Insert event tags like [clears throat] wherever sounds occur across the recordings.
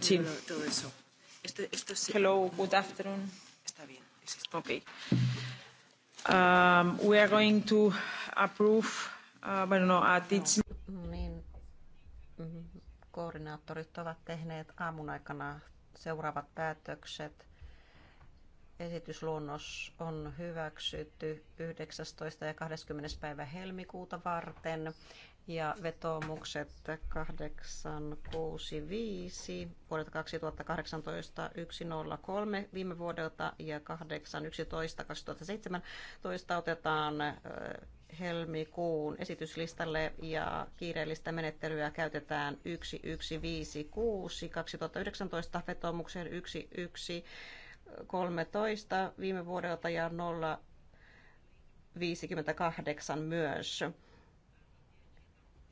sí. todo eso. Esto, esto Hello, good afternoon. Está bien. Okay. Um, we are going to approve, uh, bueno, no, at its... No, niin, mm-hmm. koordinaattorit ovat tehneet aamun aikana seuraavat päätökset. Esitysluonnos on hyväksytty 19. ja 20. päivä helmikuuta varten ja vetoomukset 865 vuodelta 2018 103 viime vuodelta ja 811 2017 otetaan helmikuun esityslistalle ja kiireellistä menettelyä käytetään 1156 2019 vetoomuksen 1113 viime vuodelta ja 058 myös.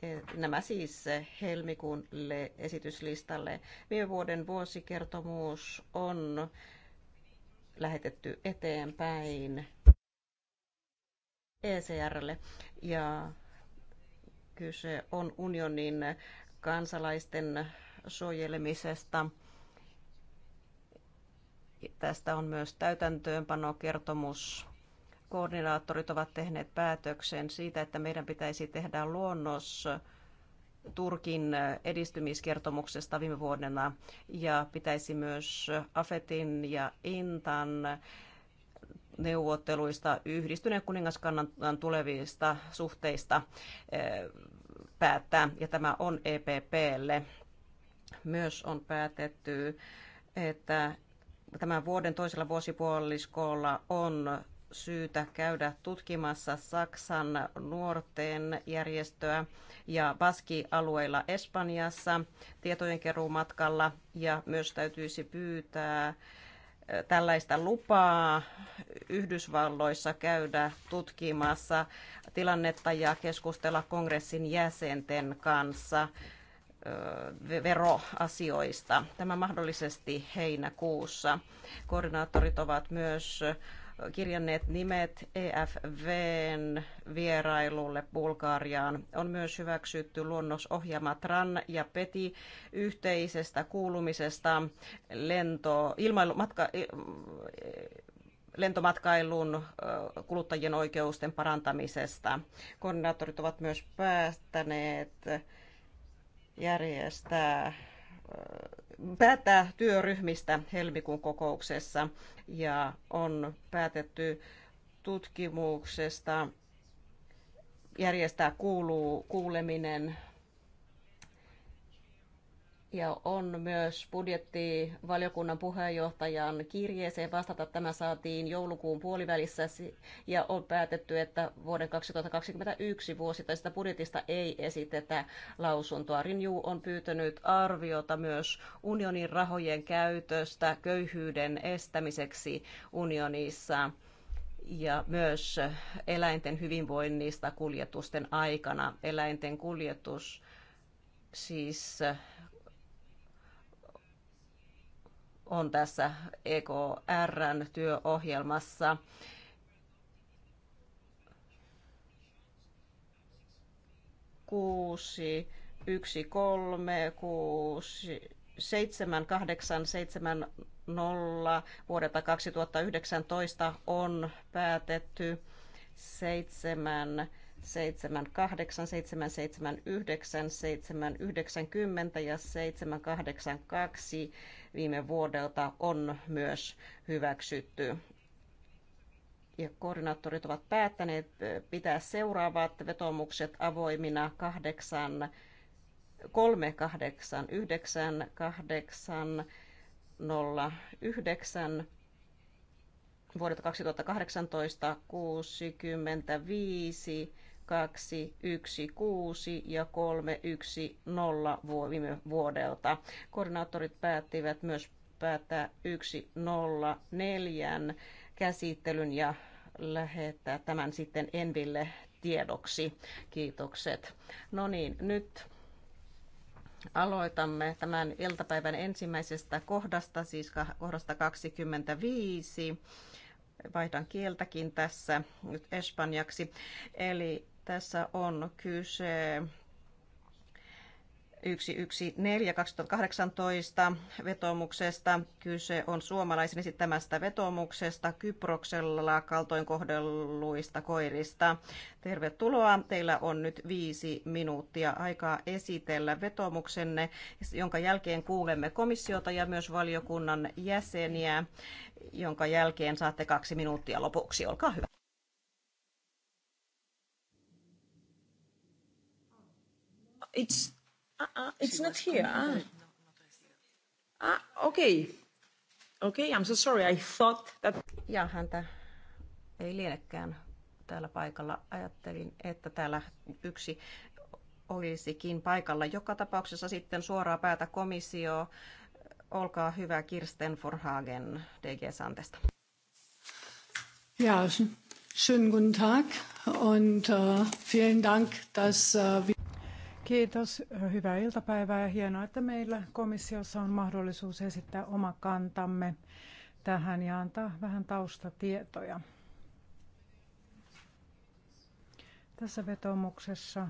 Eh, nämä siis helmikuun esityslistalle. Viime vuoden vuosikertomus on lähetetty eteenpäin ECRlle ja kyse on unionin kansalaisten suojelemisesta. Tästä on myös täytäntöönpanokertomus koordinaattorit ovat tehneet päätöksen siitä, että meidän pitäisi tehdä luonnos Turkin edistymiskertomuksesta viime vuodena ja pitäisi myös Afetin ja Intan neuvotteluista yhdistyneen kuningaskannan tulevista suhteista eh, päättää, ja tämä on EPPlle. Myös on päätetty, että tämän vuoden toisella vuosipuoliskolla on syytä käydä tutkimassa Saksan nuorten järjestöä ja Baski-alueilla Espanjassa tietojenkeruumatkalla ja myös täytyisi pyytää äh, tällaista lupaa Yhdysvalloissa käydä tutkimassa tilannetta ja keskustella kongressin jäsenten kanssa äh, veroasioista. Tämä mahdollisesti heinäkuussa. Koordinaattorit ovat myös kirjanneet nimet EFVn vierailulle Bulgariaan. On myös hyväksytty luonnosohjelma TRAN ja PETI yhteisestä kuulumisesta lento, ilmailu, matka, lentomatkailun kuluttajien oikeusten parantamisesta. Koordinaattorit ovat myös päättäneet järjestää päättää työryhmistä helmikuun kokouksessa ja on päätetty tutkimuksesta järjestää kuuluu kuuleminen ja on myös budjettivaliokunnan puheenjohtajan kirjeeseen vastata. Tämä saatiin joulukuun puolivälissä ja on päätetty, että vuoden 2021 vuosittaisesta budjetista ei esitetä lausuntoa. Rinju on pyytänyt arviota myös unionin rahojen käytöstä köyhyyden estämiseksi unionissa ja myös eläinten hyvinvoinnista kuljetusten aikana. Eläinten kuljetus siis on tässä EKRn työohjelmassa. kuusi, yksi, kolme, kuusi, seitsemän, kahdeksan, seitsemän, nolla vuodelta 2019 on päätetty seitsemän 78, 8, 790 ja 782 viime vuodelta on myös hyväksytty. Ja koordinaattorit ovat päättäneet pitää seuraavat vetomukset avoimina 8, 3, 8, 9, 8, 0, 9, vuodelta 2018 65 kaksi yksi kuusi ja kolme yksi nolla viime vuodelta. Koordinaattorit päättivät myös päättää yksi nolla neljän käsittelyn ja lähettää tämän sitten Enville tiedoksi. Kiitokset. No niin, nyt aloitamme tämän iltapäivän ensimmäisestä kohdasta, siis kohdasta 25. Vaihdan kieltäkin tässä nyt espanjaksi. Eli tässä on kyse 114-2018 vetomuksesta. Kyse on suomalaisen esittämästä vetomuksesta Kyproksella kaltoinkohdelluista koirista. Tervetuloa. Teillä on nyt viisi minuuttia aikaa esitellä vetomuksenne, jonka jälkeen kuulemme komissiota ja myös valiokunnan jäseniä, jonka jälkeen saatte kaksi minuuttia lopuksi. Olkaa hyvä. It's, uh, uh, it's not here. Ah. No, no ah, okay. Okay, I'm so sorry. I thought that... Ja häntä ei lienekään täällä paikalla. Ajattelin, että täällä yksi olisikin paikalla. Joka tapauksessa sitten suoraa päätä komissio. Olkaa hyvä Kirsten Forhagen DG Santesta. Ja, schönen guten Tag und uh, vielen Dank, dass uh, äh, wir Kiitos, hyvää iltapäivää ja hienoa, että meillä komissiossa on mahdollisuus esittää oma kantamme tähän ja antaa vähän taustatietoja. Tässä vetomuksessa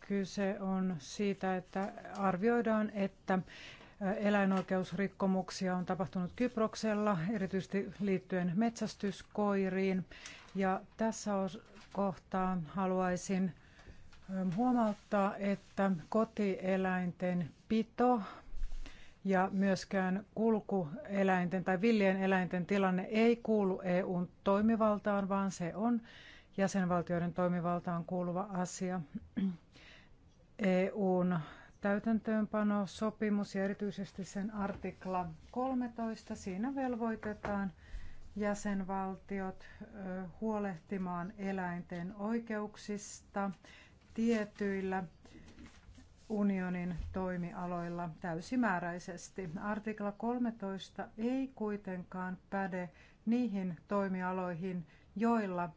kyse on siitä, että arvioidaan, että eläinoikeusrikkomuksia on tapahtunut Kyproksella, erityisesti liittyen metsästyskoiriin. Ja tässä kohtaa haluaisin huomauttaa, että kotieläinten pito ja myöskään kulkueläinten tai villien eläinten tilanne ei kuulu EUn toimivaltaan, vaan se on jäsenvaltioiden toimivaltaan kuuluva asia. EUn täytäntöönpano, sopimus ja erityisesti sen artikla 13, siinä velvoitetaan jäsenvaltiot huolehtimaan eläinten oikeuksista tietyillä unionin toimialoilla täysimääräisesti. Artikla 13 ei kuitenkaan päde niihin toimialoihin, joilla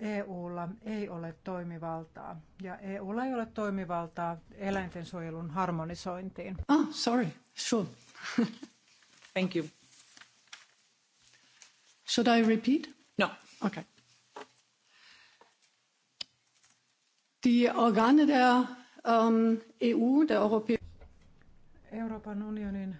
EUlla ei ole toimivaltaa. Ja EUlla ei ole toimivaltaa eläintensuojelun harmonisointiin. Oh, sorry. Sure. Thank you. Should I repeat? No. Okay. Die Organe der ähm, EU, der Europäischen Euroopan unionin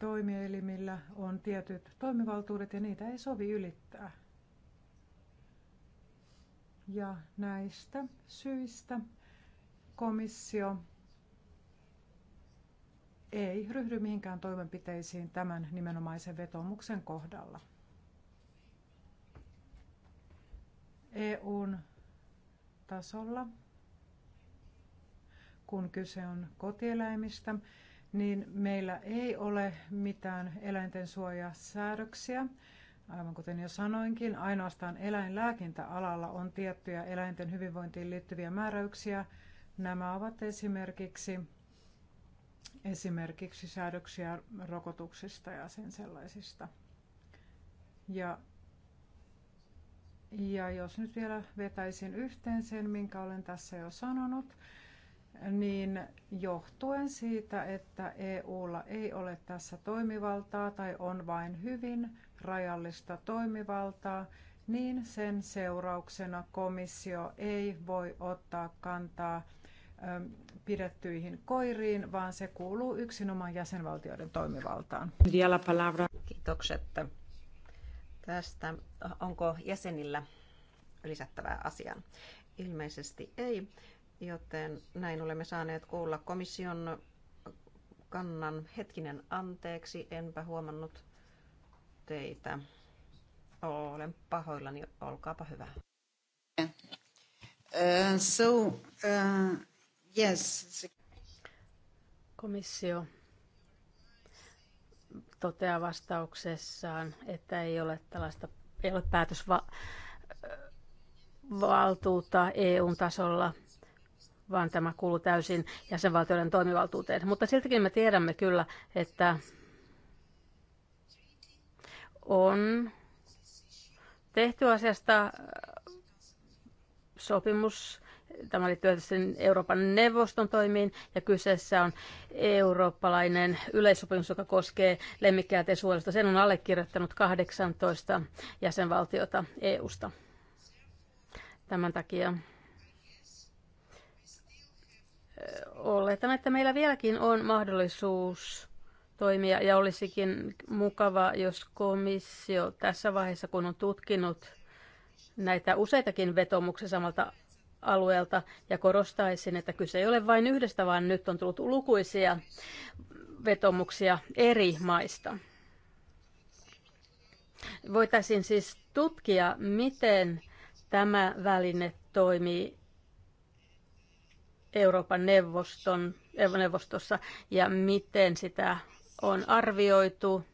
toimielimillä on tietyt toimivaltuudet ja niitä ei sovi ylittää. Ja näistä syistä komissio ei ryhdy mihinkään toimenpiteisiin tämän nimenomaisen vetomuksen kohdalla. EUn tasolla, kun kyse on kotieläimistä, niin meillä ei ole mitään eläinten suojasäädöksiä. Aivan kuten jo sanoinkin, ainoastaan eläinlääkintäalalla on tiettyjä eläinten hyvinvointiin liittyviä määräyksiä. Nämä ovat esimerkiksi, esimerkiksi säädöksiä rokotuksista ja sen sellaisista. Ja ja jos nyt vielä vetäisin yhteen sen, minkä olen tässä jo sanonut, niin johtuen siitä, että EUlla ei ole tässä toimivaltaa tai on vain hyvin rajallista toimivaltaa, niin sen seurauksena komissio ei voi ottaa kantaa pidettyihin koiriin, vaan se kuuluu yksinomaan jäsenvaltioiden toimivaltaan. Vielä palavra. Kiitokset tästä. Onko jäsenillä lisättävää asiaa? Ilmeisesti ei, joten näin olemme saaneet kuulla komission kannan. Hetkinen, anteeksi, enpä huomannut teitä. Olen pahoillani, olkaapa hyvä. Uh, so, uh, yes. Komissio toteaa vastauksessaan, että ei ole tällaista ei ole päätösvaltuutta eu tasolla, vaan tämä kuuluu täysin jäsenvaltioiden toimivaltuuteen. Mutta siltikin me tiedämme kyllä, että on tehty asiasta äh, sopimus Tämä liittyy siis sen Euroopan neuvoston toimiin ja kyseessä on eurooppalainen yleissopimus, joka koskee lemmikkäätien suojelusta. Sen on allekirjoittanut 18 jäsenvaltiota EUsta. Tämän takia oletan, että meillä vieläkin on mahdollisuus toimia ja olisikin mukava, jos komissio tässä vaiheessa, kun on tutkinut näitä useitakin vetomuksia samalta alueelta ja korostaisin, että kyse ei ole vain yhdestä, vaan nyt on tullut lukuisia vetomuksia eri maista. Voitaisiin siis tutkia, miten tämä väline toimii Euroopan neuvoston, neuvostossa ja miten sitä on arvioitu.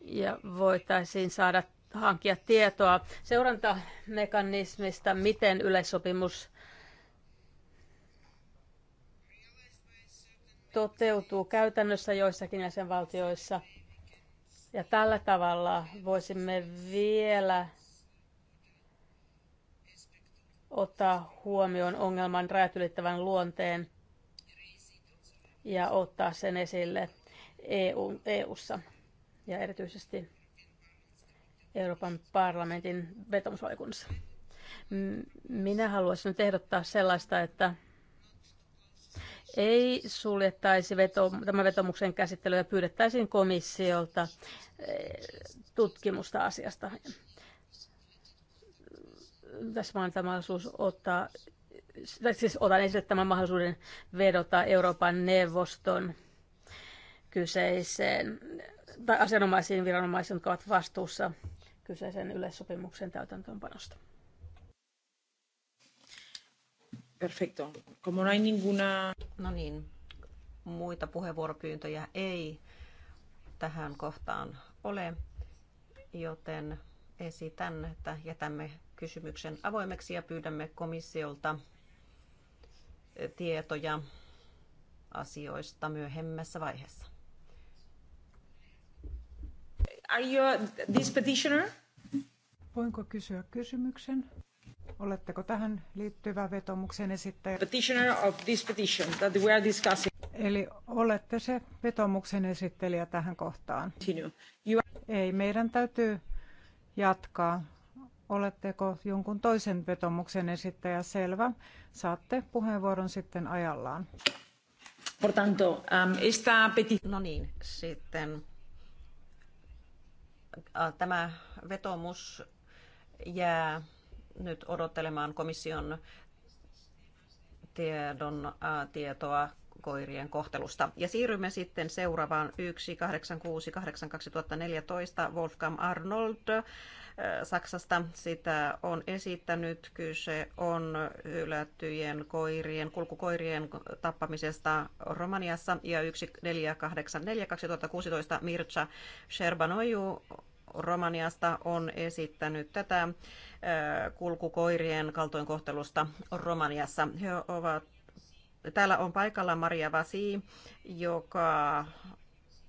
Ja voitaisiin saada hankkia tietoa seurantamekanismista, miten yleissopimus toteutuu käytännössä joissakin jäsenvaltioissa. Ja tällä tavalla voisimme vielä ottaa huomioon ongelman rajat ylittävän luonteen ja ottaa sen esille EU, EU-ssa ja erityisesti Euroopan parlamentin vetomusvaikunnassa. Minä haluaisin nyt ehdottaa sellaista, että ei suljettaisi veto, tämän vetomuksen käsittelyä ja pyydettäisiin komissiolta eh, tutkimusta asiasta. Tässä tämä mahdollisuus ottaa, siis otan esille tämän mahdollisuuden vedota Euroopan neuvoston kyseiseen tai asianomaisiin viranomaisiin, jotka ovat vastuussa kyseisen yleissopimuksen täytäntöönpanosta. Perfecto. Como no hay ninguna... No niin, muita puheenvuoropyyntöjä ei tähän kohtaan ole, joten esitän, että jätämme kysymyksen avoimeksi ja pyydämme komissiolta tietoja asioista myöhemmässä vaiheessa. Are you this petitioner? Voinko kysyä kysymyksen? Oletteko tähän liittyvä vetomuksen esittäjä? Petitioner of this petition that we are discussing. Eli olette se vetomuksen esittelijä tähän kohtaan. Continue. You are... Ei, meidän täytyy jatkaa. Oletteko jonkun toisen vetomuksen esittäjä selvä? Saatte puheenvuoron sitten ajallaan. Por tanto, um, esta peti... No niin, sitten Äh, tämä vetomus jää nyt odottelemaan komission tiedon, äh, tietoa koirien kohtelusta. Ja siirrymme sitten seuraavaan 1.86.8.2014 Wolfgang Arnold Saksasta. Sitä on esittänyt. Kyse on hylättyjen koirien, kulkukoirien tappamisesta Romaniassa ja 1484 2016 Mircea Sherbanoju Romaniasta on esittänyt tätä äh, kulkukoirien kaltoinkohtelusta Romaniassa. He ovat, täällä on paikalla Maria Vasi, joka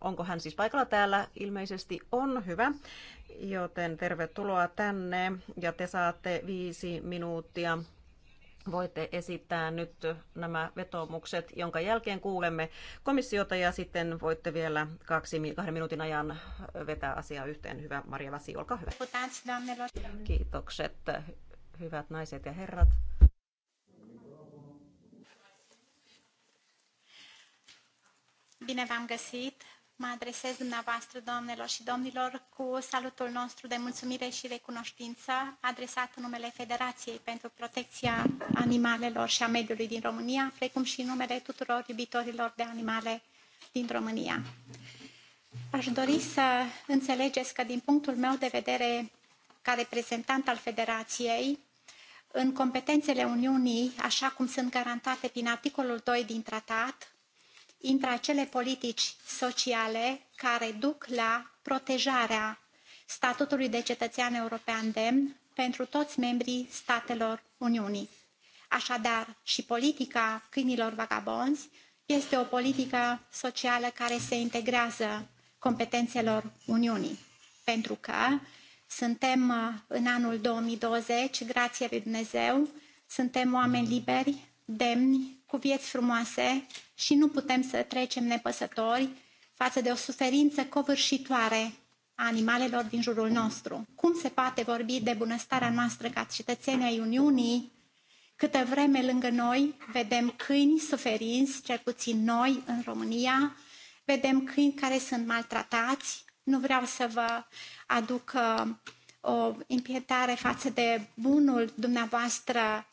Onko hän siis paikalla täällä? Ilmeisesti on. Hyvä. Joten tervetuloa tänne ja te saatte viisi minuuttia. Voitte esittää nyt nämä vetomukset, jonka jälkeen kuulemme komissiota ja sitten voitte vielä kaksi, kahden minuutin ajan vetää asiaa yhteen. Hyvä Maria Vasi, olkaa hyvä. Kiitokset, hyvät naiset ja herrat. Bine v-am găsit! Mă adresez dumneavoastră, doamnelor și domnilor, cu salutul nostru de mulțumire și recunoștință adresat în numele Federației pentru Protecția Animalelor și a Mediului din România, precum și în numele tuturor iubitorilor de animale din România. Aș dori să înțelegeți că, din punctul meu de vedere, ca reprezentant al Federației, în competențele Uniunii, așa cum sunt garantate prin articolul 2 din tratat, între acele politici sociale care duc la protejarea statutului de cetățean european demn pentru toți membrii statelor Uniunii. Așadar, și politica câinilor vagabonzi este o politică socială care se integrează competențelor Uniunii, pentru că suntem uh, în anul 2020, grație lui Dumnezeu, suntem oameni liberi, demni, cu vieți frumoase și nu putem să trecem nepăsători față de o suferință covârșitoare a animalelor din jurul nostru. Cum se poate vorbi de bunăstarea noastră ca cetățenii ai Uniunii câtă vreme lângă noi vedem câini suferinți, cel puțin noi în România, vedem câini care sunt maltratați. Nu vreau să vă aduc uh, o impietare față de bunul dumneavoastră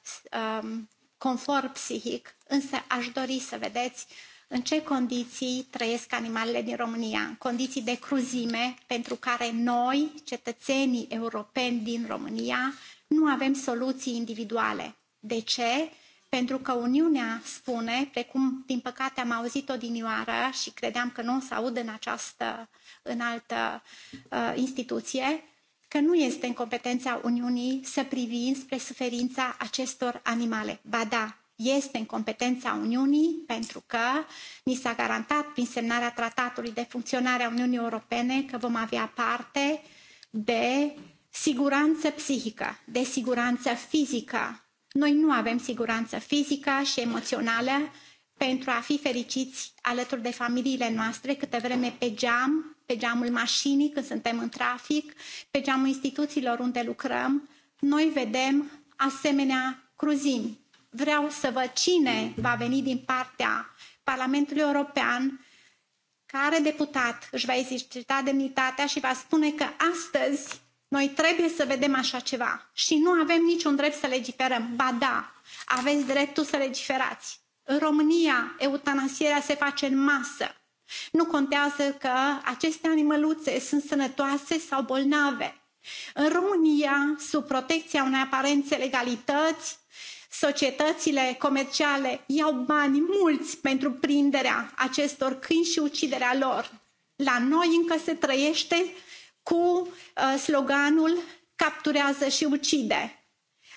um, confort psihic, însă aș dori să vedeți în ce condiții trăiesc animalele din România, în condiții de cruzime pentru care noi, cetățenii europeni din România, nu avem soluții individuale. De ce? Pentru că Uniunea spune, precum din păcate am auzit o odinioară și credeam că nu o să aud în această în altă uh, instituție, că nu este în competența Uniunii să privim spre suferința acestor animale. Ba da, este în competența Uniunii pentru că ni s-a garantat prin semnarea tratatului de funcționare a Uniunii Europene că vom avea parte de siguranță psihică, de siguranță fizică. Noi nu avem siguranță fizică și emoțională pentru a fi fericiți alături de familiile noastre câte vreme pe geam pe geamul mașinii când suntem în trafic, pe geamul instituțiilor unde lucrăm, noi vedem asemenea cruzimi. Vreau să văd cine va veni din partea Parlamentului European, care deputat își va exercita demnitatea și va spune că astăzi noi trebuie să vedem așa ceva și nu avem niciun drept să legiferăm. Ba da, aveți dreptul să legiferați. În România, eutanasierea se face în masă Nu contează că aceste animăluțe sunt sănătoase sau bolnave. În România, sub protecția unei aparențe legalități, societățile comerciale iau bani mulți pentru prinderea acestor câini și uciderea lor. La noi încă se trăiește cu uh, sloganul capturează și ucide.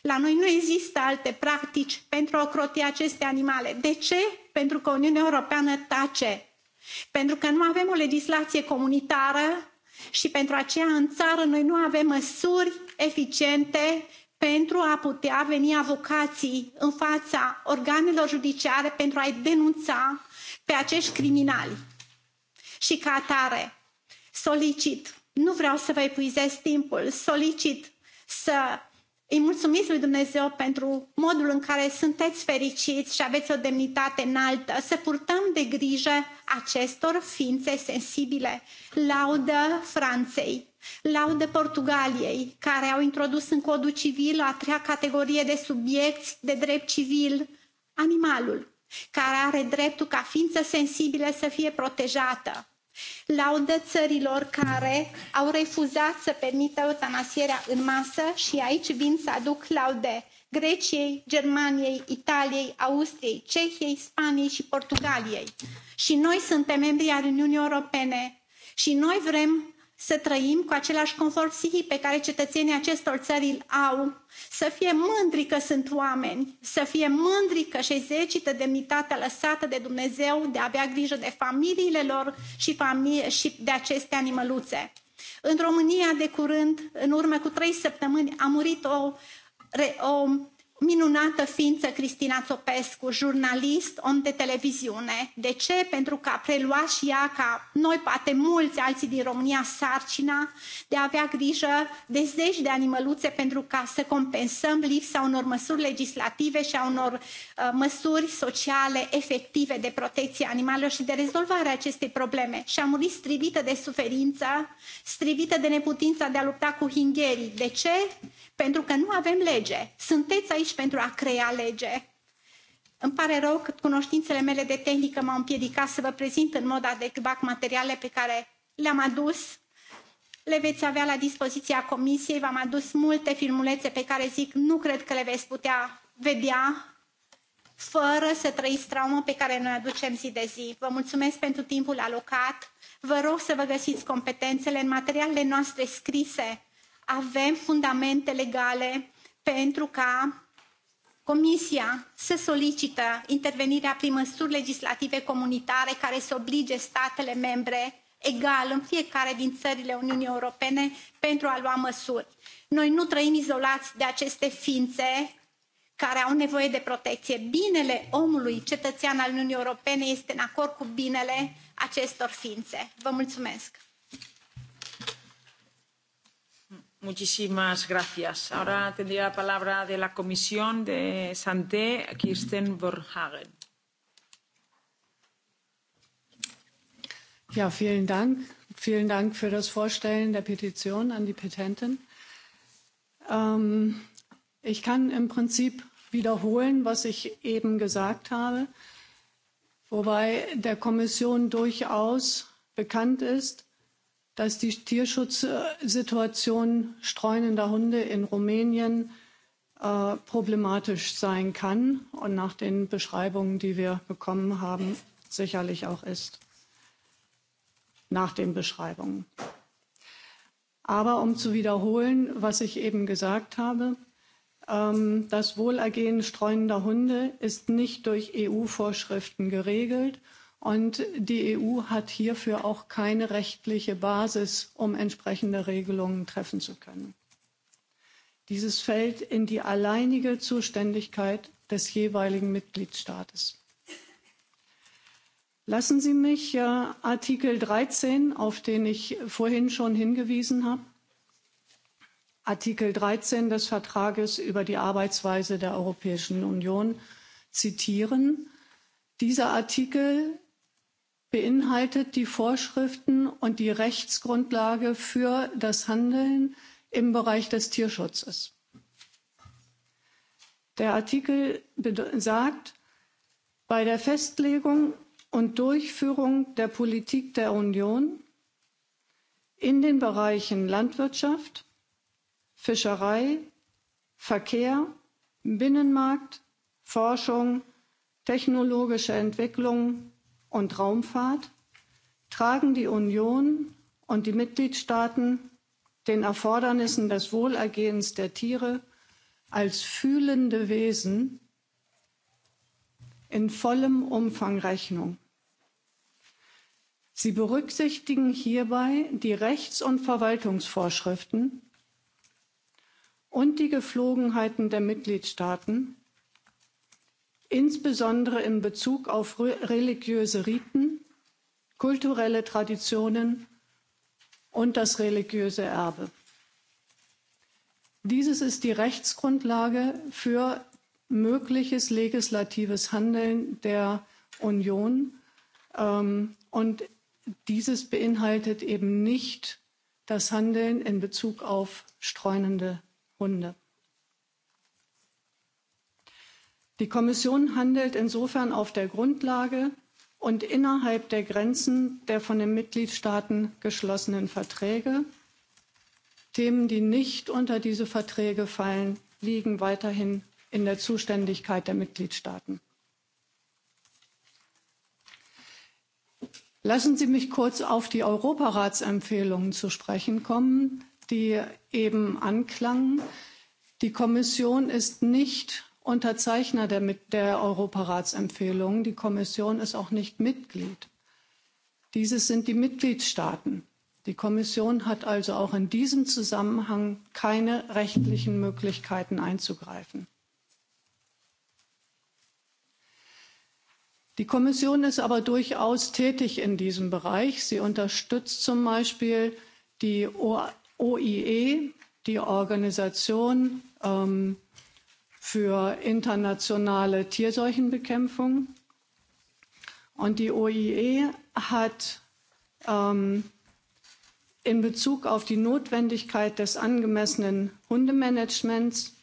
La noi nu există alte practici pentru a ocroti aceste animale. De ce? Pentru că Uniunea Europeană tace pentru că nu avem o legislație comunitară și pentru aceea în țară noi nu avem măsuri eficiente pentru a putea veni avocații în fața organelor judiciare pentru a-i denunța pe acești criminali. Și ca atare solicit, nu vreau să vă epuizez timpul, solicit să Îi mulțumiți lui Dumnezeu pentru modul în care sunteți fericiți și aveți o demnitate înaltă. Să purtăm de grijă acestor ființe sensibile. Laudă Franței, laudă Portugaliei, care au introdus în codul civil a treia categorie de subiecti de drept civil, animalul, care are dreptul ca ființă sensibilă să fie protejată laudă țărilor care au refuzat să permită eutanasierea în masă și aici vin să aduc laude greciei germaniei italiei austriei cehiei spaniei și portugaliei și noi suntem membri ai uniunii europene și noi vrem să trăim cu același confort psihic pe care cetățenii acestor țări îl au, să fie mândri că sunt oameni, să fie mândri că își exercită demnitatea lăsată de Dumnezeu de a avea grijă de familiile lor și, și de aceste animăluțe. În România, de curând, în urmă cu trei săptămâni, a murit o, o minunată ființă Cristina Țopescu, jurnalist, om de televiziune. De ce? Pentru că a preluat și ea, ca noi, poate mulți alții din România, sarcina de a avea grijă de zeci de animăluțe pentru ca să compensăm lipsa unor măsuri legislative și a unor uh, măsuri sociale efective de protecție animalelor și de rezolvarea acestei probleme. Și a murit strivită de suferință, strivită de neputința de a lupta cu hingherii. De ce? Pentru că nu avem lege. Sunteți aici pentru a crea lege. Îmi pare rău că cunoștințele mele de tehnică m-au împiedicat să vă prezint în mod adecvat materiale pe care le-am adus. Le veți avea la dispoziția comisiei. V-am adus multe filmulețe pe care zic nu cred că le veți putea vedea fără să trăiți traumă pe care noi aducem zi de zi. Vă mulțumesc pentru timpul alocat. Vă rog să vă găsiți competențele în materialele noastre scrise avem fundamente legale pentru ca Comisia să solicită intervenirea prin măsuri legislative comunitare care să oblige statele membre egal în fiecare din țările Uniunii Europene pentru a lua măsuri. Noi nu trăim izolați de aceste ființe care au nevoie de protecție. Binele omului cetățean al Uniunii Europene este în acord cu binele acestor ființe. Vă mulțumesc! Muchísimas gracias. Ahora tendría la palabra de la Comisión de Santé, Kirsten Borhagen. Ja, vielen Dank. Vielen Dank für das Vorstellen der Petition an die Petenten. Ähm, ich kann im Prinzip wiederholen, was ich eben gesagt habe, wobei der Kommission durchaus bekannt ist, dass die Tierschutzsituation streunender Hunde in Rumänien äh, problematisch sein kann und nach den Beschreibungen, die wir bekommen haben, sicherlich auch ist. Nach den Beschreibungen. Aber um zu wiederholen, was ich eben gesagt habe, ähm, das Wohlergehen streunender Hunde ist nicht durch EU-Vorschriften geregelt Und die EU hat hierfür auch keine rechtliche Basis, um entsprechende Regelungen treffen zu können. Dieses fällt in die alleinige Zuständigkeit des jeweiligen Mitgliedstaates. Lassen Sie mich äh, Artikel 13, auf den ich vorhin schon hingewiesen habe, Artikel 13 des Vertrages über die Arbeitsweise der Europäischen Union zitieren. Dieser Artikel beinhaltet die Vorschriften und die Rechtsgrundlage für das Handeln im Bereich des Tierschutzes. Der Artikel sagt, bei der Festlegung und Durchführung der Politik der Union in den Bereichen Landwirtschaft, Fischerei, Verkehr, Binnenmarkt, Forschung, technologische Entwicklung, und raumfahrt tragen die union und die mitgliedstaaten den erfordernissen des wohlergehens der tiere als fühlende wesen in vollem umfang rechnung. sie berücksichtigen hierbei die rechts und verwaltungsvorschriften und die gepflogenheiten der mitgliedstaaten insbesondere in bezug auf religiöse riten kulturelle traditionen und das religiöse erbe. dieses ist die rechtsgrundlage für mögliches legislatives handeln der union ähm, und dieses beinhaltet eben nicht das handeln in bezug auf streunende hunde. die kommission handelt insofern auf der grundlage und innerhalb der grenzen der von den mitgliedstaaten geschlossenen verträge. themen die nicht unter diese verträge fallen liegen weiterhin in der zuständigkeit der mitgliedstaaten. lassen sie mich kurz auf die europaratsempfehlungen zu sprechen kommen die eben anklangen. die kommission ist nicht Unterzeichner der, der Europaratsempfehlungen. Die Kommission ist auch nicht Mitglied. Dieses sind die Mitgliedstaaten. Die Kommission hat also auch in diesem Zusammenhang keine rechtlichen Möglichkeiten einzugreifen. Die Kommission ist aber durchaus tätig in diesem Bereich. Sie unterstützt zum Beispiel die OIE, die Organisation ähm, für internationale Tierseuchenbekämpfung. Und die OIE hat ähm, in Bezug auf die Notwendigkeit des angemessenen Hundemanagements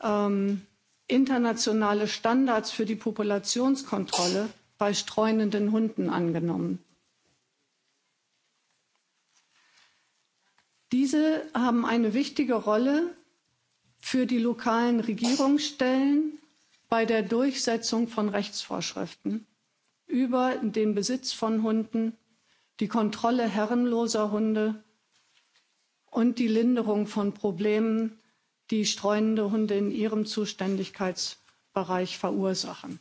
ähm, internationale Standards für die Populationskontrolle bei streunenden Hunden angenommen. Diese haben eine wichtige Rolle für die lokalen regierungsstellen bei der durchsetzung von rechtsvorschriften über den besitz von hunden die kontrolle herrenloser hunde und die linderung von problemen die streunende hunde in ihrem zuständigkeitsbereich verursachen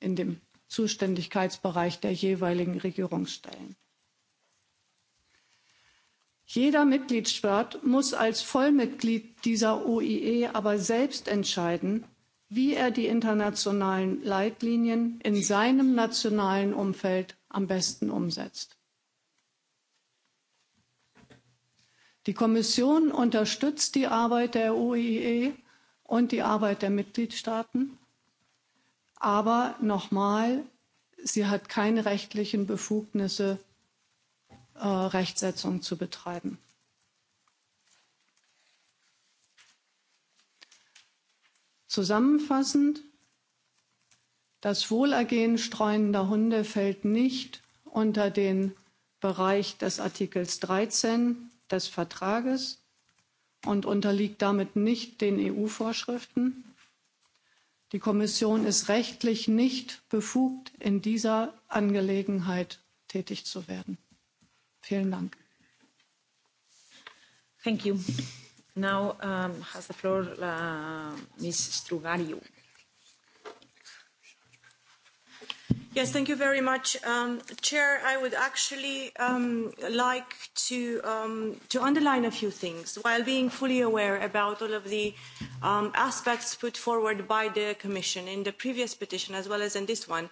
in dem zuständigkeitsbereich der jeweiligen regierungsstellen jeder mitgliedstaat muss als vollmitglied dieser oie aber selbst entscheiden wie er die internationalen leitlinien in seinem nationalen umfeld am besten umsetzt. die kommission unterstützt die arbeit der oie und die arbeit der mitgliedstaaten aber nochmal sie hat keine rechtlichen befugnisse Äh, Rechtsetzung zu betreiben. Zusammenfassend, das Wohlergehen streunender Hunde fällt nicht unter den Bereich des Artikels 13 des Vertrages und unterliegt damit nicht den EU-Vorschriften. Die Kommission ist rechtlich nicht befugt, in dieser Angelegenheit tätig zu werden. Vielen Dank. Thank you. Now um, has the floor uh, Ms. Strugario. Yes, thank you very much, um, Chair. I would actually um, like to um, to underline a few things while being fully aware about all of the um, aspects put forward by the Commission in the previous petition as well as in this one. Uh,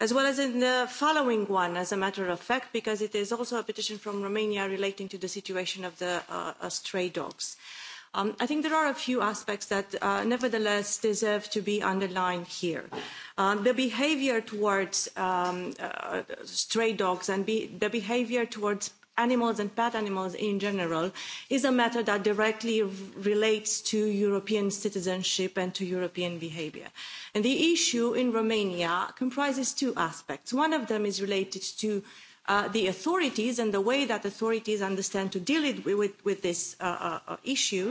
as well as in the following one, as a matter of fact, because it is also a petition from Romania relating to the situation of the uh, stray dogs. Um, I think there are a few aspects that uh, nevertheless deserve to be underlined here. Um, the behaviour towards um, uh, stray dogs and the behaviour towards animals and pet animals in general is a matter that directly relates to European citizenship and to European behaviour. And the issue in Romania comprises two aspects. One of them is related to uh, the authorities and the way that authorities understand to deal it, with, with this uh, uh, uh, issue.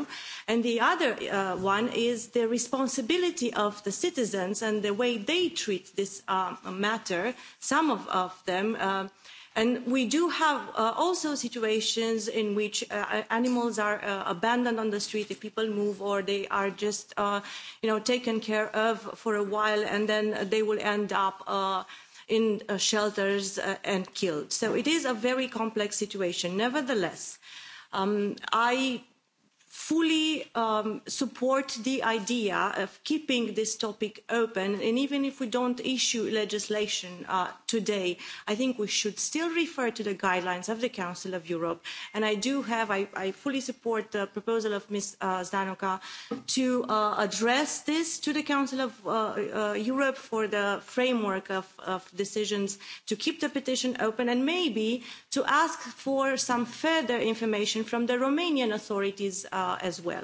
And the other uh, one is the responsibility of the citizens and the way they treat this uh, matter. Some of, of them uh, And we do have uh, also situations in which uh, animals are uh, abandoned on the street if people move or they are just, uh, you know, taken care of for a while and then they will end up uh, in uh, shelters uh, and killed. So it is a very complex situation. Nevertheless, um, I fully um, support the idea of keeping this topic open. And even if we don't issue legislation uh, today, I think we should still refer to the guidelines of the Council of Europe. And I do have, I, I fully support the proposal of Ms. Uh, Zdanoka to uh, address this to the Council of uh, uh, Europe for the framework of, of decisions to keep the petition open and maybe to ask for some further information from the Romanian authorities uh, as well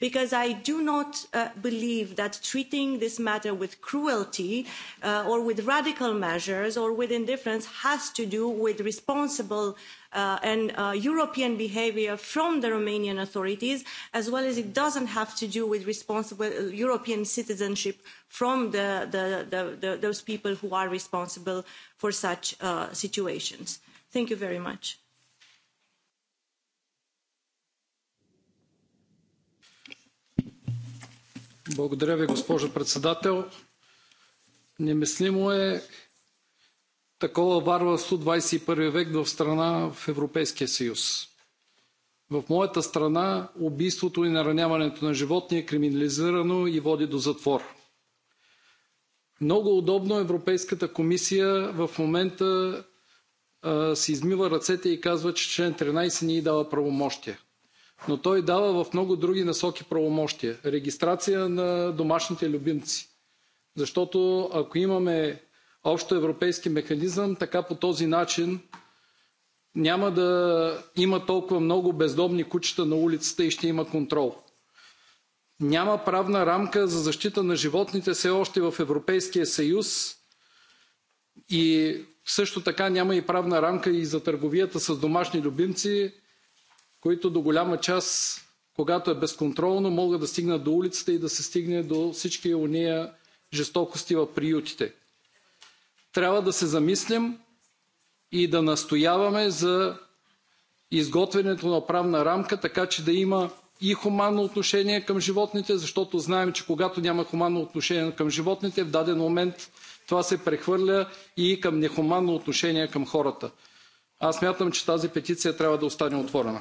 because i do not uh, believe that treating this matter with cruelty uh, or with radical measures or with indifference has to do with responsible uh, and uh, European behaviour from the Romanian authorities, as well as it doesn't have to do with responsible uh, European citizenship from the, the, the, the those people who are responsible for such uh, situations. Thank you very much. Благодаря ви, госпожо председател. Немислимо е такова варварство 21 век в страна в Европейския съюз. В моята страна убийството и нараняването на животни е криминализирано и води до затвор. Много удобно Европейската комисия в момента а, си измива ръцете и казва, че член 13 ни дава правомощия но той дава в много други насоки правомощия. Регистрация на домашните любимци. Защото ако имаме общо европейски механизъм, така по този начин няма да има толкова много бездомни кучета на улицата и ще има контрол. Няма правна рамка за защита на животните все още в Европейския съюз и също така няма и правна рамка и за търговията с домашни любимци, които до голяма част, когато е безконтролно, могат да стигнат до улицата и да се стигне до всички уния жестокости в приютите. Трябва да се замислим и да настояваме за изготвянето на правна рамка, така че да има и хуманно отношение към животните, защото знаем, че когато няма хуманно отношение към животните, в даден момент това се прехвърля и към нехуманно отношение към хората. Аз мятам, че тази петиция трябва да остане отворена.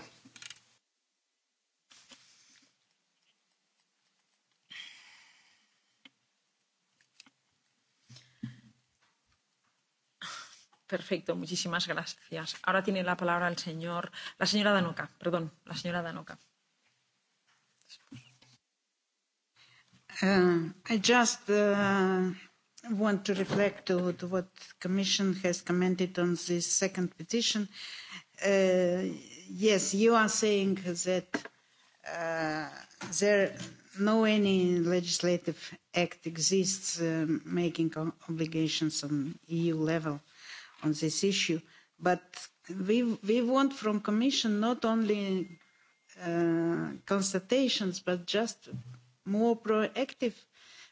Perfecto, muchísimas gracias. Ahora tiene la palabra el señor, la señora Danoca, perdón, la señora Danoca. Uh, I just uh, want to reflect to, to what Commission has commented on this second petition. Uh, yes, you are saying that uh, there no any legislative act exists uh, making obligations on EU level on this issue. But we, we want from Commission not only uh, constatations, but just more proactive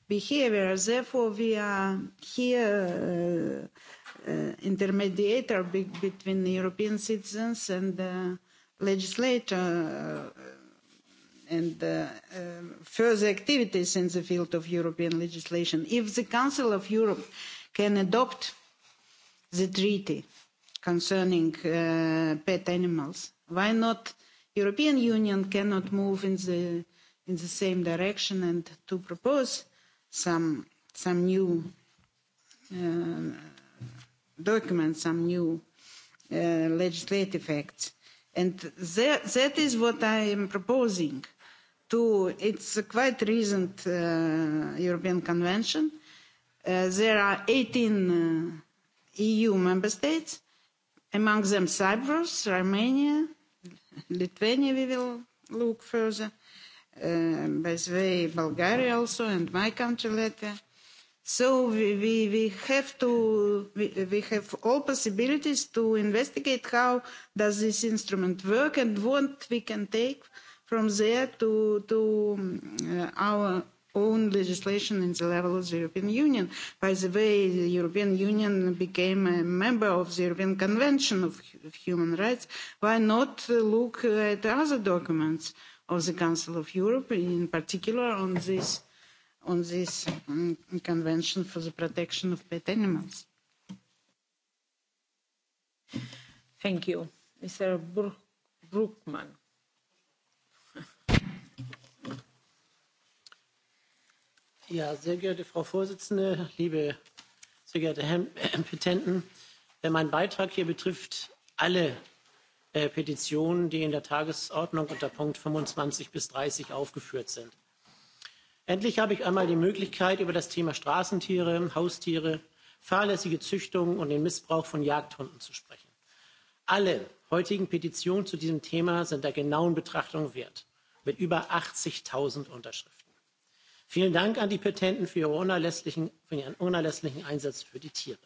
behavior. Therefore, we are here uh, uh, intermediator be between European citizens and the uh, legislator uh, and uh, um, further activities in the field of European legislation. If the Council of Europe can adopt the treaty concerning uh, pet animals. Why not? European Union cannot move in the in the same direction and to propose some some new uh, documents, some new uh, legislative acts. And that, that is what I am proposing. To it's a quite recent uh, European Convention. Uh, there are 18. Uh, eu member states among them cyprus romania lithuania we will look further uh, by the way bulgaria also and my country latvia so we, we, we have to we, we have all possibilities to investigate how does this instrument work and what we can take from there to to uh, our own legislation in the level of the European Union. By the way, the European Union became a member of the European Convention of, Human Rights. Why not look at other documents of the Council of Europe, in particular on this, on this um, Convention for the Protection of Pet Animals? Thank you. Mr. Bruckmann. Ja, sehr geehrte Frau Vorsitzende, liebe sehr geehrte Herren [clears throat] Petenten, äh, mein Beitrag hier betrifft alle äh, Petitionen, die in der Tagesordnung unter Punkt 25 bis 30 aufgeführt sind. Endlich habe ich einmal die Möglichkeit, über das Thema Straßentiere, Haustiere, fahrlässige Züchtung und den Missbrauch von Jagdhunden zu sprechen. Alle heutigen Petitionen zu diesem Thema sind der genauen Betrachtung wert, mit über 80.000 Unterschriften. Vielen Dank an die Petenten für, ihre unerlässlichen, für ihren unerlässlichen Einsatz für die Tiere.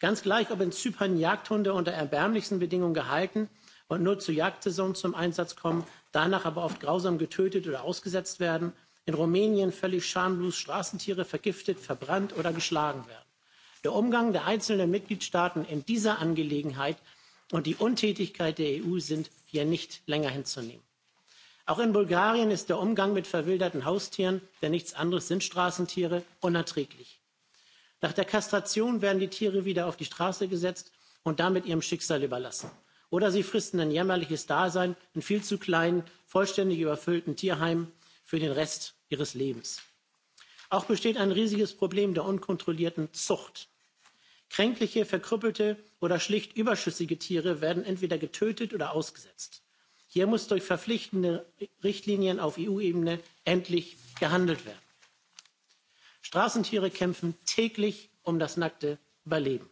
Ganz gleich, ob in Zypern Jagdhunde unter erbärmlichsten Bedingungen gehalten und nur zur Jagdsaison zum Einsatz kommen, danach aber oft grausam getötet oder ausgesetzt werden, in Rumänien völlig schamlos Straßentiere vergiftet, verbrannt oder geschlagen werden. Der Umgang der einzelnen Mitgliedstaaten in dieser Angelegenheit und die Untätigkeit der EU sind hier nicht länger hinzunehmen auch in bulgarien ist der umgang mit verwilderten haustieren denn nichts anderes sind straßentiere unerträglich. nach der kastration werden die tiere wieder auf die straße gesetzt und damit ihrem schicksal überlassen oder sie fristen ein jämmerliches dasein in viel zu kleinen vollständig überfüllten tierheimen für den rest ihres lebens. auch besteht ein riesiges problem der unkontrollierten zucht. kränkliche verkrüppelte oder schlicht überschüssige tiere werden entweder getötet oder ausgesetzt hier muss durch verpflichtende richtlinien auf eu ebene endlich gehandelt werden. straßentiere kämpfen täglich um das nackte überleben.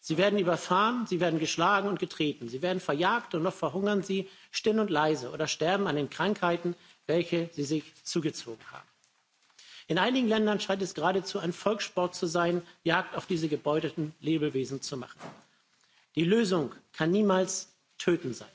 sie werden überfahren sie werden geschlagen und getreten sie werden verjagt und noch verhungern sie still und leise oder sterben an den krankheiten welche sie sich zugezogen haben. in einigen ländern scheint es geradezu ein volkssport zu sein jagd auf diese gebeutelten lebewesen zu machen. die lösung kann niemals töten sein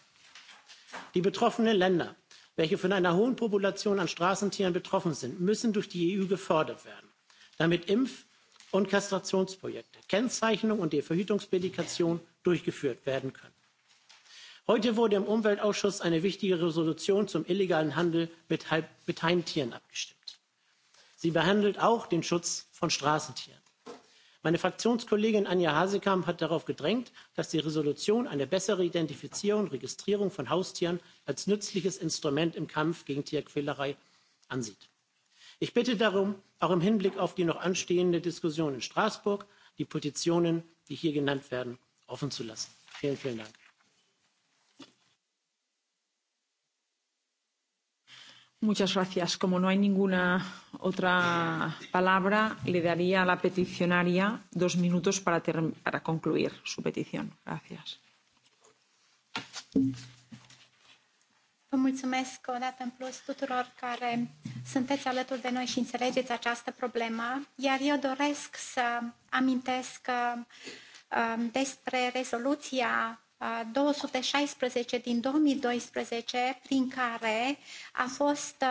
die betroffenen länder welche von einer hohen population an straßentieren betroffen sind müssen durch die eu gefördert werden damit impf und kastrationsprojekte kennzeichnung und die Verhütungsmedikation durchgeführt werden können. heute wurde im umweltausschuss eine wichtige entschließung zum illegalen handel mit heimtieren abgestimmt. sie behandelt auch den schutz von straßentieren meine fraktionskollegin anja hasekamp hat darauf gedrängt dass die entschließung eine bessere identifizierung und registrierung von haustieren als nützliches instrument im kampf gegen tierquälerei ansieht. ich bitte darum auch im hinblick auf die noch anstehende diskussion in straßburg die petitionen die hier genannt werden offen zu lassen. vielen vielen dank. Muchas gracias. Como no hay ninguna otra palabra, le daría a la peticionaria dos minutos para, para concluir su petición. Gracias. Vă mulțumesc o dată în plus tuturor care sunteți alături de noi și înțelegeți această problemă, iar eu doresc să amintesc uh, despre rezoluția 216 din 2012, prin care a fost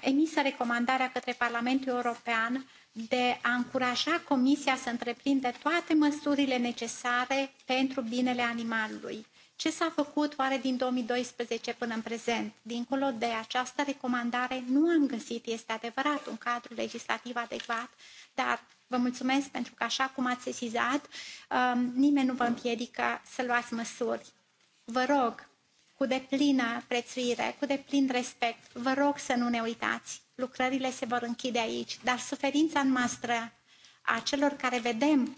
emisă recomandarea către Parlamentul European de a încuraja Comisia să întreprinde toate măsurile necesare pentru binele animalului. Ce s-a făcut oare din 2012 până în prezent? Dincolo de această recomandare, nu am găsit, este adevărat, un cadru legislativ adecvat, dar Vă mulțumesc pentru că, așa cum ați sesizat, um, nimeni nu vă împiedică să luați măsuri. Vă rog, cu deplină prețuire, cu deplin respect, vă rog să nu ne uitați. Lucrările se vor închide aici, dar suferința noastră a celor care vedem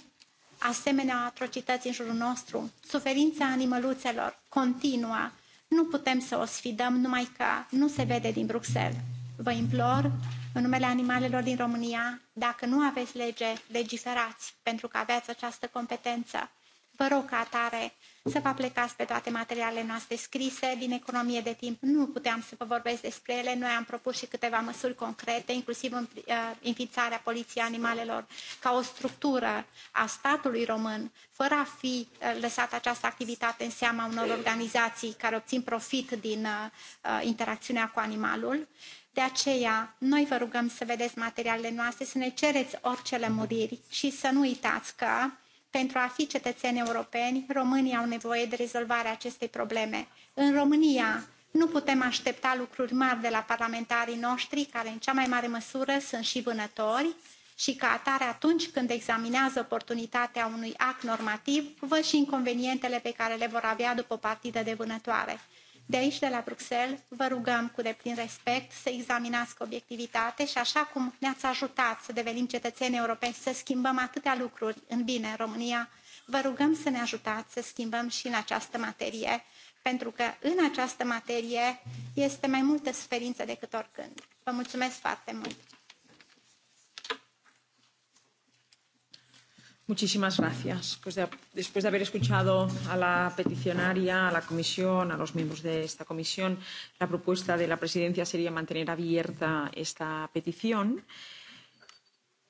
asemenea atrocități în jurul nostru, suferința animăluțelor continuă, nu putem să o sfidăm numai că nu se vede din Bruxelles. Vă implor în numele animalelor din România, dacă nu aveți lege, legiferați, pentru că aveți această competență. Vă rog ca atare să vă plecați pe toate materialele noastre scrise. Din economie de timp nu puteam să vă vorbesc despre ele. Noi am propus și câteva măsuri concrete, inclusiv în, uh, înființarea Poliției Animalelor ca o structură a statului român, fără a fi uh, lăsat această activitate în seama unor organizații care obțin profit din uh, interacțiunea cu animalul. Uh, De aceea, noi vă rugăm să vedeți materialele noastre, să ne cereți orice lămuriri și să nu uitați că, pentru a fi cetățeni europeni, românii au nevoie de rezolvarea acestei probleme. În România nu putem aștepta lucruri mari de la parlamentarii noștri, care în cea mai mare măsură sunt și vânători, și ca atare atunci când examinează oportunitatea unui act normativ, văd și inconvenientele pe care le vor avea după partidă de vânătoare. De aici, de la Bruxelles, vă rugăm cu deplin respect să examinați cu obiectivitate și așa cum ne-ați ajutat să devenim cetățeni europeni să schimbăm atâtea lucruri în bine în România, vă rugăm să ne ajutați să schimbăm și în această materie, pentru că în această materie este mai multă suferință decât oricând. Vă mulțumesc foarte mult! Muchísimas gracias. Pues de, después de haber escuchado a la peticionaria, a la comisión, a los miembros de esta comisión, la propuesta de la presidencia sería mantener abierta esta petición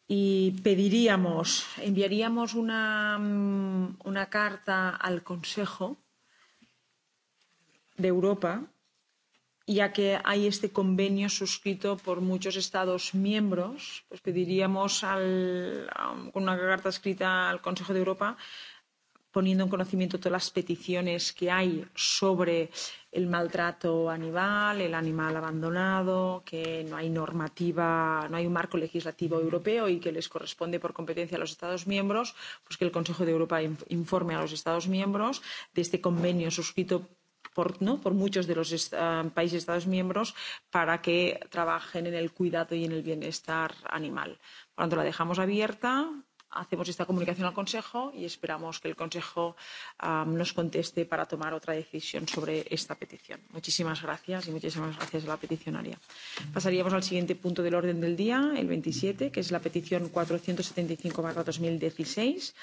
y pediríamos, enviaríamos una, mm, una carta al Consejo de Europa ya que hay este convenio suscrito por muchos Estados miembros, pues pediríamos al, um, con una carta escrita al Consejo de Europa poniendo en conocimiento todas las peticiones que hay sobre el maltrato animal, el animal abandonado, que no hay normativa, no hay un marco legislativo europeo y que les corresponde por competencia a los Estados miembros, pues que el Consejo de Europa informe a los Estados miembros de este convenio suscrito por, ¿no? por muchos de los est ah, países Estados miembros para que trabajen en el cuidado y en el bienestar animal. Por lo tanto, la dejamos abierta. Hacemos esta comunicación al Consejo y esperamos que el Consejo um, nos conteste para tomar otra decisión sobre esta petición. Muchísimas gracias y muchísimas gracias a la peticionaria. Pasaríamos al siguiente punto del orden del día, el 27, que es la petición 475-2016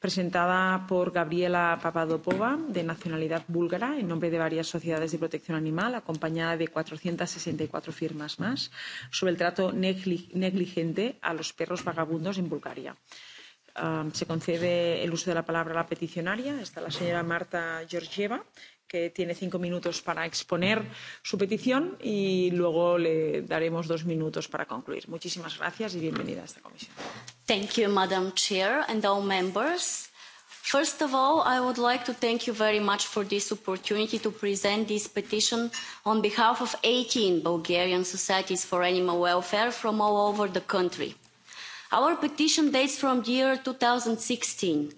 presentada por Gabriela Papadopova, de nacionalidad búlgara, en nombre de varias sociedades de protección animal, acompañada de 464 firmas más, sobre el trato negligente a los perros vagabundos en Bulgaria. Um, se concede el uso de la palabra a la peticionaria, está la señora Marta Georgieva, que tiene cinco minutos para exponer su petición y luego le daremos dos minutos para concluir. Muchísimas gracias y bienvenida a esta comisión. Thank you, Madam Chair and all members. First of all, I would like to thank you very much for this opportunity to present this petition on behalf of 18 Bulgarian societies for animal welfare from all over the country. Our petition dates from the year 2016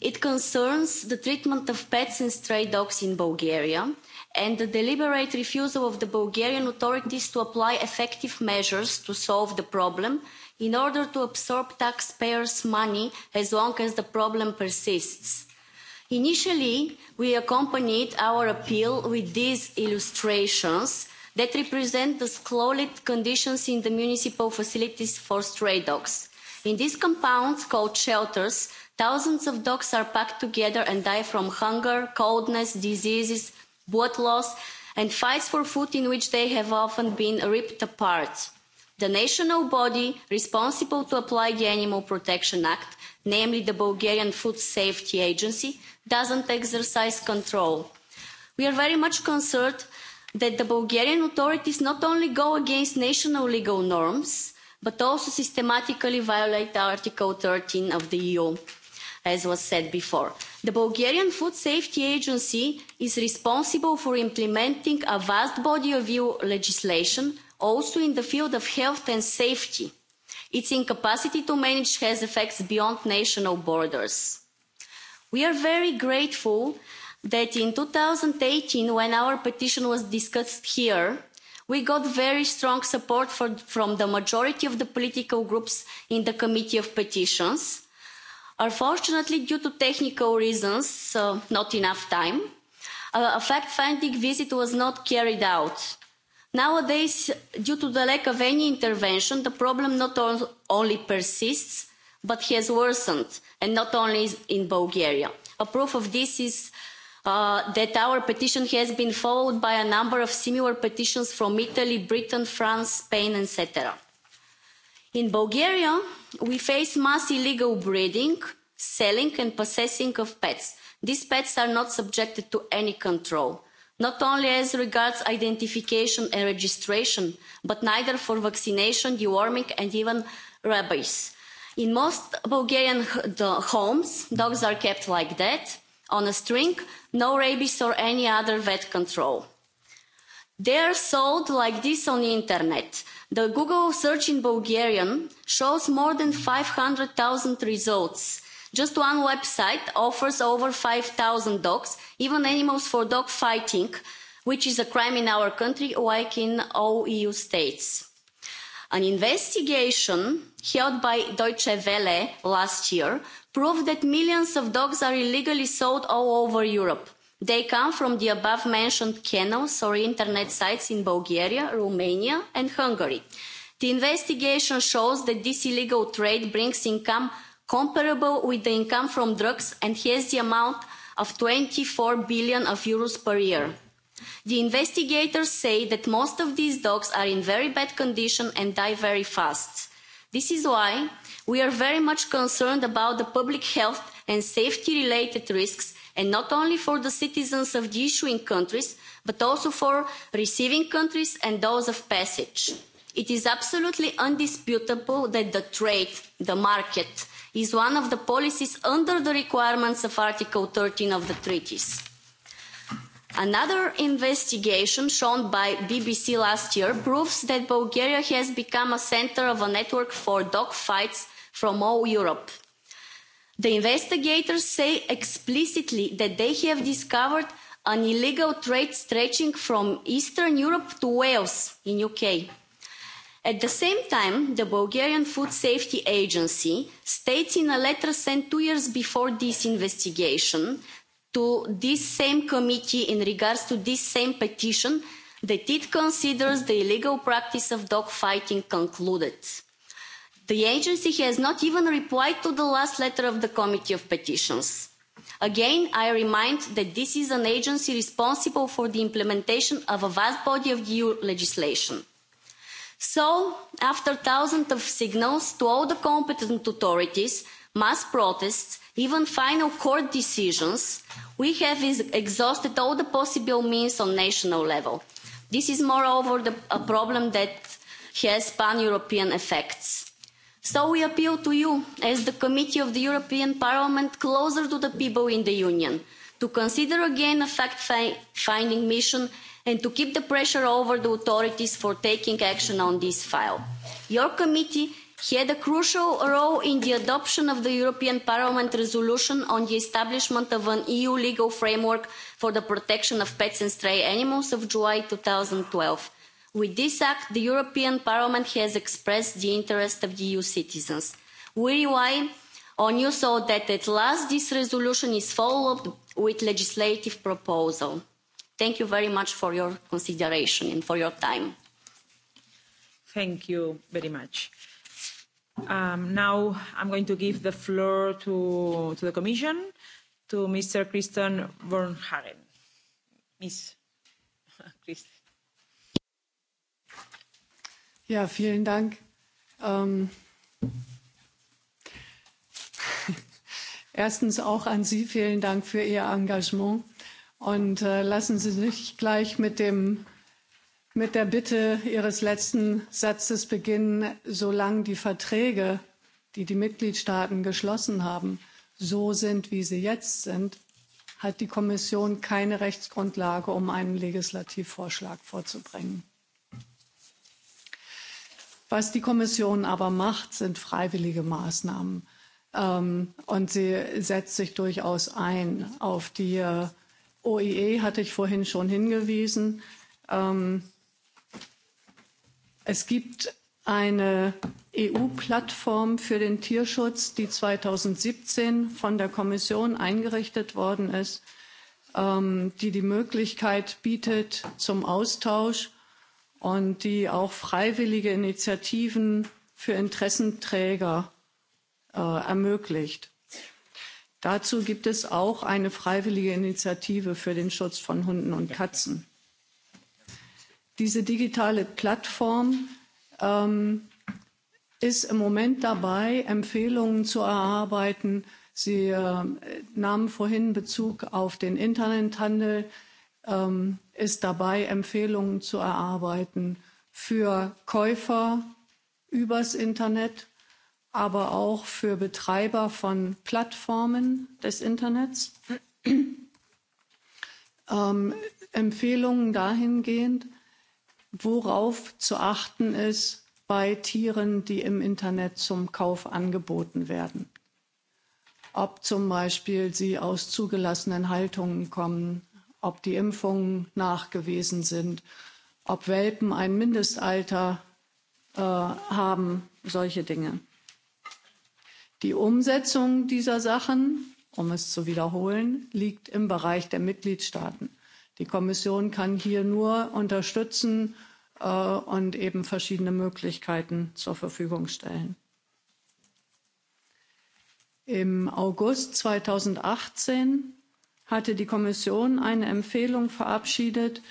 it concerns the treatment of pets and stray dogs in bulgaria and the deliberate refusal of the bulgarian authorities to apply effective measures to solve the problem in order to absorb taxpayers' money as long as the problem persists. initially we accompanied our appeal with these illustrations that represent the squalid conditions in the municipal facilities for stray dogs. in these compounds called shelters thousands of dogs are packed together and die from hunger coldness diseases blood loss and fights for food in which they have often been ripped apart. the national body responsible to apply the animal protection act namely the bulgarian food safety agency doesn't exercise control. we are very much concerned that the bulgarian authorities not only go against national legal norms but also systematically violate article thirteen of the eu as was said before. the bulgarian food safety agency is responsible for implementing a vast body of eu legislation also in the field of health and safety. its incapacity to manage has effects beyond national borders. we are very grateful that in two thousand and eighteen when our petition was discussed here we got very strong support for, from the majority of the political groups in the committee of petitions unfortunately due to technical reasons so not enough time a fact finding visit was not carried out. nowadays due to the lack of any intervention the problem not only persists but has worsened and not only in bulgaria. a proof of this is uh, that our petition has been followed by a number of similar petitions from italy britain france spain etc in bulgaria we face mass illegal breeding selling and possessing of pets. these pets are not subjected to any control not only as regards identification and registration but neither for vaccination deworming and even rabies. in most bulgarian homes dogs are kept like that on a string no rabies or any other vet control. they are sold like this on the internet the google search in bulgarian shows more than five hundred zero results. just one website offers over five zero dogs even animals for dog fighting which is a crime in our country like in all eu states. An investigation held by Deutsche Welle last year proved that millions of dogs are illegally sold all over Europe they come from the above mentioned kennels or internet sites in bulgaria romania and hungary. the investigation shows that this illegal trade brings income comparable with the income from drugs and has the amount of eur twenty four billion of euros per year. the investigators say that most of these dogs are in very bad condition and die very fast. this is why we are very much concerned about the public health and safety related risks and not only for the citizens of the issuing countries but also for receiving countries and those of passage. it is absolutely indisputable that the trade the market is one of the policies under the requirements of article thirteen of the treaties. Another investigation shown by BBC last year proves that Bulgaria has become a centre of a network for dog fights from all Europe the investigators say explicitly that they have discovered an illegal trade stretching from eastern europe to wales in the uk. at the same time the bulgarian food safety agency states in a letter sent two years before this investigation to this same committee in regards to this same petition that it considers the illegal practice of dog fighting concluded the agency has not even replied to the last letter of the committee of petitions. again i remind that this is an agency responsible for the implementation of a vast body of eu legislation. so after thousands of signals to all the competent authorities mass protests even final court decisions we have exhausted all the possible means on national level. this is moreover a problem that has pan european effects so we appeal to you as the committee of the european parliament closer to the people in the union to consider again a fact finding mission and to keep the pressure over the authorities for taking action on this file. your committee had a crucial role in the adoption of the european parliament resolution on the establishment of an eu legal framework for the protection of pets and stray animals of july two thousand and twelve with this act the european parliament has expressed the interest of eu citizens. we rely on you so that at last this resolution is followed with a legislative proposal. thank you very much for your consideration and for your time. thank you very much. Um, now i'm going to give the floor to, to the commission to mr christian bornhagen. Miss Christ [laughs] Ja, vielen Dank. Ähm, [laughs] erstens auch an Sie vielen Dank für Ihr Engagement. Und äh, lassen Sie sich gleich mit, dem, mit der Bitte Ihres letzten Satzes beginnen, solange die Verträge, die die Mitgliedstaaten geschlossen haben, so sind, wie sie jetzt sind, hat die Kommission keine Rechtsgrundlage, um einen Legislativvorschlag vorzubringen. Was die Kommission aber macht, sind freiwillige Maßnahmen. Ähm, und sie setzt sich durchaus ein auf die äh, OIE, hatte ich vorhin schon hingewiesen. Ähm, es gibt eine EU-Plattform für den Tierschutz, die 2017 von der Kommission eingerichtet worden ist, ähm, die die Möglichkeit bietet zum Austausch und die auch freiwillige Initiativen für Interessenträger äh, ermöglicht. Dazu gibt es auch eine freiwillige Initiative für den Schutz von Hunden und Katzen. Diese digitale Plattform ähm, ist im Moment dabei, Empfehlungen zu erarbeiten. Sie äh, nahmen vorhin Bezug auf den Internethandel ähm, ist dabei, Empfehlungen zu erarbeiten für Käufer übers Internet, aber auch für Betreiber von Plattformen des Internets. [clears throat] ähm, Empfehlungen dahingehend, worauf zu achten ist bei Tieren, die im Internet zum Kauf angeboten werden. Ob zum Beispiel sie aus zugelassenen Haltungen kommen, ob die Impfungen nachgewiesen sind, ob Welpen ein Mindestalter äh, haben, solche Dinge. Die Umsetzung dieser Sachen, um es zu wiederholen, liegt im Bereich der Mitgliedstaaten. Die Kommission kann hier nur unterstützen äh, und eben verschiedene Möglichkeiten zur Verfügung stellen. Im August 2018 hatte die Kommission eine Empfehlung verabschiedet,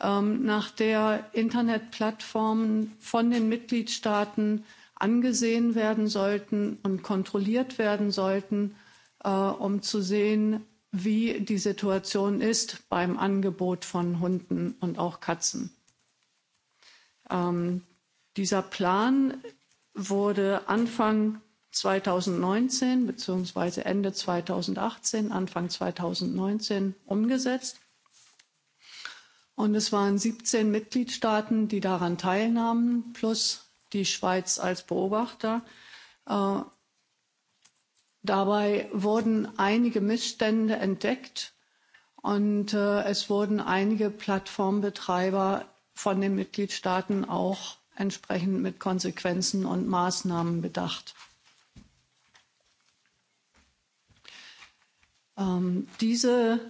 ähm, nach der Internetplattformen von den Mitgliedstaaten angesehen werden sollten und kontrolliert werden sollten, äh, um zu sehen, wie die Situation ist beim Angebot von Hunden und auch Katzen. Ähm, dieser Plan wurde Anfang 2019 beziehungsweise Ende 2018, Anfang 2019 umgesetzt. Und es waren 17 Mitgliedstaaten, die daran teilnahmen, plus die Schweiz als Beobachter. Äh, dabei wurden einige Missstände entdeckt und äh, es wurden einige Plattformbetreiber von den Mitgliedstaaten auch entsprechend mit Konsequenzen und Maßnahmen bedacht. Ähm, diese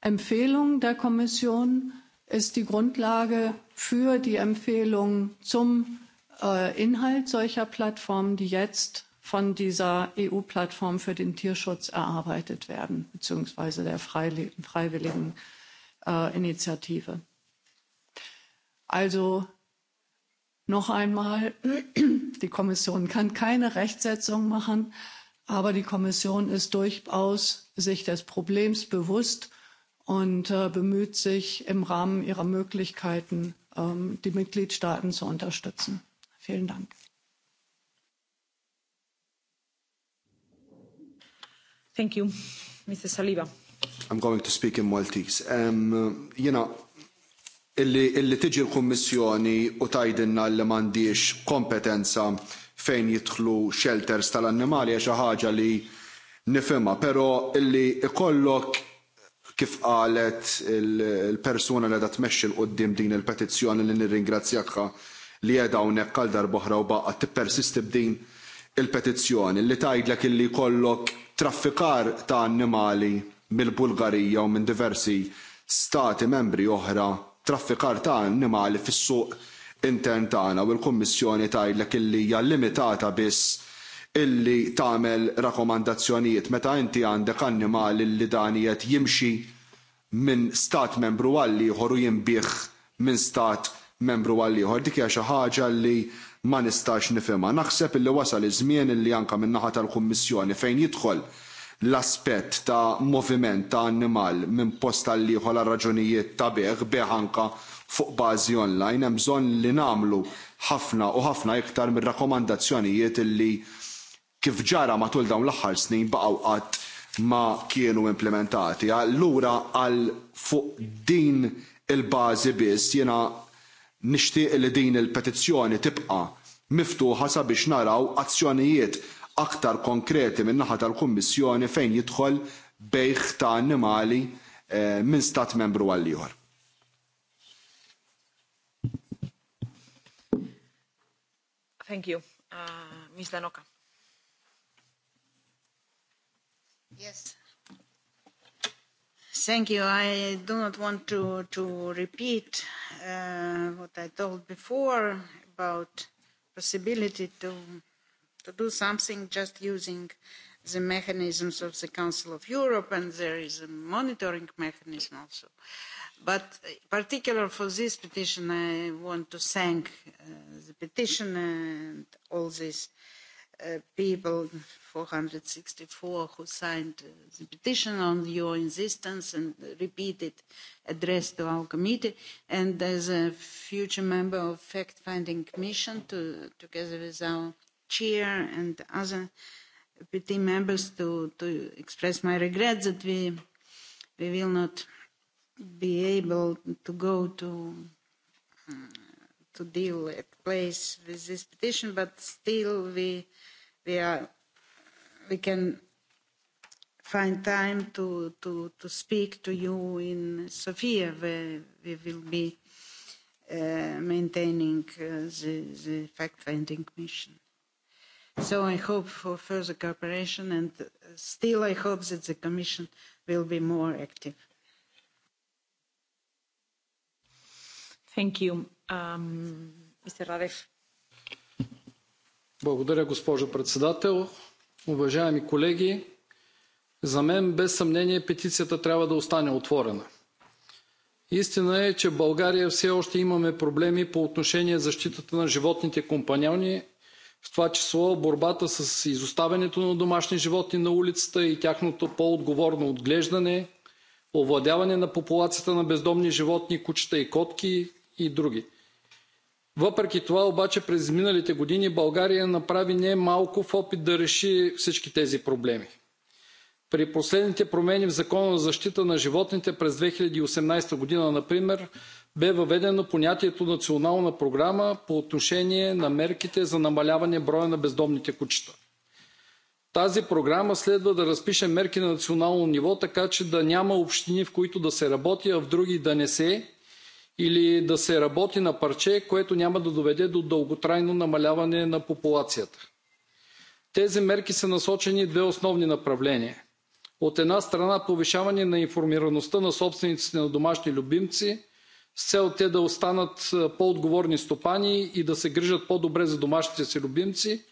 Empfehlung der Kommission ist die Grundlage für die Empfehlung zum äh, Inhalt solcher Plattformen, die jetzt von dieser EU-Plattform für den Tierschutz erarbeitet werden, beziehungsweise der Freile freiwilligen äh, Initiative. Also noch einmal, [clears throat] die Kommission kann keine Rechtsetzung machen. Aber die Kommission ist durchaus sich des Problems bewusst und äh, bemüht sich im Rahmen ihrer Möglichkeiten, ähm, die Mitgliedstaaten zu unterstützen. Vielen Dank. Thank you. Mr. Saliba. I'm going to speak in Maltese. Um, uh, you know, illi, illi tiġi l u tajdinna li kompetenza fejn jidħlu shelters tal-annimali hija xi ħaġa li nifhimha, però illi ikollok kif qalet il-persuna li qiegħda tmexxi l qudiem din il-petizzjoni li nirringrazzjakha li qiegħda hawnhekk għal darb'oħra u baqa' tippersisti b'din il-petizzjoni li tgħidlek illi jkollok traffikar ta' annimali mill-Bulgarija u minn diversi stati membri oħra traffikar ta' annimali fis-suq intern tagħna u l-Kummissjoni tgħidlek illi hija limitata biss illi tagħmel rakkomandazzjonijiet meta inti għandek annimali li dan qed jimxi minn stat membru għal ieħor u jinbih minn stat membru għal ieħor dik hija xi ħaġa li ma nistax nifhimha. Naħseb illi wasal iż-żmien illi anke min-naħa tal-Kummissjoni fejn jidħol l-aspett ta' moviment ta' annimal minn post għal ieħor għal raġunijiet ta' beħ beħ anka fuq bażi online hemm bżonn li nagħmlu ħafna u ħafna iktar mir-rakkomandazzjonijiet illi kif ġara matul dawn l-aħħar snin baqgħu qatt ma kienu implementati. Allura għal fuq din il-bażi biss jiena nixtieq li din il-petizzjoni tibqa' miftuħa sabiex naraw azzjonijiet aktar konkreti min naħa tal-Kummissjoni fejn jidħol bejħ ta' annimali eh, minn stat membru għal ieħor. Thank you. Uh, Ms. Danoka. Yes. Thank you. I do not want to, to repeat uh, what I told before about possibility to, to do something just using the mechanisms of the Council of Europe, and there is a monitoring mechanism also. Uh, But in particular for this petition, I want to thank uh, the petitioner and all these and uh, people, 464, who signed uh, the petition on your insistence and repeated address to our committee. And as a future member of fact-finding commission, to, together with our chair and other petition members, to, to express my regret that we, we will not – be able to go to to deal at place with this petition, but still we we are we can find time to to to speak to you in Sofia, where we will be uh, maintaining uh, the the fact-finding mission. So I hope for further cooperation, and still I hope that the Commission will be more active. Благодаря, госпожо председател. Уважаеми колеги, за мен без съмнение петицията трябва да остане отворена. Истина е, че в България все още имаме проблеми по отношение защитата на животните компаньони, в това число борбата с изоставянето на домашни животни на улицата и тяхното по-отговорно отглеждане, овладяване на популацията на бездомни животни, кучета и котки, и други. Въпреки това обаче през миналите години България направи немалко в опит да реши всички тези проблеми. При последните промени в Закона за защита на животните през 2018 година, например, бе въведено понятието национална програма по отношение на мерките за намаляване броя на бездомните кучета. Тази програма следва да разпише мерки на национално ниво, така че да няма общини, в които да се работи, а в други да не се, или да се работи на парче, което няма да доведе до дълготрайно намаляване на популацията. Тези мерки са насочени в две основни направления. От една страна повишаване на информираността на собствениците на домашни любимци с цел те да останат по-отговорни стопани и да се грижат по-добре за домашните си любимци,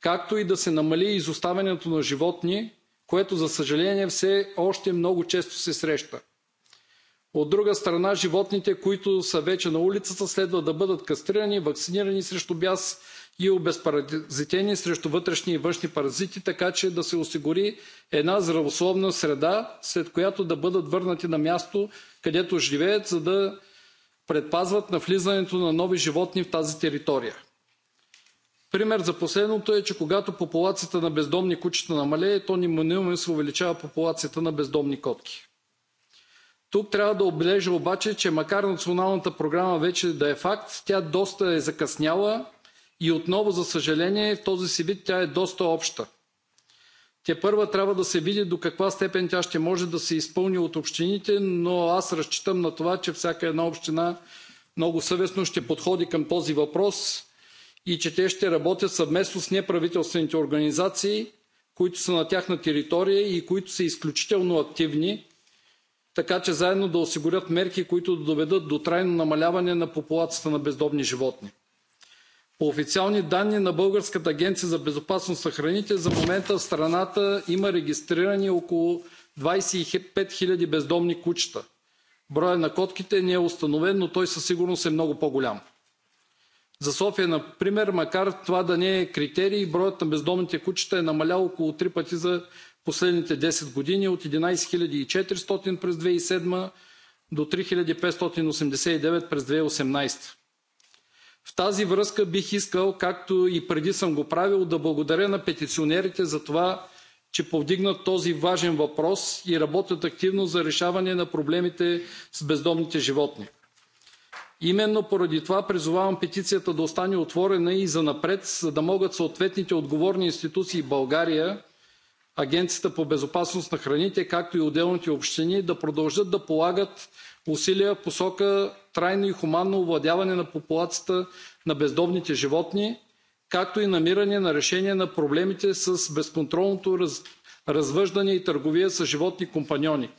както и да се намали изоставянето на животни, което за съжаление все още много често се среща. От друга страна, животните, които са вече на улицата, следва да бъдат кастрирани, ваксинирани срещу бяс и обезпаразитени срещу вътрешни и външни паразити, така че да се осигури една здравословна среда, след която да бъдат върнати на място, където живеят, за да предпазват навлизането на нови животни в тази територия. Пример за последното е, че когато популацията на бездомни кучета намалее, то неминуемо се увеличава популацията на бездомни котки. Тук трябва да отбележа обаче, че макар националната програма вече да е факт, тя доста е закъсняла и отново, за съжаление, в този си вид тя е доста обща. Тепърва трябва да се види до каква степен тя ще може да се изпълни от общините, но аз разчитам на това, че всяка една община много съвестно ще подходи към този въпрос и че те ще работят съвместно с неправителствените организации, които са на тяхна територия и които са изключително активни така че заедно да осигурят мерки, които да доведат до трайно намаляване на популацията на бездомни животни. По официални данни на Българската агенция за безопасност на храните за момента в страната има регистрирани около 25 000 бездомни кучета. Броя на котките не е установен, но той със сигурност е много по-голям. За София, например, макар това да не е критерий, броят на бездомните кучета е намалял около три пъти за последните 10 години от 11 400 през 2007 до 3589 през 2018. В тази връзка бих искал, както и преди съм го правил, да благодаря на петиционерите за това, че повдигнат този важен въпрос и работят активно за решаване на проблемите с бездомните животни. Именно поради това призовавам петицията да остане отворена и занапред, за да могат съответните отговорни институции в България Агенцията по безопасност на храните, както и отделните общини да продължат да полагат усилия в посока трайно и хуманно овладяване на популацията на бездомните животни, както и намиране на решение на проблемите с безконтролното развъждане и търговия с животни компаньони,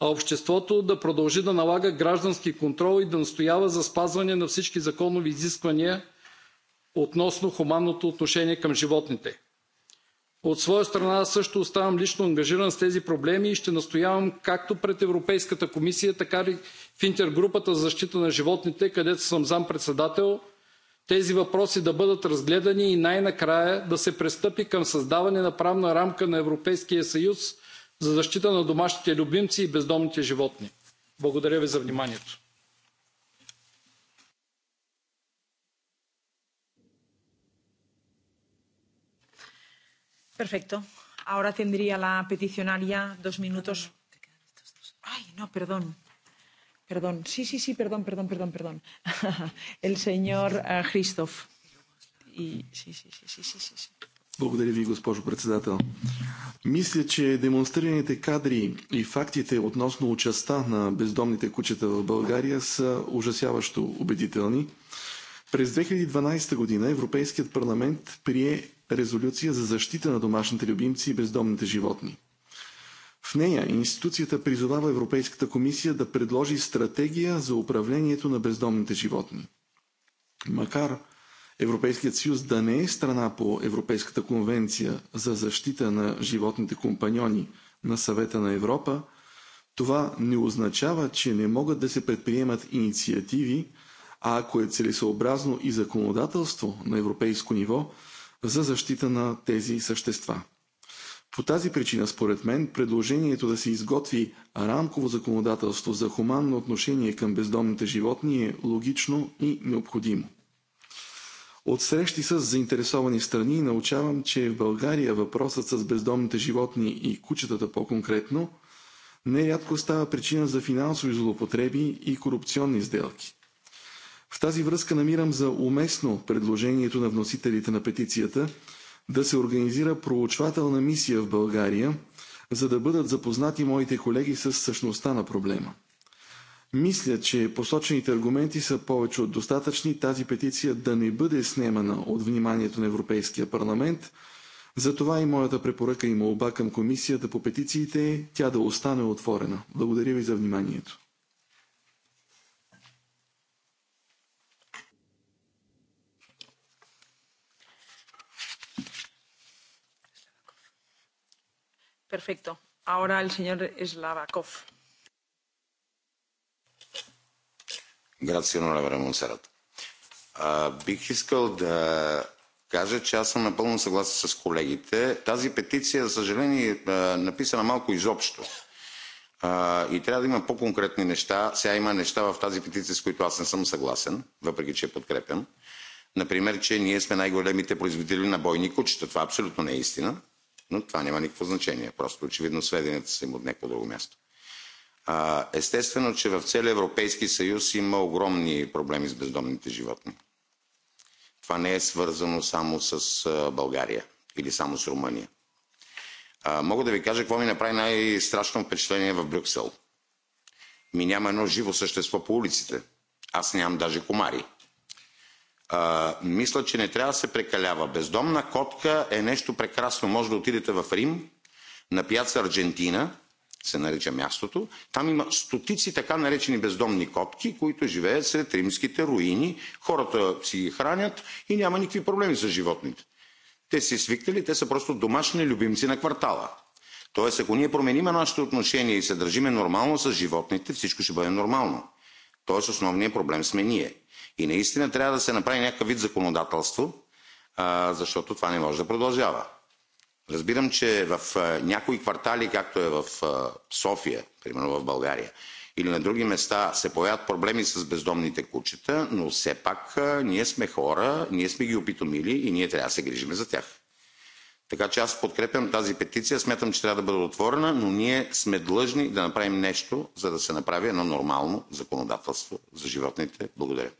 а обществото да продължи да налага граждански контрол и да настоява за спазване на всички законови изисквания относно хуманното отношение към животните. От своя страна също оставам лично ангажиран с тези проблеми и ще настоявам както пред Европейската комисия, така и в интергрупата за защита на животните, където съм заместник-председател, тези въпроси да бъдат разгледани и най-накрая да се пристъпи към създаване на правна рамка на Европейския съюз за защита на домашните любимци и бездомните животни. Благодаря ви за вниманието. Perfecto. Ahora tendría la peticionaria dos minutos. Ay, no, perdón. Perdón. Sí, sí, sí, perdón, perdón, perdón, perdón. El señor uh, Christoph. Y... Sí, sí, sí, sí, sí, sí. sí. Благодаря ви, госпожо председател. Мисля, че демонстрираните кадри и фактите относно участа на бездомните кучета в България са ужасяващо убедителни. През 2012 година Европейският парламент прие резолюция за защита на домашните любимци и бездомните животни. В нея институцията призовава Европейската комисия да предложи стратегия за управлението на бездомните животни. Макар Европейският съюз да не е страна по Европейската конвенция за защита на животните компаньони на Съвета на Европа, това не означава, че не могат да се предприемат инициативи, а ако е целесообразно и законодателство на европейско ниво, за защита на тези същества. По тази причина, според мен, предложението да се изготви рамково законодателство за хуманно отношение към бездомните животни е логично и необходимо. От срещи с заинтересовани страни научавам, че в България въпросът с бездомните животни и кучетата по-конкретно нерядко става причина за финансови злоупотреби и корупционни сделки. В тази връзка намирам за уместно предложението на вносителите на петицията да се организира проучвателна мисия в България, за да бъдат запознати моите колеги с същността на проблема. Мисля, че посочените аргументи са повече от достатъчни тази петиция да не бъде снемана от вниманието на Европейския парламент, затова и моята препоръка и молба към комисията по петициите е тя да остане отворена. Благодаря ви за вниманието. Perfecto. Ahora el señor Slavakov. Грация, Нолевра Монсерат. Бих искал да кажа, че аз съм напълно съгласен с колегите. Тази петиция, за съжаление, е написана малко изобщо. А, и трябва да има по-конкретни неща. Сега има неща в тази петиция, с които аз не съм съгласен, въпреки че я подкрепям. Например, че ние сме най-големите производители на бойни кучета. Това абсолютно не е истина. Но това няма никакво значение. Просто очевидно сведенията са им от някакво друго място. А, естествено, че в целия Европейски съюз има огромни проблеми с бездомните животни. Това не е свързано само с България или само с Румъния. А, мога да ви кажа какво ми направи най-страшно впечатление в Брюксел. Ми няма едно живо същество по улиците. Аз нямам даже комари. А, мисля, че не трябва да се прекалява. Бездомна котка е нещо прекрасно. Може да отидете в Рим, на пияца Аржентина, се нарича мястото, там има стотици така наречени бездомни котки, които живеят сред римските руини, хората си ги хранят и няма никакви проблеми с животните. Те си свикнали, те са просто домашни любимци на квартала. Тоест, ако ние променим нашето отношение и се държиме нормално с животните, всичко ще бъде нормално. Тоест, основният проблем сме ние. И наистина трябва да се направи някакъв вид законодателство, защото това не може да продължава. Разбирам, че в някои квартали, както е в София, примерно в България, или на други места се появят проблеми с бездомните кучета, но все пак ние сме хора, ние сме ги опитомили и ние трябва да се грижим за тях. Така че аз подкрепям тази петиция, смятам, че трябва да бъде отворена, но ние сме длъжни да направим нещо, за да се направи едно нормално законодателство за животните. Благодаря.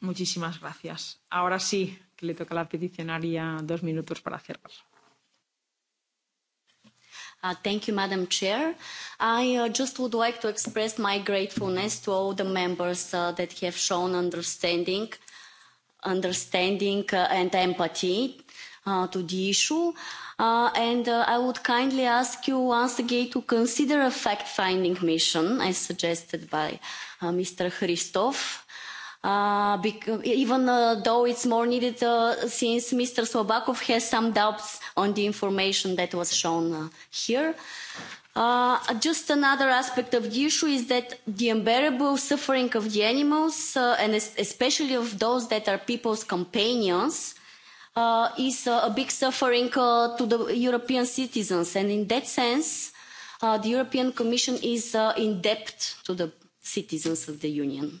Muchísimas gracias. Ahora sí que le toca a la peticionaria dos minutos para cerrar. Uh, thank you, Madam Chair. I uh, just would like to express my gratefulness to all the members uh, that have shown understanding, understanding uh, and empathy uh, to the issue. Uh, and uh, I would kindly ask you once again to consider a fact-finding mission as suggested by uh, Mr. Christoph Uh, even uh, though it's more needed uh, since Mr. Slobakov has some doubts on the information that was shown uh, here. Uh, just another aspect of the issue is that the unbearable suffering of the animals, uh, and especially of those that are people's companions, uh, is uh, a big suffering uh, to the European citizens. And in that sense, uh, the European Commission is uh, in debt to the citizens of the Union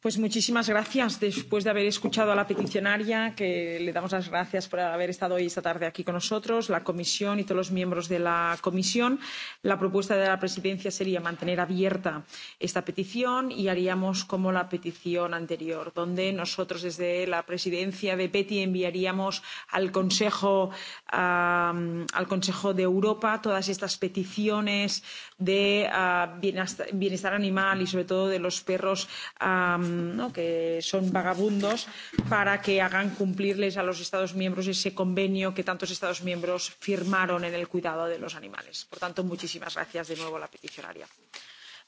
Pues muchísimas gracias. Después de haber escuchado a la peticionaria, que le damos las gracias por haber estado hoy esta tarde aquí con nosotros, la comisión y todos los miembros de la comisión, la propuesta de la presidencia sería mantener abierta esta petición y haríamos como la petición anterior, donde nosotros desde la presidencia de PETI enviaríamos al Consejo, um, al Consejo de Europa todas estas peticiones de uh, ah, bienestar, bienestar animal y sobre todo de los perros. Um, ¿no? que son vagabundos para que hagan cumplirles a los Estados miembros ese convenio que tantos Estados miembros firmaron en el cuidado de los animales. Por tanto, muchísimas gracias de nuevo a la peticionaria.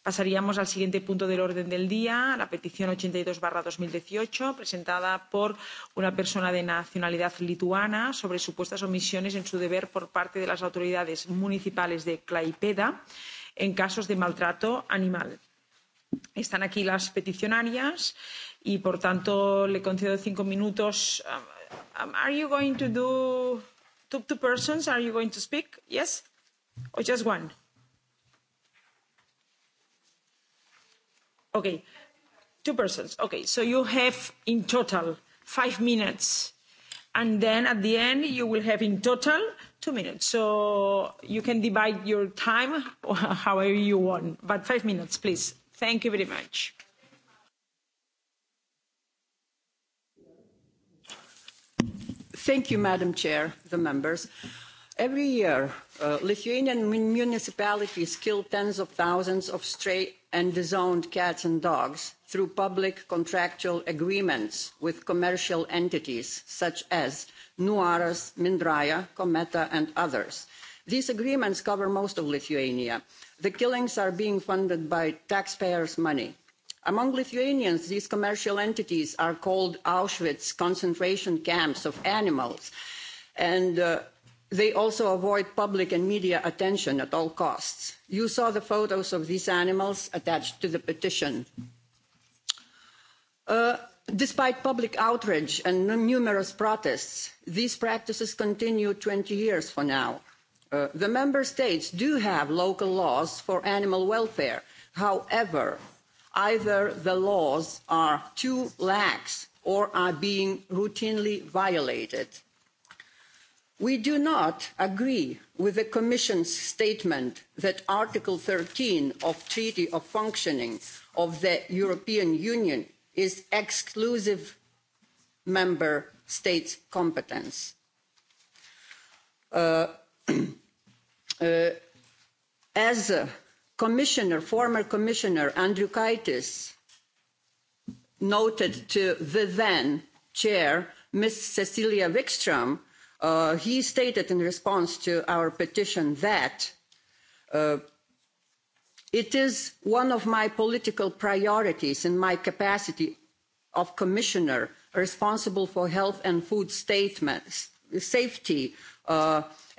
Pasaríamos al siguiente punto del orden del día, la petición 82-2018, presentada por una persona de nacionalidad lituana sobre supuestas omisiones en su deber por parte de las autoridades municipales de Klaipeda en casos de maltrato animal están aquí las peticionarias y por tanto le concedo cinco minutos. Um, um, are you going to do two, two persons? Are you going to speak? Yes? Or just one? Okay, two persons. Okay, so you have in total five minutes. And then at the end, you will have in total two minutes. So you can divide your time [laughs] however you want. But five minutes, please Thank you very much. Thank you, Madam Chair, the members. Every year, uh, Lithuanian municipalities kill tens of thousands of stray and disowned cats and dogs through public contractual agreements with commercial entities such as Nuaras, Mindraja, Cometa and others. These agreements cover most of Lithuania the killings are being funded by taxpayers' money. among lithuanians these commercial entities are called auschwitz concentration camps of animals and uh, they also avoid public and media attention at all costs. you saw the photos of these animals attached to the petition. Uh, despite public outrage and numerous protests these practices continue twenty years from now Uh, the member states do have local laws for animal welfare. However, either the laws are too lax or are being routinely violated. We do not agree with the Commission's statement that Article 13 of Treaty of Functioning of the European Union is exclusive member states' competence. Uh, Uh, as commissioner, former commissioner Andriukaitis noted to the then chair, Ms. Cecilia wikstrm uh, he stated in response to our petition that uh, it is one of my political priorities in my capacity of commissioner responsible for health and food safety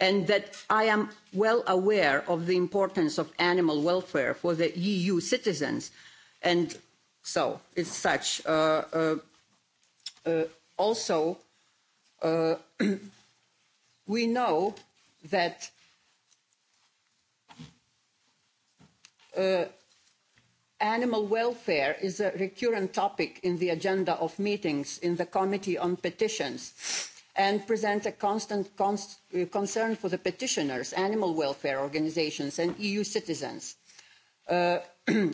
and that i am well aware of the importance of animal welfare for the eu citizens and so as such uh, uh, uh also uh, [clears throat] we know that uh, animal welfare is a recurrent topic in the agenda of meetings in the committee on petitions and presents a constant uh, concern for the petitioners, animal welfare organisations and EU citizens. Uh, [clears throat] uh,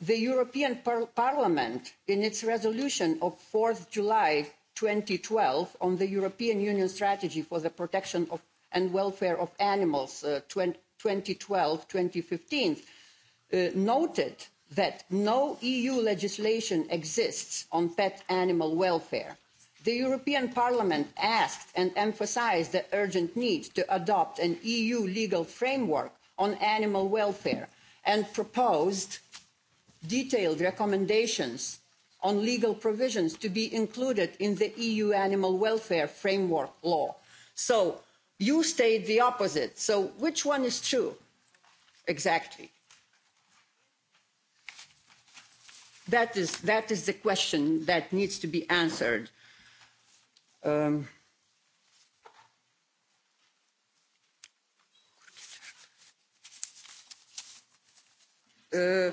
the European par Parliament, in its resolution of 4th July 2012 on the European Union strategy for the protection of and welfare of animals 2012-2015, uh, uh, noted that no EU legislation exists on pet animal welfare the european parliament asked and emphasised the urgent need to adopt an eu legal framework on animal welfare and proposed detailed recommendations on legal provisions to be included in the eu animal welfare framework law. so you state the opposite so which one is true exactly? that is, that is the question that needs to be answered Um, Uh,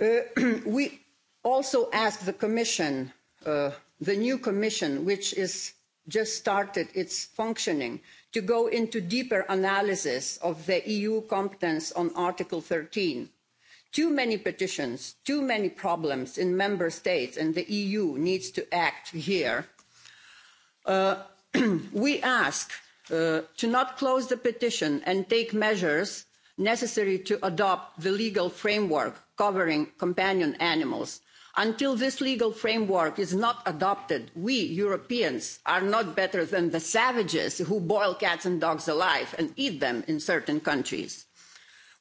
uh, we also asked the commission uh, the new commission which is just started its functioning to go into deeper analysis of the eu competence on article 13 too many petitions too many problems in member states and the eu needs to act here. Uh, [clears throat] we ask uh, to not close the petition and take measures necessary to adopt the legal framework covering companion animals. until this legal framework is not adopted we europeans are not better than the savages who boil cats and dogs alive and eat them in certain countries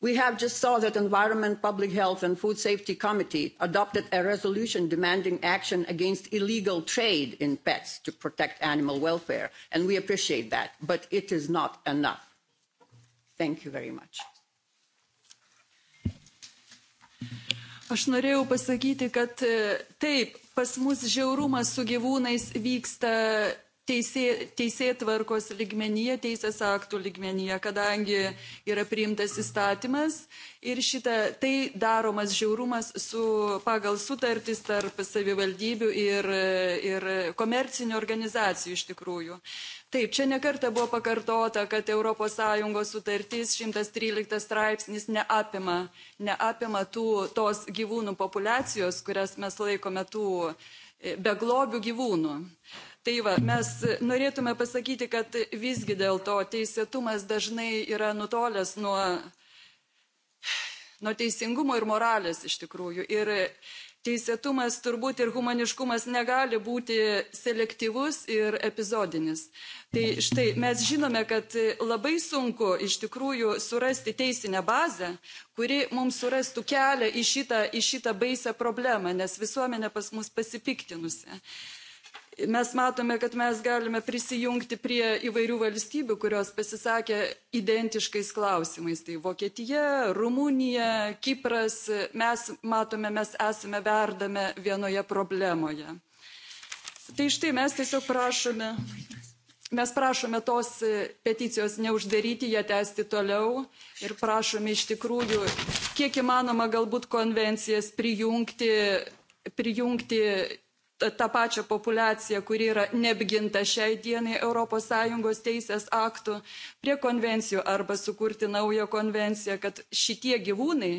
we have just saw that environment public health and food safety committee adopted a resolution demanding action against illegal trade in pets to protect animal welfare and we appreciate that but it is not enough. thank you very much. Aš norėjau pasakyti, kad e, taip, pas mus žiaurumas su gyvūnais vyksta teisė, teisėtvarkos lygmenyje, teisės aktų lygmenyje, kadangi yra priimtas įstatymas ir šita, tai daromas žiaurumas su, pagal sutartis tarp savivaldybių ir, ir komercinių organizacijų iš tikrųjų. Taip, čia nekarta buvo pakartota, kad ES sutartis 113 straipsnis neapima, neapima tų, tos gyvūnų populacijos, kurias mes laikome tų e, beglobių gyvūnų. Tai va, mes norėtume pasakyti, kad visgi dėl to teisėtumas dažnai yra nutolęs nuo, nuo teisingumo ir moralės iš tikrųjų. Ir teisėtumas turbūt ir humaniškumas negali būti selektyvus ir epizodinis. Tai štai mes žinome, kad labai sunku iš tikrųjų surasti teisinę bazę, kuri mums surastų kelią į šitą, į šitą baisę problemą, nes visuomenė pas mus pasipiktinusi mes matome kad mes galime prisijungti prie įvairių valstybių kurios pasisakė identiškais klausimais tai vokietija rumunija kipras mes matome mes esame verdame vienoje problemoje tai štai mes tiesiog prašome mes prašome tos peticijos neuždaryti ją tęsti toliau ir prašome iš tikrųjų kiek įmanoma galbūt konvencijas prijungti prijungti tą pačią populiaciją kuri yra neapginta šiai dienai europos sąjungos teisės aktų prie konvencijų arba sukurti naują konvenciją kad šitie gyvūnai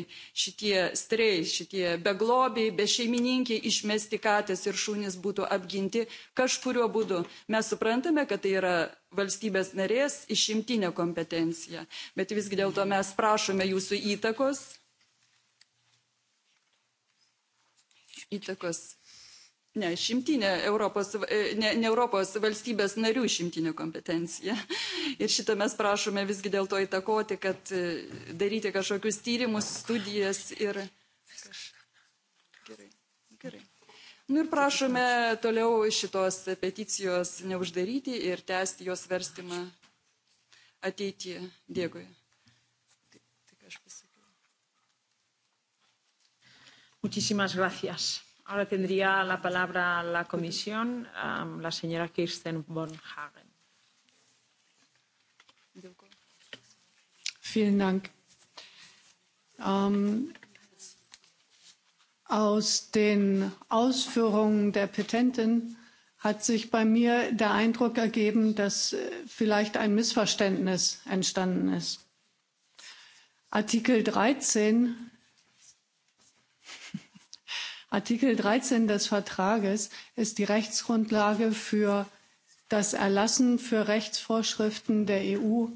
šitie strei šitie beglobiai bešeimininkiai išmesti katės ir šunys būtų apginti kažkuriuo būdu mes suprantame kad tai yra valstybės narės išimtinė kompetencija bet visgi dėl to mes prašome jūsų įtakos įtakos ne šimtinė europos e, ne ne europos valstybės narių šimtinė kompetencija [laughs] ir šitą mes prašome visgi dėl to įtakoti kad e, daryti kažkokius tyrimus studijas ir gerai gerai nu ir prašome toliau šitos peticijos neuždaryti ir tęsti jos svarstymą ateityje dėkui Muchísimas gracias. Ahora tendría aus den Ausführungen der Petentin hat sich bei mir der Eindruck ergeben, dass äh, vielleicht ein Missverständnis entstanden ist. Artikel dreizehn Artikel 13 des Vertrages ist die Rechtsgrundlage für das Erlassen für Rechtsvorschriften der EU,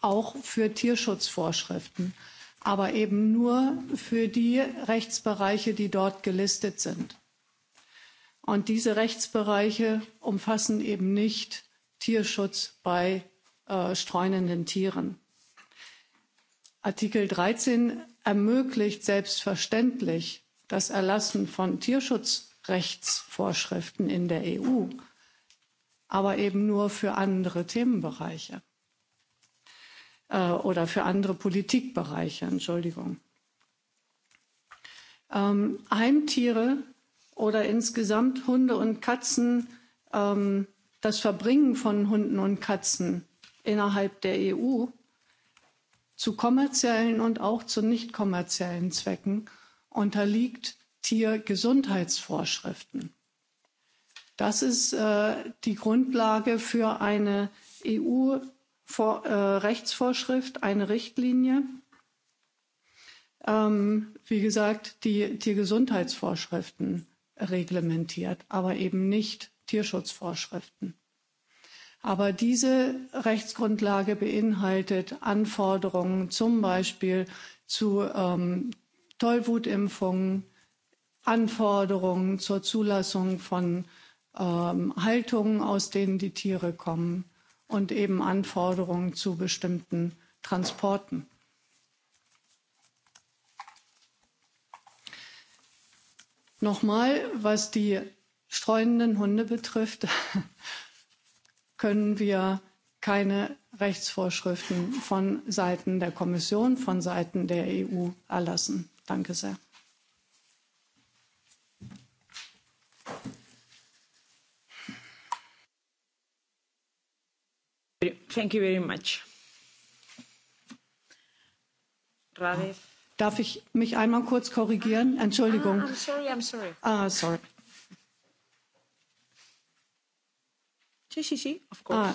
auch für Tierschutzvorschriften, aber eben nur für die Rechtsbereiche, die dort gelistet sind. Und diese Rechtsbereiche umfassen eben nicht Tierschutz bei äh, streunenden Tieren. Artikel 13 ermöglicht selbstverständlich das erlassen von tierschutzrechtsvorschriften in der eu aber eben nur für andere themenbereiche äh, oder für andere politikbereiche entschuldigung. Ähm, heimtiere oder insgesamt hunde und katzen ähm, das verbringen von hunden und katzen innerhalb der eu zu kommerziellen und auch zu nicht kommerziellen zwecken unterliegt Tiergesundheitsvorschriften. Das ist äh, die Grundlage für eine EU-Rechtsvorschrift, äh, eine Richtlinie. Ähm, wie gesagt, die Tiergesundheitsvorschriften reglementiert, aber eben nicht Tierschutzvorschriften. Aber diese Rechtsgrundlage beinhaltet Anforderungen zum Beispiel zu ähm, Tollwutimpfungen, Anforderungen zur Zulassung von ähm, Haltungen, aus denen die Tiere kommen und eben Anforderungen zu bestimmten Transporten. Nochmal, was die streunenden Hunde betrifft, [laughs] können wir keine Rechtsvorschriften von Seiten der Kommission, von Seiten der EU erlassen. Danke sehr. Thank you very much. Darf ich mich einmal kurz korrigieren? Entschuldigung. Ah, I'm sorry, I'm sorry. Ah, sorry. Sí, sí, sí, of course. Ah,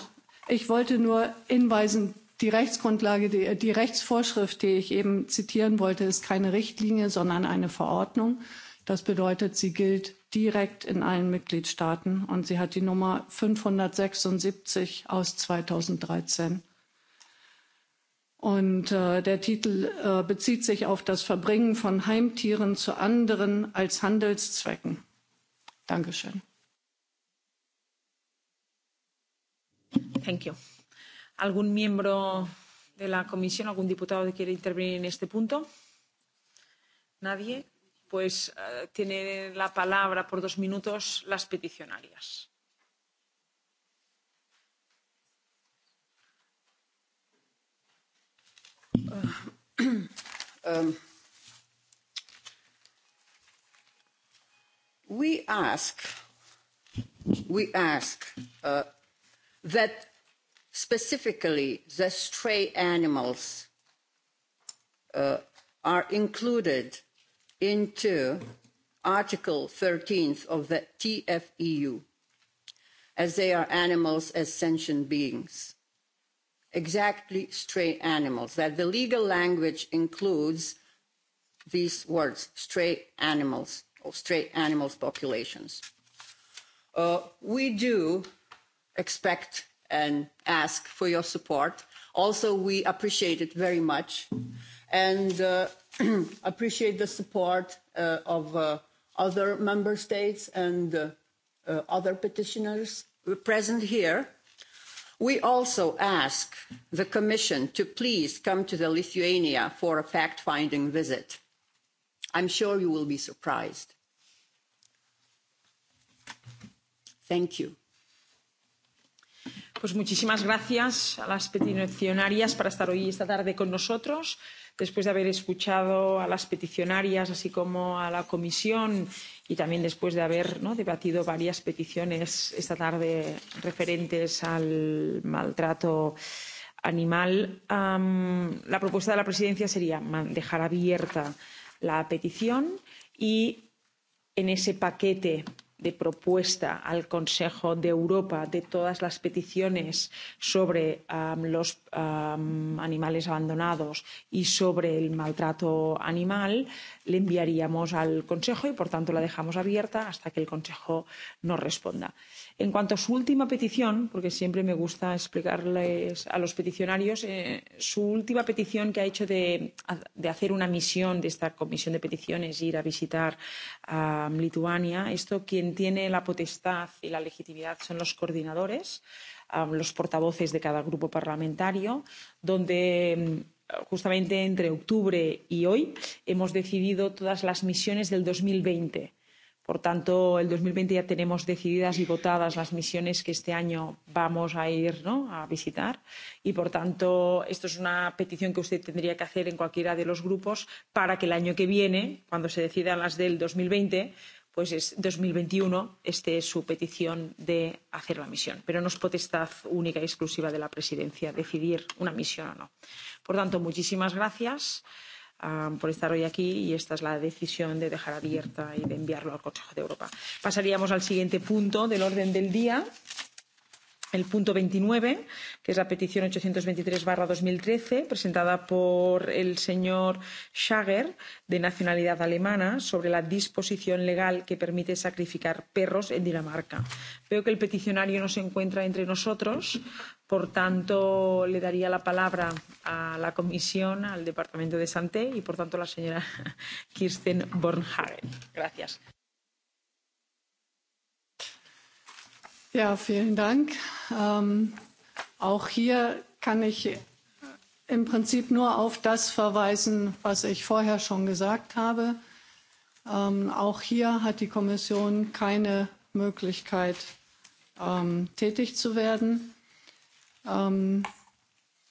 ich wollte nur hinweisen, die Rechtsgrundlage, die, die Rechtsvorschrift, die ich eben zitieren wollte, ist keine Richtlinie, sondern eine Verordnung. Das bedeutet, sie gilt direkt in allen Mitgliedstaaten und sie hat die Nummer 576 aus 2013. Und äh, der Titel äh, bezieht sich auf das Verbringen von Heimtieren zu anderen als Handelszwecken. Dankeschön. Thank you algún miembro de la comisión, algún diputado que quiere intervenir en este punto? Nadie. Pues uh, tiene la palabra por dos minutos las peticionarias. Uh, um, we ask, we ask uh, that specifically the stray animals uh, are included into article 13 of the tfeu as they are animals as sentient beings exactly stray animals that the legal language includes these words stray animals or stray animals populations uh, we do expect and ask for your support. Also, we appreciate it very much and uh, [clears throat] appreciate the support uh, of uh, other member states and uh, uh, other petitioners present here. We also ask the Commission to please come to Lithuania for a fact-finding visit. I'm sure you will be surprised. Thank you. Pues muchísimas gracias a las peticionarias por estar hoy esta tarde con nosotros. Después de haber escuchado a las peticionarias, así como a la comisión, y también después de haber ¿no? debatido varias peticiones esta tarde referentes al maltrato animal, um, la propuesta de la presidencia sería dejar abierta la petición y en ese paquete de propuesta al Consejo de Europa de todas las peticiones sobre um, los um, animales abandonados y sobre el maltrato animal, le enviaríamos al Consejo y, por tanto, la dejamos abierta hasta que el Consejo nos responda. Eh, en cuanto a su última petición porque siempre me gusta explicarles a los peticionarios eh, su última petición que ha hecho de de hacer una misión de esta comisión de peticiones ir a visitar a lituania esto quien tiene la potestad y la legitimidad son los coordinadores los portavoces de cada grupo parlamentario donde Um, justamente entre octubre y hoy hemos decidido todas las misiones del 2020. Por tanto, el 2020 ya tenemos decididas y votadas las misiones que este año vamos a ir ¿no? a visitar y, por tanto, esto es una petición que usted tendría que hacer en cualquiera de los grupos para que el año que viene, cuando se decidan las del 2020, pues es 2021, esté es su petición de hacer la misión. Pero no es potestad única y exclusiva de la presidencia decidir una misión o no. Por tanto, muchísimas gracias um, por estar hoy aquí y esta es la decisión de dejar abierta y de enviarlo al Consejo de Europa. Pasaríamos al siguiente punto del orden del día el punto 29, que es la petición 823-2013, presentada por el señor schager de nacionalidad alemana sobre la disposición legal que permite sacrificar perros en dinamarca. veo que el peticionario no se encuentra entre nosotros Por tanto, le daría la palabra a la Comisión, al Departamento de Santé y, por tanto, a la señora [laughs] Kirsten Bornhagen. Gracias. Ja, vielen Dank. Ähm, auch hier kann ich äh, im Prinzip nur auf das verweisen, was ich vorher schon gesagt habe. Ähm, auch hier hat die Kommission keine Möglichkeit, ähm, tätig zu werden. Ähm,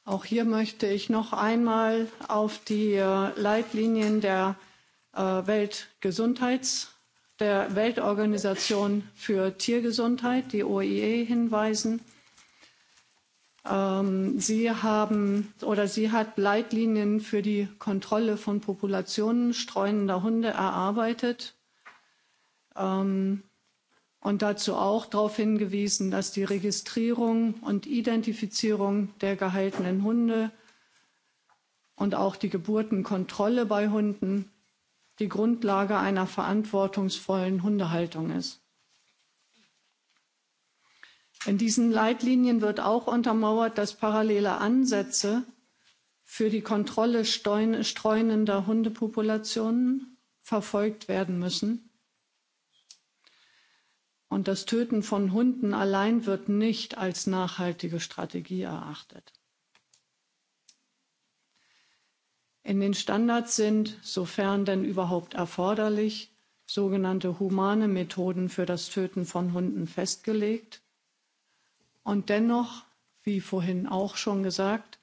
auch hier möchte ich noch einmal auf die äh, Leitlinien der äh, Weltgesundheits der Weltorganisation für Tiergesundheit, die OIE, hinweisen. Ähm, sie haben oder sie hat Leitlinien für die Kontrolle von Populationen streunender Hunde erarbeitet. Ähm, und dazu auch darauf hingewiesen, dass die Registrierung und Identifizierung der gehaltenen Hunde und auch die Geburtenkontrolle bei Hunden die Grundlage einer verantwortungsvollen Hundehaltung ist. In diesen Leitlinien wird auch untermauert, dass parallele Ansätze für die Kontrolle streunender Hundepopulationen verfolgt werden müssen Und das Töten von Hunden allein wird nicht als nachhaltige Strategie erachtet. In den Standards sind, sofern denn überhaupt erforderlich, sogenannte humane Methoden für das Töten von Hunden festgelegt. Und dennoch, wie vorhin auch schon gesagt,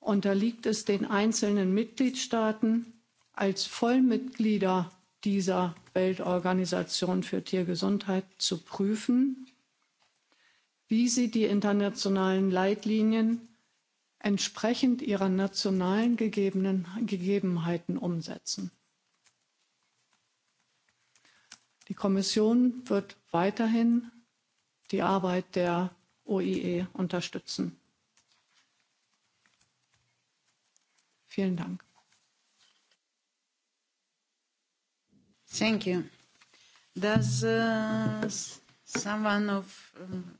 unterliegt es den einzelnen Mitgliedstaaten als Vollmitglieder dieser Weltorganisation für Tiergesundheit zu prüfen, wie sie die internationalen Leitlinien entsprechend ihrer nationalen gegebenen, Gegebenheiten umsetzen. Die Kommission wird weiterhin die Arbeit der OIE unterstützen. Vielen Dank. Thank you. Does uh, someone of um,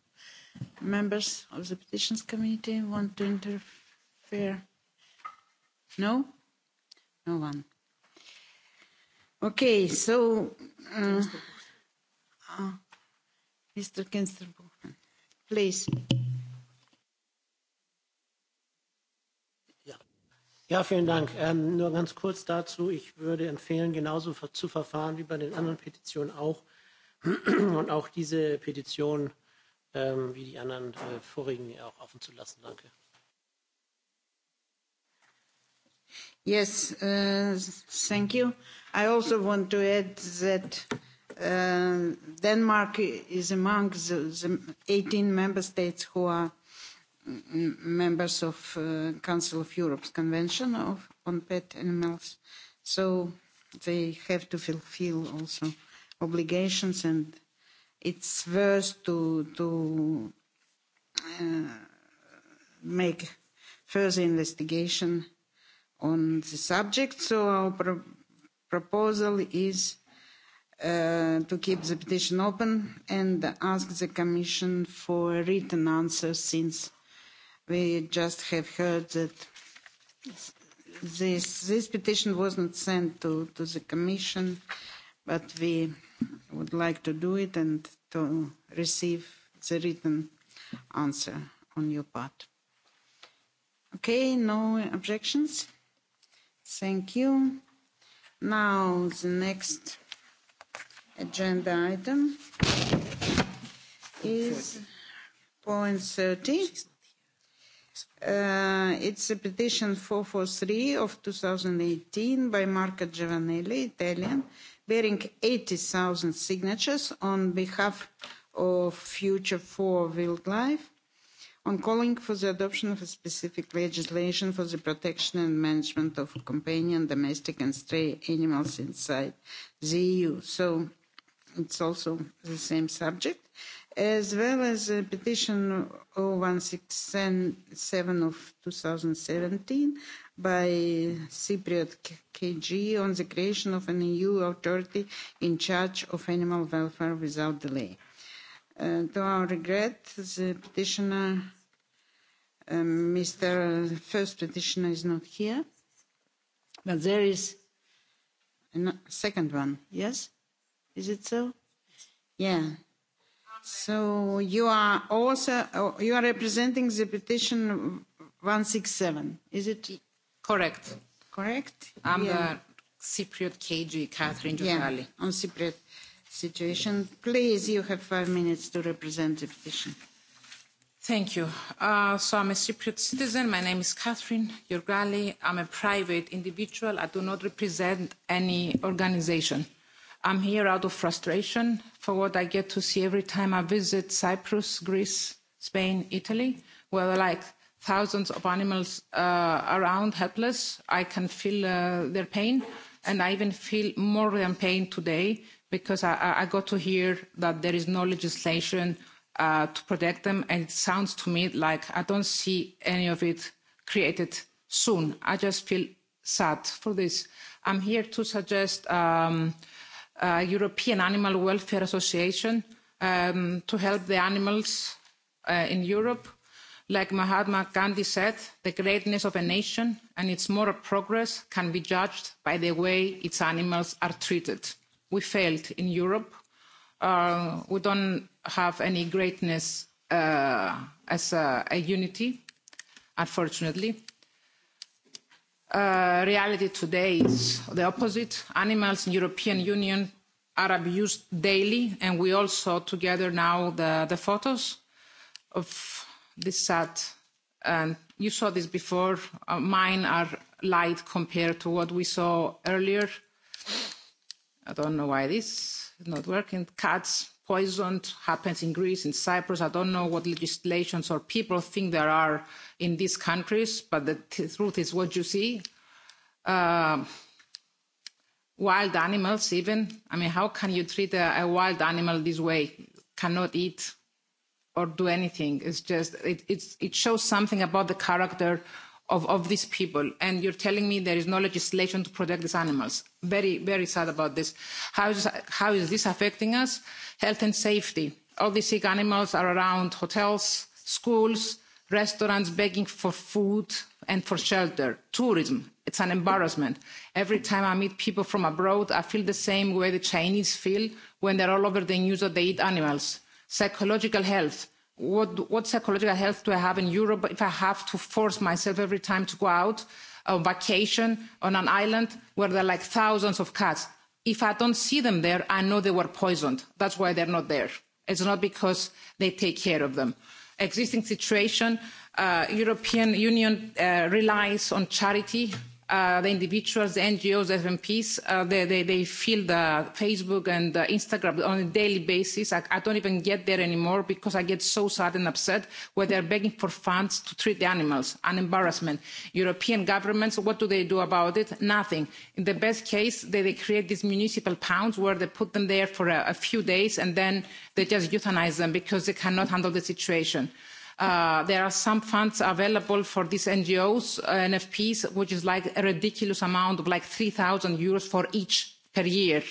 members of the petitions committee want to interfere? No? No one. Okay, so uh, uh, Mr. Kinsterbrook, please. Ja, vielen Dank. Ähm, nur ganz kurz dazu. Ich würde empfehlen, genauso zu verfahren wie bei den anderen Petitionen auch. [clears throat] Und auch diese Petition ähm, wie die anderen äh, vorigen auch offen zu lassen. Danke. Yes, uh, thank you. I also want to add that uh, Denmark is among the, the 18 member states who are members of uh, Council of Europe's Convention of, on Pet Animals. So they have to fulfill also obligations and it's worse to, to uh, make further investigation on the subject. So our pro proposal is uh, to keep the petition open and ask the Commission for a written answer since We just have heard that this, this petition was not sent to, to the Commission, but we would like to do it and to receive the written answer on your part. Okay, no objections? Thank you. Now, the next agenda item is point 30 Uh, it's a petition 443 of 2018 by Marco Giovanelli, Italian, bearing 80,000 signatures on behalf of Future for Wildlife on calling for the adoption of a specific legislation for the protection and management of companion domestic and stray animals inside the EU. So it's also the same subject as well as a petition 0167 of 2017 by Cypriot KG on the creation of an EU authority in charge of animal welfare without delay. Uh, to our regret, the petitioner, uh, Mr. First petitioner is not here, but there is a second one, yes? Is it so? Yeah So you are also oh, you are representing the petition 167. Is it correct? Correct. I'm yeah. the Cypriot KG, Catherine Giovanni. Yeah, on Cypriot situation. Please, you have five minutes to represent the petition. Thank you. Uh, so I'm a Cypriot citizen. My name is Catherine Yorgali. I'm a private individual. I do not represent any organization. I'm here out of frustration for what I get to see every time I visit Cyprus, Greece, Spain, Italy, where there are like thousands of animals uh, around helpless. I can feel uh, their pain, and I even feel more than pain today because I, I got to hear that there is no legislation uh, to protect them, and it sounds to me like I don't see any of it created soon. I just feel sad for this. I'm here to suggest. Um, Uh, European Animal Welfare Association um, to help the animals uh, in Europe. Like Mahatma Gandhi said, the greatness of a nation and its moral progress can be judged by the way its animals are treated. We failed in Europe. Uh, we don't have any greatness uh, as a, a unity, unfortunately Uh, reality today is the opposite. Animals in the European Union are abused daily, and we all saw together now the, photos of this sad. And you saw this before. Uh, mine are light compared to what we saw earlier. I don't know why this is not working. Cats poisoned happens in greece in cyprus i don't know what legislations or people think there are in these countries but the truth is what you see uh, wild animals even i mean how can you treat a, a wild animal this way cannot eat or do anything it's just it, it's, it shows something about the character of, of these people and you're telling me there is no legislation to protect these animals. Very, very sad about this. How is, how is this affecting us? Health and safety. All these sick animals are around hotels, schools, restaurants begging for food and for shelter. Tourism, it's an embarrassment. Every time I meet people from abroad, I feel the same way the Chinese feel when they're all over the news that they eat animals. Psychological health what, what psychological health do I have in Europe if I have to force myself every time to go out on vacation on an island where there are like thousands of cats? If I don't see them there, I know they were poisoned. That's why they're not there. It's not because they take care of them. Existing situation, uh, European Union uh, relies on charity Uh, the individuals, the NGOs, the MPs, uh, they, they, they feel the Facebook and the Instagram on a daily basis. I, I don't even get there anymore because I get so sad and upset where they're begging for funds to treat the animals, an embarrassment. European governments, what do they do about it? Nothing. In the best case, they, they create these municipal pounds where they put them there for a, a few days and then they just euthanize them because they cannot handle the situation. Uh, there are some funds available for these NGOs, uh, NFPs, which is like a ridiculous amount of like thousand euros for each per year.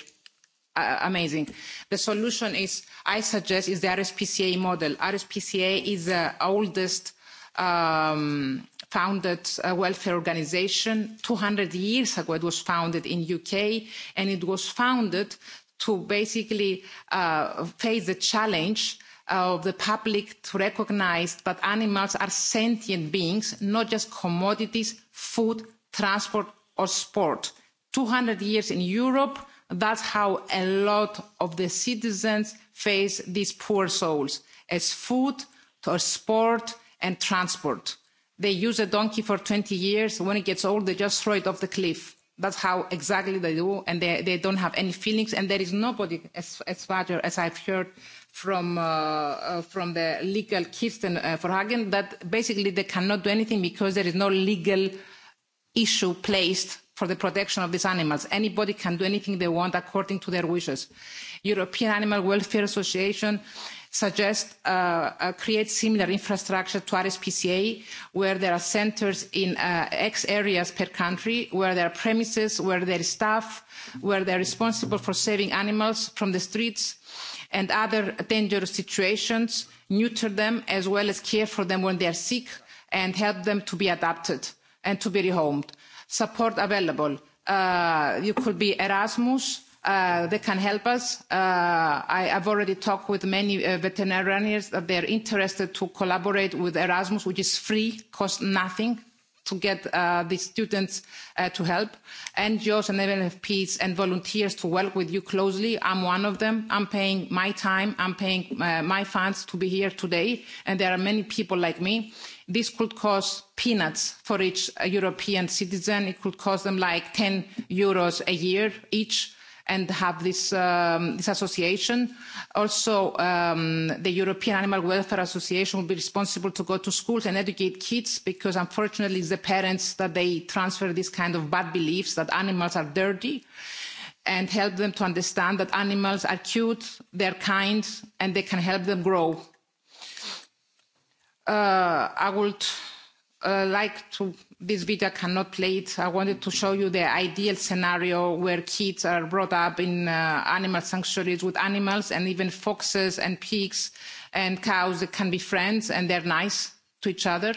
Uh, amazing. The solution is, I suggest, is the RSPCA model. RSPCA is the oldest um, founded a welfare organization 200 years ago. It was founded in UK and it was founded to basically uh, face the challenge uh, of the public to recognise that animals are sentient beings, not just commodities, food, transport or sport. 200 years in Europe, that's how a lot of the citizens face these poor souls, as food or sport and transport. They use a donkey for 20 years. When it gets old, they just throw it off the cliff. That's how exactly they do, and they, they don't have any feelings, and there is nobody, as, as far as I've heard, from uh, uh, from the legal Kirsten uh, Verhagen that basically they cannot do anything because there is no legal issue placed for the protection of these animals. Anybody can do anything they want according to their wishes. European Animal Welfare Association suggest uh, uh, create similar infrastructure to RSPCA, where there are centers in uh, X areas per country, where there are premises, where there is staff, where they're responsible for saving animals from the streets and other dangerous situations, nurture them as well as care for them when they are sick and help them to be adapted and to be rehomed. Support available. Uh, it could be Erasmus, uh, they can help us. Uh, I, I've already talked with many uh, veterinarians that they're interested to collaborate with Erasmus, which is free, costs nothing to get uh, the students uh, to help. NGOs and NFPs and volunteers to work with you closely. I'm one of them. I'm paying my time. I'm paying uh, my funds to be here today. And there are many people like me. This could cost peanuts for each uh, European citizen. It could cost them like 10 euros a year each and have this, um, this association. Also, um, the European Animal Welfare Association will be responsible to go to schools and educate kids because unfortunately it's the parents that they transfer this kind of bad beliefs that animals are dirty and help them to understand that animals are cute, they're kind, and they can help them grow. Uh, I would uh, like to, this video cannot play it. I wanted to show you the ideal scenario where kids are brought up in uh, animal sanctuaries with animals and even foxes and pigs and cows that can be friends and they're nice to each other.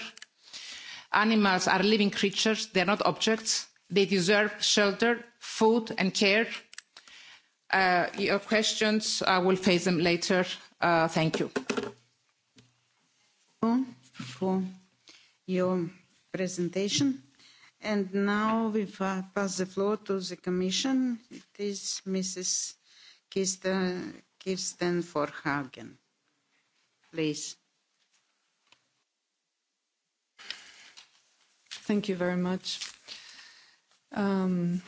Animals are living creatures. They're not objects. They deserve shelter, food and care. Uh, your questions, I will face them later. Uh, thank you your presentation. And now we pass the floor to the Commission. It is Mrs. Kirsten, Kirsten Forhagen. Please. Thank you very much. Um,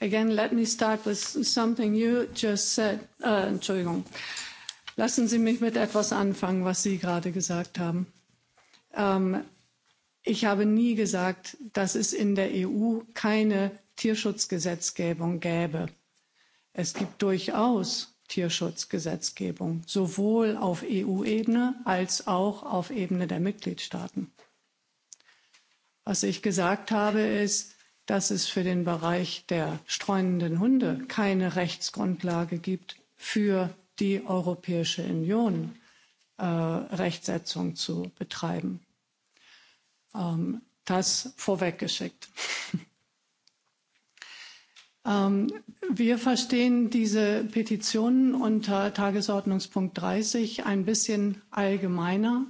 again, let me start with something you just said. Uh, Entschuldigung. Lassen Sie mich mit etwas anfangen, was Sie gerade gesagt haben. Ähm, ich habe nie gesagt, dass es in der EU keine Tierschutzgesetzgebung gäbe. Es gibt durchaus Tierschutzgesetzgebung, sowohl auf EU-Ebene als auch auf Ebene der Mitgliedstaaten. Was ich gesagt habe, ist, dass es für den Bereich der streunenden Hunde keine Rechtsgrundlage gibt für die Europäische Union äh, Rechtsetzung zu betreiben. Ähm, das vorweggeschickt. [laughs] ähm, wir verstehen diese Petitionen unter Tagesordnungspunkt 30 ein bisschen allgemeiner,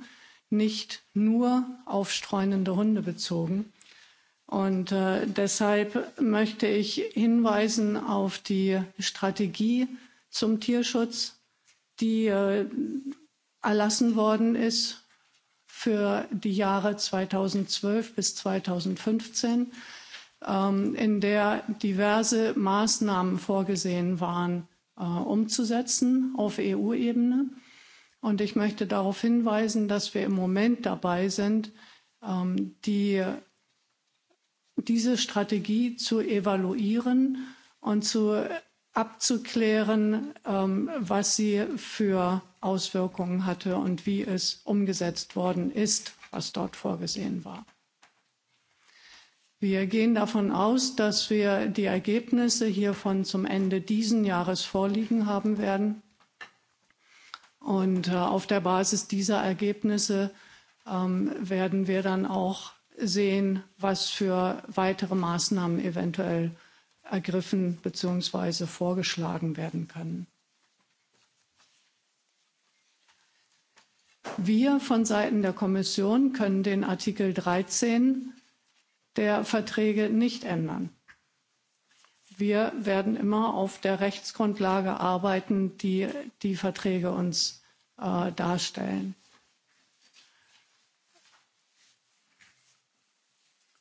nicht nur auf streunende Hunde bezogen. Und äh, deshalb möchte ich hinweisen auf die Strategie zum Tierschutz, die äh, erlassen worden ist für die Jahre 2012 bis 2015, ähm, in der diverse Maßnahmen vorgesehen waren, äh, umzusetzen auf EU-Ebene. Und ich möchte darauf hinweisen, dass wir im Moment dabei sind, ähm, die, diese Strategie zu evaluieren und zu abzuklären, ähm, was sie für Auswirkungen hatte und wie es umgesetzt worden ist, was dort vorgesehen war. Wir gehen davon aus, dass wir die Ergebnisse hiervon zum Ende dieses Jahres vorliegen haben werden. Und äh, auf der Basis dieser Ergebnisse ähm, werden wir dann auch sehen, was für weitere Maßnahmen eventuell ergriffen bzw. vorgeschlagen werden können. Wir von Seiten der Kommission können den Artikel 13 der Verträge nicht ändern. Wir werden immer auf der Rechtsgrundlage arbeiten, die die Verträge uns äh, darstellen.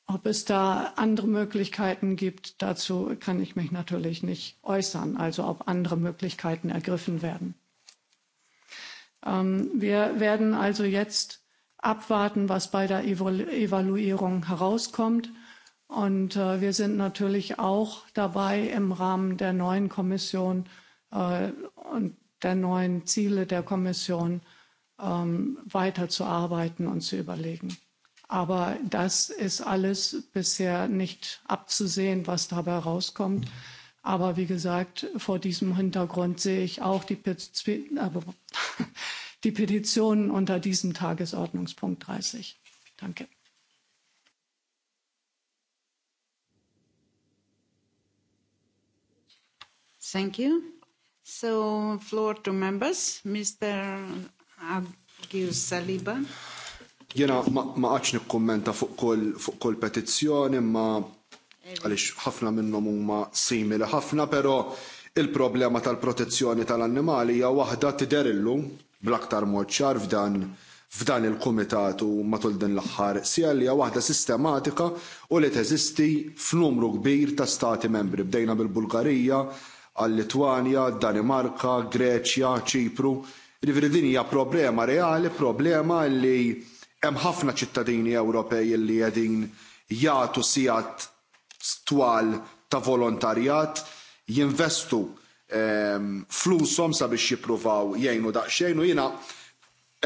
Ob es da andere Möglichkeiten gibt, dazu kann ich mich natürlich nicht äußern, also ob andere Möglichkeiten ergriffen werden. Ähm, wir werden also jetzt abwarten, was bei der Evaluierung herauskommt. Und äh, wir sind natürlich auch dabei, im Rahmen der neuen Kommission äh, und der neuen Ziele der Kommission ähm, weiterzuarbeiten und zu überlegen. Aber das ist alles bisher nicht abzusehen, was dabei herauskommt. Aber wie gesagt, vor diesem Hintergrund sehe ich auch die die Petitionen unter diesem Tagesordnungspunkt 30. Danke. Thank you. So, floor to members. Mr. Agius Saliba. Jena ma, ma għax fuq kol, petizzjoni, ma għalix ħafna minnhom huma simili ħafna, però il-problema tal-protezzjoni tal-annimali hija waħda tidher illum bl-aktar mod ċar f'dan f'dan il-kumitat u matul din l-aħħar sija li waħda sistematika u li teżisti f'numru kbir ta' stati membri bdejna bil-Bulgarija, għal-Litwanja, Danimarka, Greċja, Ċipru. Ġifieri din hija problema reali, problema li hemm ħafna ċittadini Ewropej li qegħdin jagħtu sigħat twal ta' volontarjat jinvestu Ehm, flushom sabiex jippruvaw jgħinu daqsxejn u jiena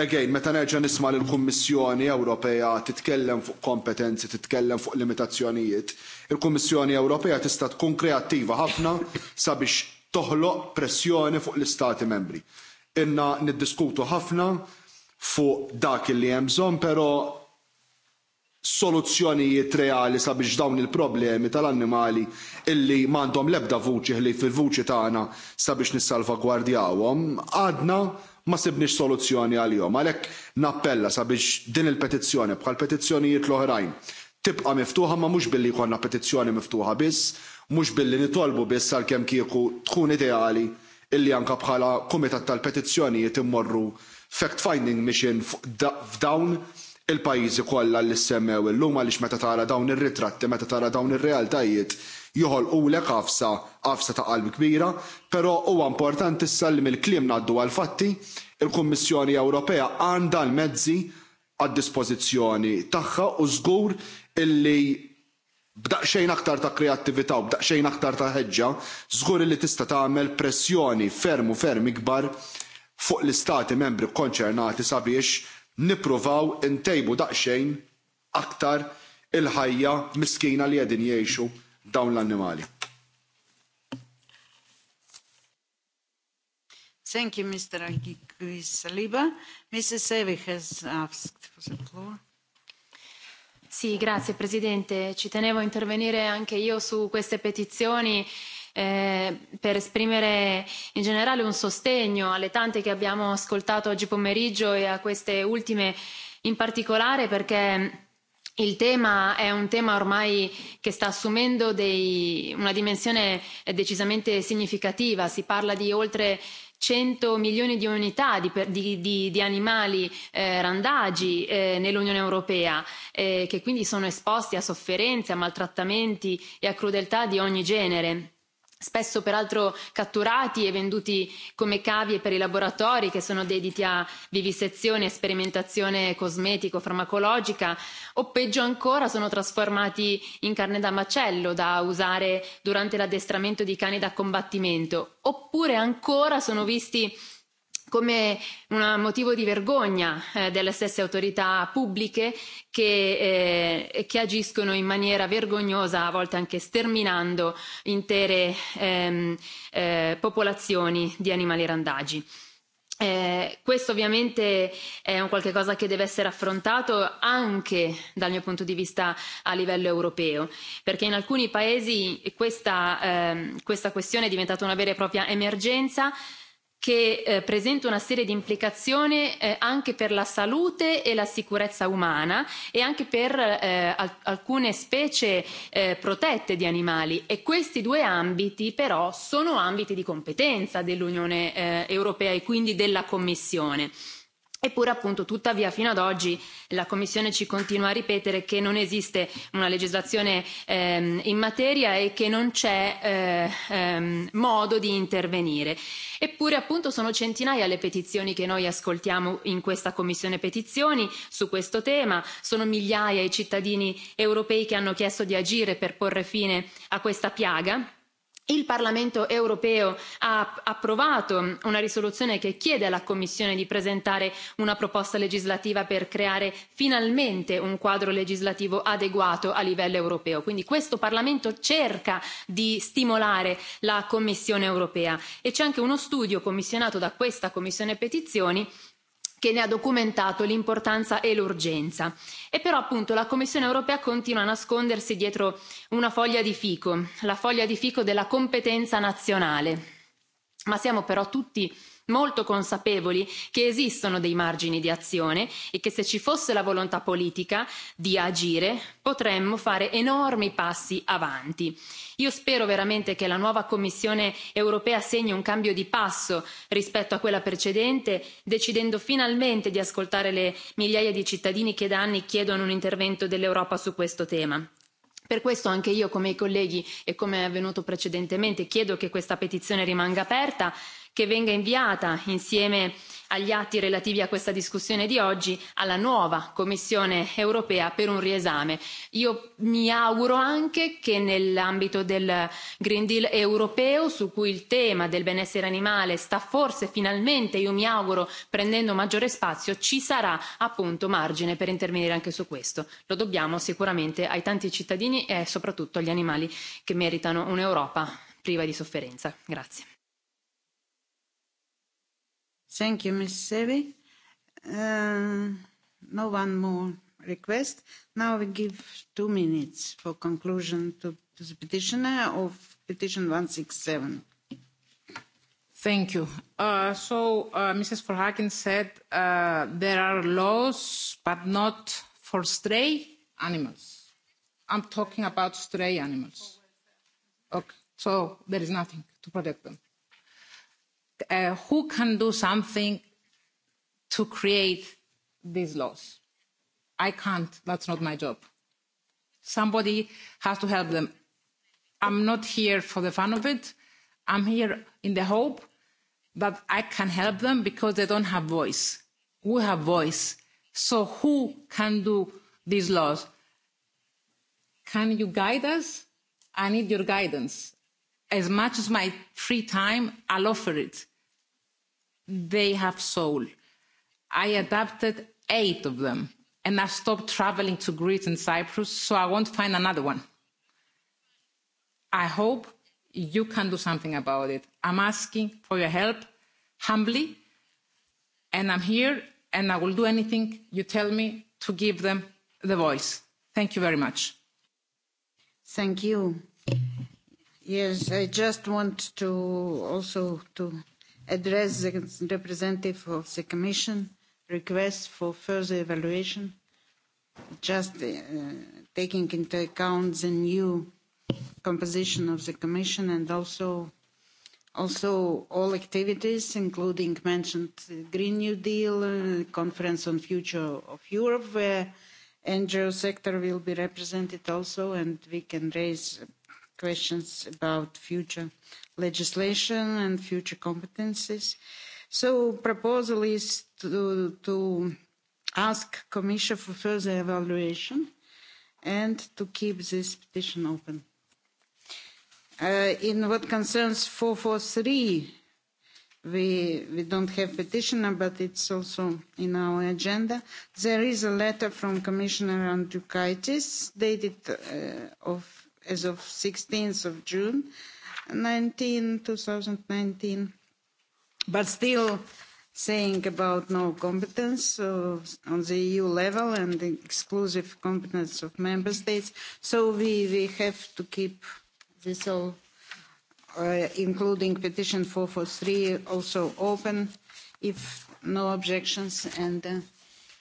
again meta nerġa' nisma' l kummissjoni Ewropea titkellem fuq kompetenzi, titkellem fuq limitazzjonijiet, il-Kummissjoni Ewropea tista' tkun kreattiva ħafna sabiex toħloq pressjoni fuq l-Istati membri. Inna niddiskutu ħafna fuq dak li hemm bżonn, però soluzzjonijiet reali sabiex dawn il-problemi tal-annimali illi m'għandhom l-ebda vuċi li fil-vuċi tagħna sabiex nissalvagwardjawhom għadna ma sibniex soluzzjoni għalihom. Għalhekk nappella sabiex din il-petizzjoni bħal petizzjonijiet l-oħrajn tibqa' miftuħa ma mhux billi jkollna petizzjoni miftuħa biss, mhux billi nitolbu biss għalkemm kieku tkun ideali illi anka bħala kumitat tal-petizzjonijiet immorru fact-finding mission f'dawn il-pajjiżi kollha li semmew illum għaliex meta tara dawn ir-ritratti meta tara dawn ir-realtajiet joħolqulek għafsa għafsa ta' qalb kbira, però huwa importanti issa li mill-kliem ngħaddu għal fatti il-Kummissjoni Ewropea għandha l-mezzi għad-dispożizzjoni tagħha u żgur illi b'daqsxejn aktar ta' kreattività u b'daqsxejn aktar ta' ħeġġa żgur illi tista' tagħmel pressjoni ferm u ferm ikbar fuq l-istati membri konċernati sabiex nippruvaw intejbu daqsxejn aktar il-ħajja miskina li qegħdin jgħixu dawn l-annimali. Thank you, Mr. Agui-Saliba. Mrs. Sevi has asked for the floor. Sì, grazie Presidente. Ci tenevo a intervenire anche io su queste petizioni Eh, per esprimere in generale un sostegno alle tante che abbiamo ascoltato oggi pomeriggio e a queste ultime in particolare perché il tema è un tema ormai che sta assumendo dei, una dimensione decisamente significativa, si parla di oltre 100 milioni di unità di, di, di, di animali eh, randagi eh, nell'Unione Europea, eh, che quindi sono esposti a sofferenze, a maltrattamenti e a crudeltà di ogni genere spesso peraltro catturati e venduti come cavie per i laboratori che sono dediti a vivisezione e sperimentazione cosmetico farmacologica o peggio ancora sono trasformati in carne da macello da usare durante l'addestramento di cani da combattimento oppure ancora sono visti come un motivo di vergogna eh, delle stesse autorità pubbliche che, eh, che agiscono in maniera vergognosa, a volte anche sterminando intere ehm, eh, popolazioni di animali randagi. Eh, questo ovviamente è un qualche cosa che deve essere affrontato anche dal mio punto di vista a livello europeo, perché in alcuni paesi questa, ehm, questa questione è diventata una vera e propria emergenza che eh, presenta una serie di implicazioni eh, anche per la salute e la sicurezza umana e anche per eh, al alcune specie eh, protette di animali e questi due ambiti però sono ambiti di competenza dell'Unione eh, europea e quindi della Commissione eppure appunto tuttavia fino ad oggi la commissione ci continua a ripetere che non esiste una legislazione ehm, in materia e che non c'è eh, ehm, modo di intervenire eppure appunto sono centinaia le petizioni che noi ascoltiamo in questa commissione petizioni su questo tema sono migliaia i cittadini europei che hanno chiesto di agire per porre fine a questa piaga il parlamento europeo ha approvato una risoluzione che chiede alla commissione di presentare una proposta legislativa per creare finalmente un quadro legislativo adeguato a livello europeo quindi questo parlamento cerca di stimolare la commissione europea e c'è anche uno studio commissionato da questa commissione petizioni che ne ha documentato l'importanza e l'urgenza e però appunto la commissione europea continua a nascondersi dietro una foglia di fico la foglia di fico della competenza nazionale ma siamo però tutti molto consapevoli che esistono dei margini di azione e che se ci fosse la volontà politica di agire potremmo fare enormi passi avanti. io spero veramente che la nuova commissione europea segni un cambio di passo rispetto a quella precedente decidendo finalmente di ascoltare le migliaia di cittadini che da anni chiedono un intervento dell'europa su questo tema. per questo anche io come i colleghi e come è avvenuto precedentemente chiedo che questa petizione rimanga aperta che venga inviata insieme agli atti relativi a questa discussione di oggi alla nuova Commissione europea per un riesame. Io mi auguro anche che nell'ambito del Green Deal europeo, su cui il tema del benessere animale sta forse finalmente, io mi auguro, prendendo maggiore spazio, ci sarà appunto margine per intervenire anche su questo. Lo dobbiamo sicuramente ai tanti cittadini e soprattutto agli animali che meritano un'Europa priva di sofferenza. Grazie. Thank you, Ms. Sevi. Um, no one more request. Now we give two minutes for conclusion to, to the petitioner of petition 167. Thank you. Uh, so uh, Mrs. Verhagen said uh, there are laws, but not for stray animals. I'm talking about stray animals. Okay. So there is nothing to protect them uh, who can do something to create these laws? I can't. That's not my job. Somebody has to help them. I'm not here for the fun of it. I'm here in the hope that I can help them because they don't have voice. We have voice. So who can do these laws? Can you guide us? I need your guidance as much as my free time, I'll offer it. They have soul. I adapted eight of them and I stopped traveling to Greece and Cyprus, so I won't find another one. I hope you can do something about it. I'm asking for your help humbly, and I'm here and I will do anything you tell me to give them the voice. Thank you very much. Thank you. Yes, I just want to also to address the representative of the Commission request for further evaluation, just uh, taking into account the new composition of the Commission and also also all activities, including mentioned Green New Deal, uh, Conference on Future of Europe, where NGO sector will be represented also, and we can raise questions about future legislation and future competences. So proposal is to, ask ask Commission for further evaluation and to keep this petition open. Uh, in what concerns 443, we, we don't have petitioner, but it's also in our agenda. There is a letter from Commissioner Andriukaitis dated uh, of as of 16th of June 19, 2019. But still saying about no competence uh, on the EU level and the exclusive competence of member states. So we, we have to keep this all, uh, including petition 443, also open if no objections and uh,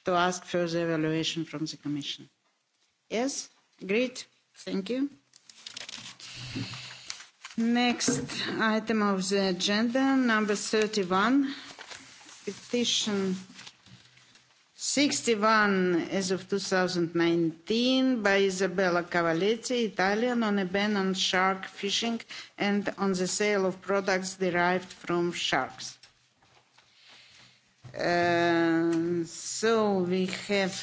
to ask further evaluation from the Commission. Yes? Great. Thank you. Next item of the agenda, number 31, petition 61 as of 2019 by Isabella Cavaletti, Italian, on a ban on shark fishing and on the sale of products derived from sharks. Uh, so we have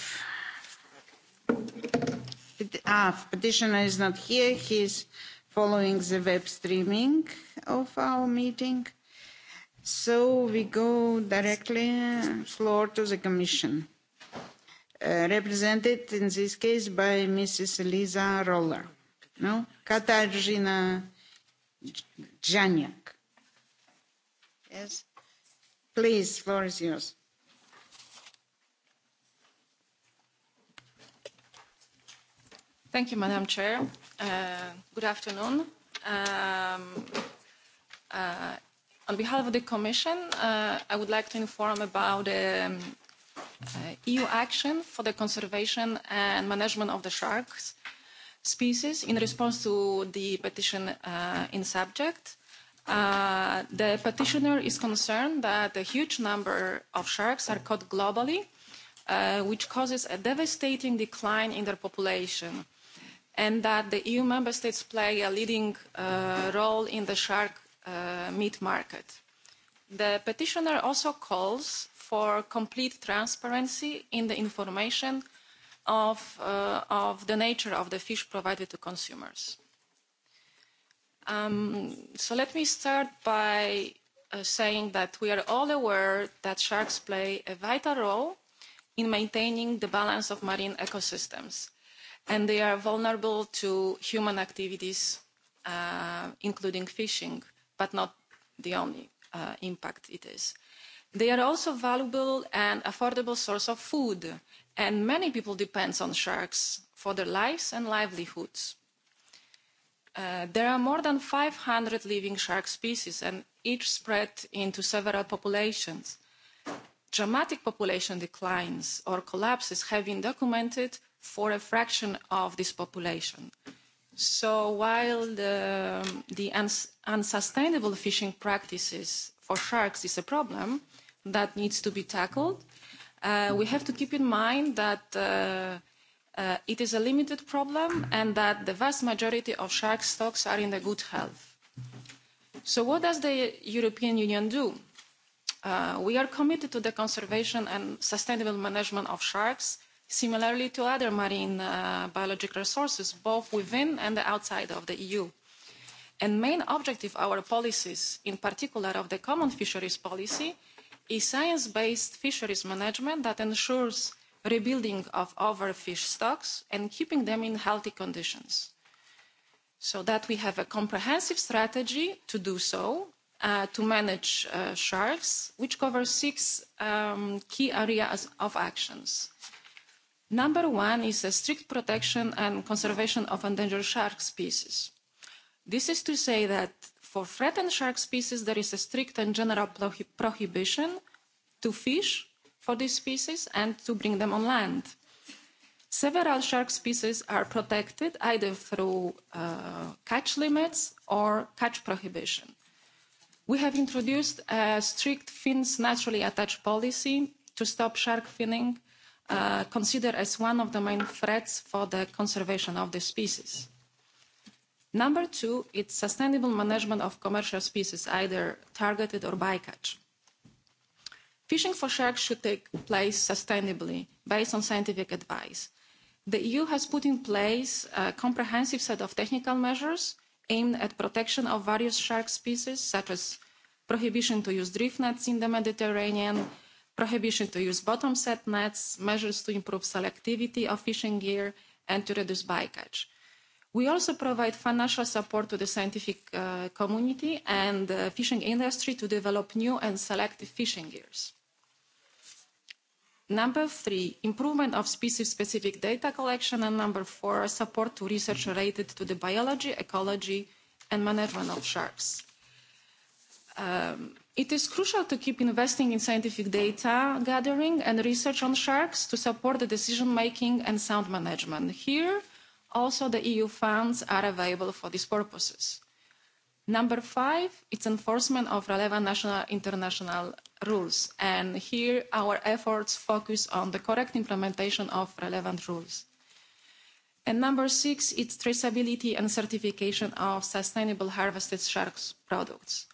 ah, petitioner is not here. He's following the web streaming of our meeting. So we go directly floor to the Commission, uh, represented in this case by Mrs. Elisa Roller, no? Katarzyna Janiak. Yes, please, floor is yours. Thank you, Madam Chair. Uh, good afternoon. Um, uh, on behalf of the Commission, uh, I would like to inform about um, uh, EU action for the conservation and management of the sharks species in response to the petition uh, in subject. Uh, the petitioner is concerned that a huge number of sharks are caught globally, uh, which causes a devastating decline in their population and that the EU member states play a leading uh, role in the shark uh, meat market. The petitioner also calls for complete transparency in the information of, uh, of the nature of the fish provided to consumers. Um, so let me start by uh, saying that we are all aware that sharks play a vital role in maintaining the balance of marine ecosystems and they are vulnerable to human activities, uh, including fishing, but not the only uh, impact it is. They are also valuable and affordable source of food, and many people depend on sharks for their lives and livelihoods. Uh, there are more than 500 living shark species, and each spread into several populations. Dramatic population declines or collapses have been documented for a fraction of this population. So while the, the uns unsustainable fishing practices for sharks is a problem that needs to be tackled, uh, we have to keep in mind that uh, uh, it is a limited problem and that the vast majority of shark stocks are in the good health. So what does the European Union do? Uh, we are committed to the conservation and sustainable management of sharks similarly to other marine uh, biological resources, both within and outside of the EU. And main objective of our policies, in particular of the common fisheries policy, is science-based fisheries management that ensures rebuilding of overfished stocks and keeping them in healthy conditions so that we have a comprehensive strategy to do so uh, to manage uh, sharks which covers six um, key areas of actions. Number one is the strict protection and conservation of endangered shark species. This is to say that for threatened shark species, there is a strict and general prohi prohibition to fish for these species and to bring them on land. Several shark species are protected either through uh, catch limits or catch prohibition. We have introduced a strict fins naturally attached policy to stop shark finning Uh, considered as one of the main threats for the conservation of the species. Number two, it's sustainable management of commercial species, either targeted or bycatch. Fishing for sharks should take place sustainably, based on scientific advice. The EU has put in place a comprehensive set of technical measures aimed at protection of various shark species, such as prohibition to use drift nets in the Mediterranean, prohibition to use bottom set nets, measures to improve selectivity of fishing gear, and to reduce bycatch. We also provide financial support to the scientific uh, community and the fishing industry to develop new and selective fishing gears. Number three, improvement of species-specific data collection. And number four, support to research related to the biology, ecology, and management of sharks. Um, it is crucial to keep investing in scientific data gathering and research on sharks to support the decision making and sound management. here also the eu funds are available for these purposes. number five it's enforcement of relevant national international rules and here our efforts focus on the correct implementation of relevant rules. and number six it's traceability and certification of sustainable harvested shark products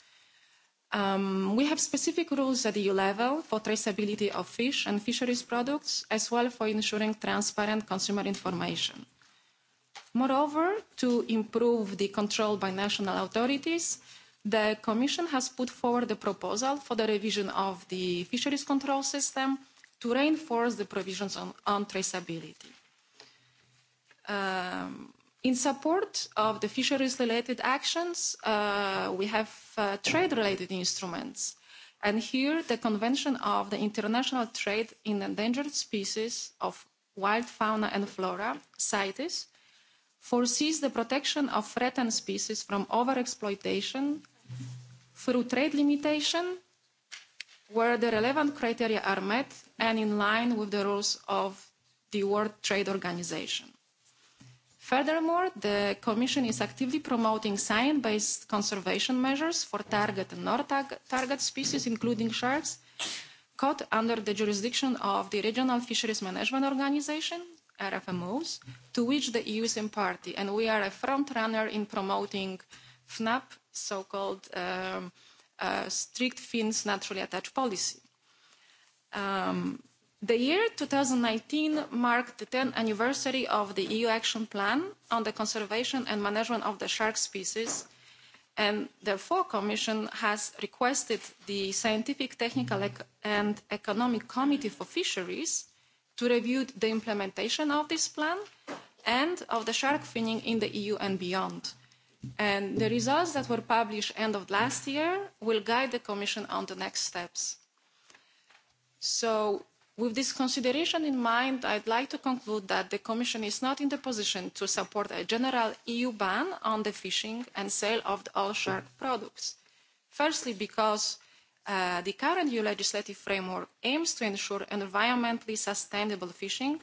Um, we have specific rules at EU level for traceability of fish and fisheries products, as well for ensuring transparent consumer information. Moreover, to improve the control by national authorities, the Commission has put forward a proposal for the revision of the fisheries control system to reinforce the provisions on, traceability. Um, In support of the fisheries-related actions, uh, we have uh, trade-related instruments. And here, the Convention of the International Trade in Endangered Species of Wild Fauna and Flora, CITES, foresees the protection of threatened species from overexploitation through trade limitation where the relevant criteria are met and in line with the rules of the World Trade Organization. Furthermore, the Commission is actively promoting science-based conservation measures for target and non-target species, including sharks, caught under the jurisdiction of the Regional Fisheries Management Organization, RFMOs, to which the EU is a party. And we are a front runner in promoting FNAP, so-called um, uh, strict fins naturally attached policy. Um, The year 2019 marked the 10th anniversary of the EU Action Plan on the Conservation and Management of the Shark Species, and therefore Commission has requested the Scientific, Technical and Economic Committee for Fisheries to review the implementation of this plan and of the shark finning in the EU and beyond. And the results that were published end of last year will guide the Commission on the next steps. So With this consideration in mind, I'd like to conclude that the Commission is not in the position to support a general EU ban on the fishing and sale of all shark products. Firstly, because uh, the current EU legislative framework aims to ensure environmentally sustainable fishing,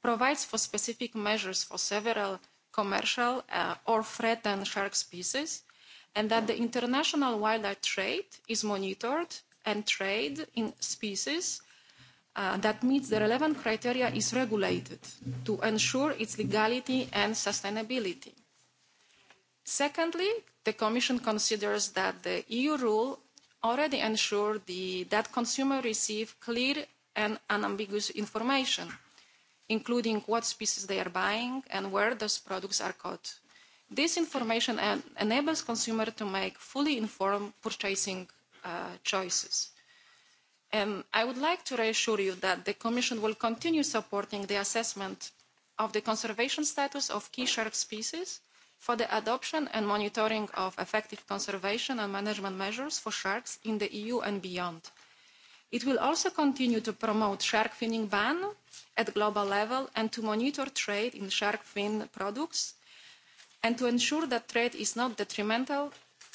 provides for specific measures for several commercial uh, or threatened shark species, and that the international wildlife trade is monitored and trade in species uh, that meets the relevant criteria is regulated to ensure its legality and sustainability. Secondly, the Commission considers that the EU rule already ensures that consumers receive clear and unambiguous information, including what species they are buying and where those products are caught. This information en enables consumers to make fully informed purchasing uh, choices. Um, I would like to reassure you that the Commission will continue supporting the assessment of the conservation status of key shark species for the adoption and monitoring of effective conservation and management measures for sharks in the EU and beyond. It will also continue to promote shark finning ban at global level and to monitor trade in shark fin products and to ensure that trade is not detrimental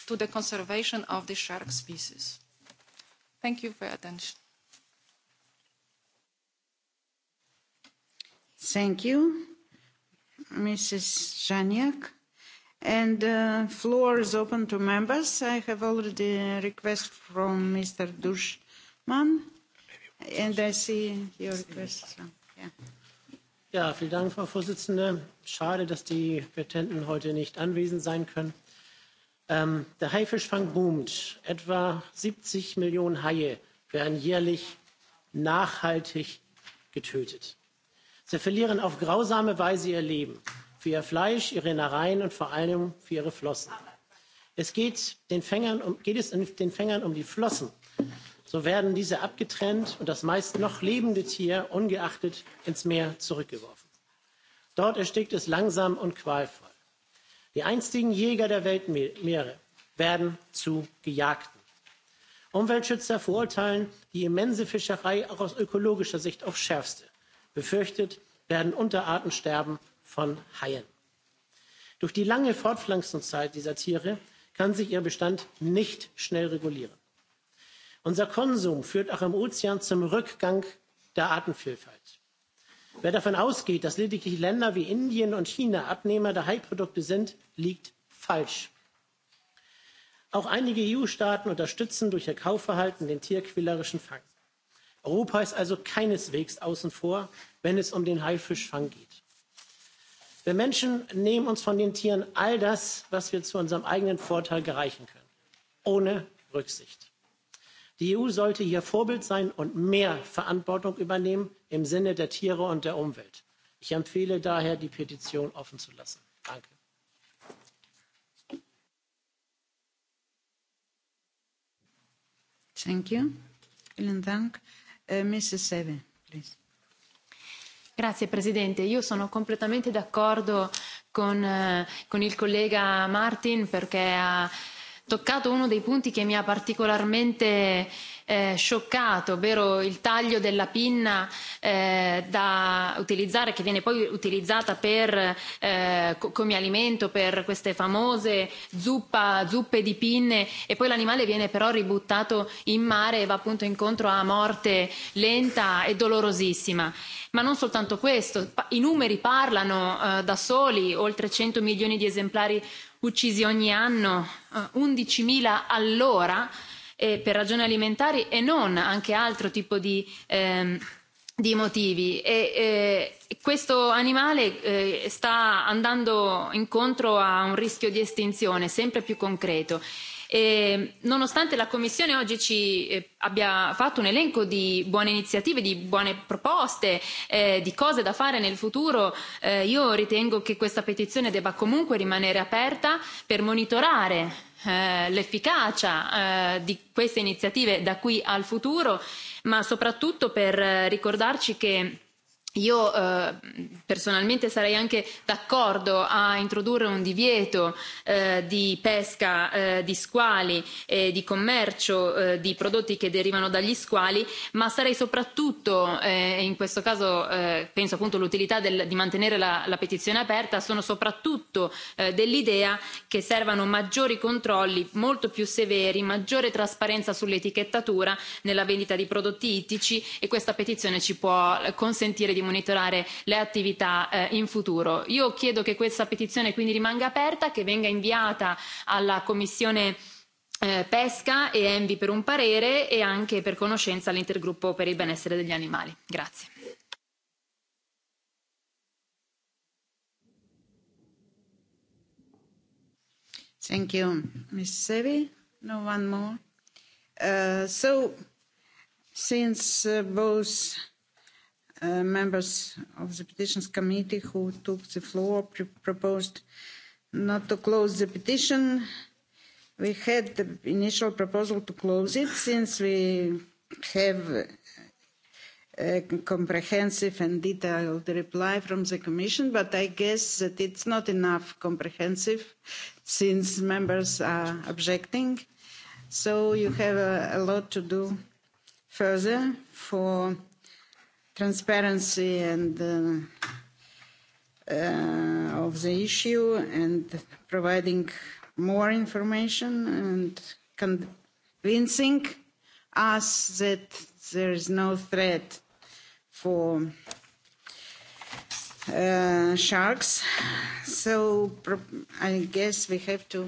to the conservation of the shark species. Thank you for your attention. Thank you, Mrs. Janiak. And the uh, floor is open to members. I have already a request from Mr. Dushman. And I see your request. So, yeah. Ja, vielen Dank, Frau Vorsitzende. Schade, dass die Petenten heute nicht anwesend sein können. Ähm, der Haifischfang boomt. Etwa 70 Millionen Haie werden jährlich nachhaltig getötet. Sie verlieren auf grausame Weise ihr Leben, für ihr Fleisch, ihre Innereien und vor allem für ihre Flossen. Es geht, den Fängern um, geht es den Fängern um die Flossen. So werden diese abgetrennt und das meist noch lebende Tier ungeachtet ins Meer zurückgeworfen. Dort erstickt es langsam und qualvoll die einstigen jäger der weltmeere werden zu gejagten. umweltschützer verurteilen die immense fischerei auch aus ökologischer sicht aufs schärfste befürchtet werden unterartensterben von haien. durch die lange fortpflanzungszeit dieser tiere kann sich ihr bestand nicht schnell regulieren. unser konsum führt auch im ozean zum rückgang der artenvielfalt wer davon ausgeht dass lediglich länder wie indien und china abnehmer der hai produkte sind liegt falsch. auch einige eu staaten unterstützen durch ihr kaufverhalten den tierquälerischen fang. europa ist also keineswegs außen vor wenn es um den haifischfang geht. wir menschen nehmen uns von den tieren all das was wir zu unserem eigenen vorteil erreichen können ohne rücksicht die eu sollte hier vorbild sein und mehr verantwortung übernehmen im sinne der tiere und der umwelt. ich empfehle daher die petition offen zu lassen. danke. Thank you. Vielen Dank. Uh, äh, Mrs. Seven, please. Grazie Presidente, io sono completamente d'accordo con, uh, con il collega Martin perché ha uh, toccato uno dei punti che mi ha particolarmente eh, scioccato ovvero il taglio della pinna eh, da utilizzare che viene poi utilizzata eh, come alimento per queste famose zuppe di pinne e poi l'animale viene però ributtato in mare e va appunto incontro a morte lenta e dolorosissima. ma non soltanto questo i numeri parlano da soli oltre cento milioni di esemplari uccisi ogni anno eh, undicimila all'ora eh, per ragioni alimentari e non anche altro tipo di, ehm, di motivi. E, eh, questo animale eh, sta andando incontro a un rischio di estinzione sempre più concreto E, nonostante la Commissione oggi ci eh, abbia fatto un elenco di buone iniziative, di buone proposte, eh, di cose da fare nel futuro, eh, io ritengo che questa petizione debba comunque rimanere aperta per monitorare eh, l'efficacia eh, di queste iniziative da qui al futuro, ma soprattutto per eh, ricordarci che io eh, personalmente sarei anche d'accordo a introdurre un divieto eh, di pesca eh, di squali e di commercio eh, di prodotti che derivano dagli squali ma sarei soprattutto eh, e in questo caso eh, penso appunto all'utilità di mantenere la, la petizione aperta sono soprattutto dell'idea che servano maggiori controlli molto più severi maggiore trasparenza sull'etichettatura nella vendita di prodotti ittici e questa petizione ci può consentire di di monitorare le attività eh, in futuro. Io chiedo che questa petizione quindi rimanga aperta, che venga inviata alla Commissione eh, pesca e Envi per un parere e anche per conoscenza all'intergruppo per il benessere degli animali. Grazie. Thank you, Ms. Sevi. No one more. Uh, so, since uh, both Uh, members of the petitions committee who took the floor proposed not to close the petition. We had the initial proposal to close it since we have a comprehensive and detailed reply from the Commission, but I guess that it's not enough comprehensive since members are objecting. So you have a lot to do further for transparency and uh, uh, of the issue and providing more information and convincing us that there is no threat for uh, sharks. So I guess we have to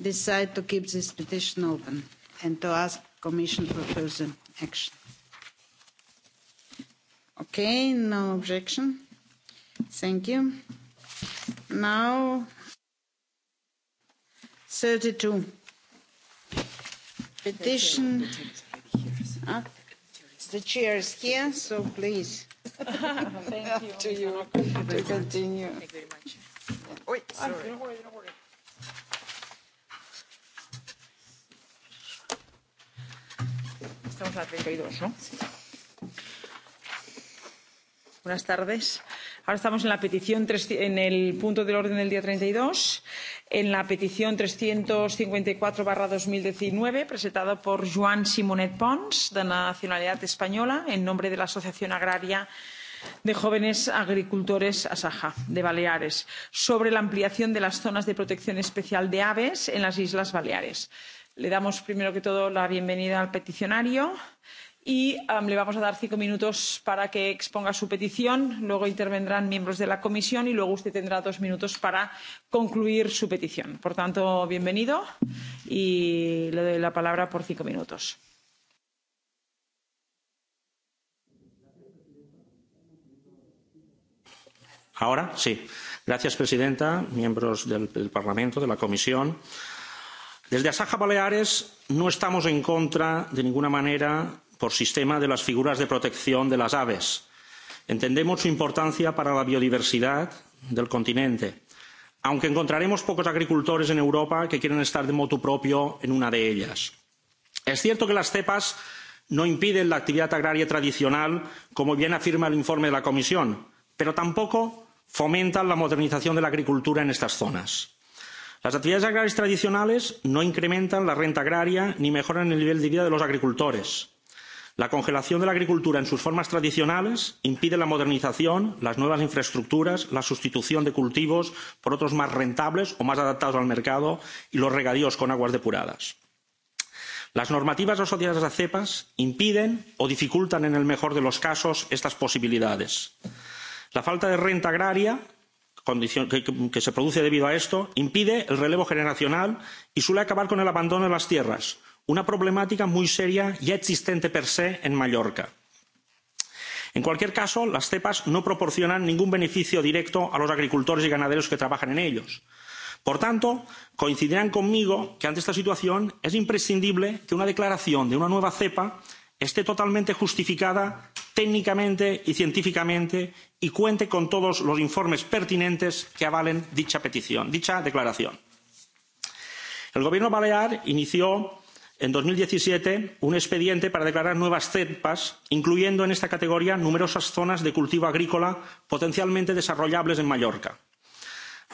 decide to keep this petition open and to ask Commission for further action. Okay, no objection. Thank you. Now, 32. Petition. Uh, the chair is here, so please. Thank you. [laughs] to you to continue. Thank you very much. Yeah. Oi, ah, sorry. don't worry, don't worry. Estamos al 32, ¿no? Sí. Buenas tardes. Ahora estamos en la petición en el punto del orden del día 32, en la petición 354/2019 presentada por Joan Simonet Pons, de nacionalidad española, en nombre de la Asociación Agraria de jóvenes agricultores Asaja de Baleares sobre la ampliación de las zonas de protección especial de aves en las Islas Baleares. Le damos primero que todo la bienvenida al peticionario y um, le vamos a dar cinco minutos para que exponga su petición. Luego intervendrán miembros de la comisión y luego usted tendrá dos minutos para concluir su petición. Por tanto, bienvenido y le doy la palabra por cinco minutos. Ahora sí. Gracias, presidenta, miembros del, del Parlamento, de la Comisión. Desde Asaja Baleares no estamos en contra de ninguna manera por sistema de las figuras de protección de las aves. entendemos su importancia para la biodiversidad del continente aunque encontraremos pocos agricultores en europa que quieran estar de motu propio en una de ellas. es cierto que las cepas no impiden la actividad agraria tradicional como bien afirma el informe de la comisión pero tampoco fomentan la modernización de la agricultura en estas zonas. las actividades agrarias tradicionales no incrementan la renta agraria ni mejoran el nivel de vida de los agricultores la congelación de la agricultura en sus formas tradicionales impide la modernización las nuevas infraestructuras la sustitución de cultivos por otros más rentables o más adaptados al mercado y los regadíos con aguas depuradas. las normativas asociadas a cepas impiden o dificultan en el mejor de los casos estas posibilidades. la falta de renta agraria que se produce debido a esto impide el relevo generacional y suele acabar con el abandono de las tierras una problemática muy seria ya existente per se en mallorca. en cualquier caso las cepas no proporcionan ningún beneficio directo a los agricultores y ganaderos que trabajan en ellas. por tanto coincidirán conmigo en que ante esta situación es imprescindible que una declaración de una nueva cepa esté totalmente justificada técnicamente y científicamente y cuente con todos los informes pertinentes que avalen dicha petición dicha declaración. el gobierno balear inició en dos mil diecisiete un expediente para declarar nuevas cepas incluyendo en esta categoría numerosas zonas de cultivo agrícola potencialmente desarrollables en mallorca.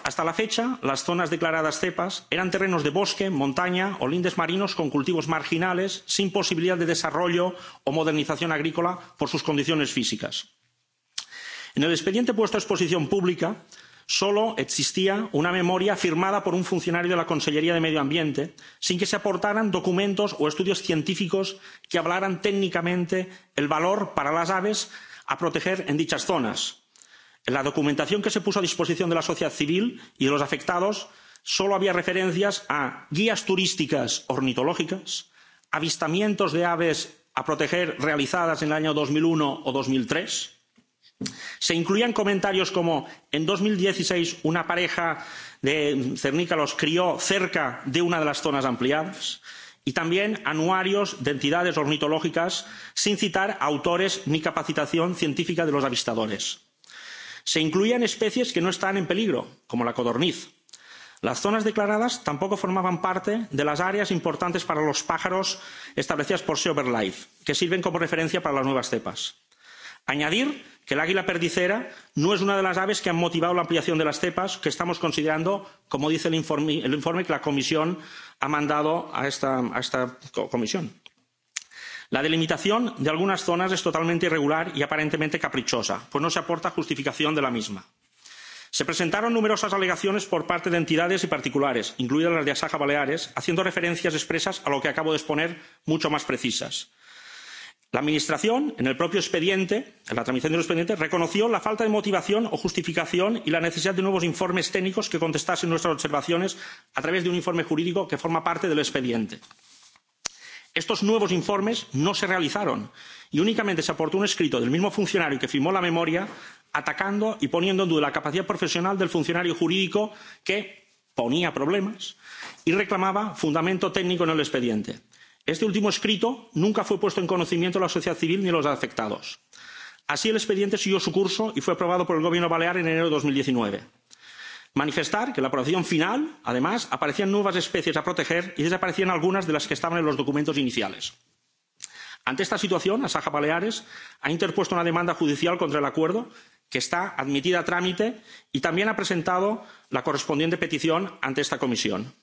hasta la fecha las zonas declaradas cepas eran terrenos de bosque montaña o lindes marinos con cultivos marginales sin posibilidad de desarrollo o modernización agrícola por sus condiciones físicas. en el expediente puesto a exposición pública solo existía una memoria firmada por un funcionario de la consellería de medio ambiente sin que se aportaran documentos o estudios científicos que avalaran técnicamente el valor para las aves a proteger en dichas zonas. en la documentación que se puso a disposición de la sociedad civil y de los afectados solo había referencias a guías turísticas ornitológicas avistamientos de aves a proteger realizadas en el año dos mil uno o dos mil tres se incluían comentarios como en dos mil dieciseis una pareja de cernica los crió cerca de una de las zonas ampliadas y también anuarios de entidades ornitológicas sin citar autores ni capacitación científica de los avistadores. se incluían especies que no están en peligro como la codorniz. las zonas declaradas tampoco formaban parte de las áreas importantes para los pájaros establecidas por sea birdlife que sirven como referencia para las nuevas cepas añadir que el águila perdicera no es una de las aves que han motivado la ampliación de las cepas que estamos considerando como dice el informe que la comisión ha mandado a esta comisión. la delimitación de algunas zonas es totalmente irregular y aparentemente caprichosa pues no se aporta justificación de la misma. se presentaron numerosas alegaciones por parte de entidades y particulares incluidas las de asaja baleares haciendo referencias expresas a lo que acabo de exponer mucho más precisas la administración en el propio expediente en la tramitación del expediente reconoció la falta de motivación o justificación y la necesidad de nuevos informes técnicos que contestasen nuestras observaciones a través de un informe jurídico que forma parte del expediente. estos nuevos informes no se realizaron y únicamente se aportó un escrito del mismo funcionario que firmó la memoria atacando y poniendo en duda la capacidad profesional del funcionario jurídico que ponía problemas y reclamaba fundamento técnico en el expediente este último escrito nunca fue puesto en conocimiento de la sociedad civil ni de los afectados. así el expediente siguió su curso y fue aprobado por el gobierno balear en enero de. dos mil diecinueve cabe manifestar que en la aprobación final además aparecían nuevas especies a proteger y desaparecían algunas de las que estaban en los documentos iniciales. ante esta situación asaja baleares ha interpuesto una demanda judicial contra el acuerdo que está admitida a trámite y también ha presentado la correspondiente petición ante esta comisión.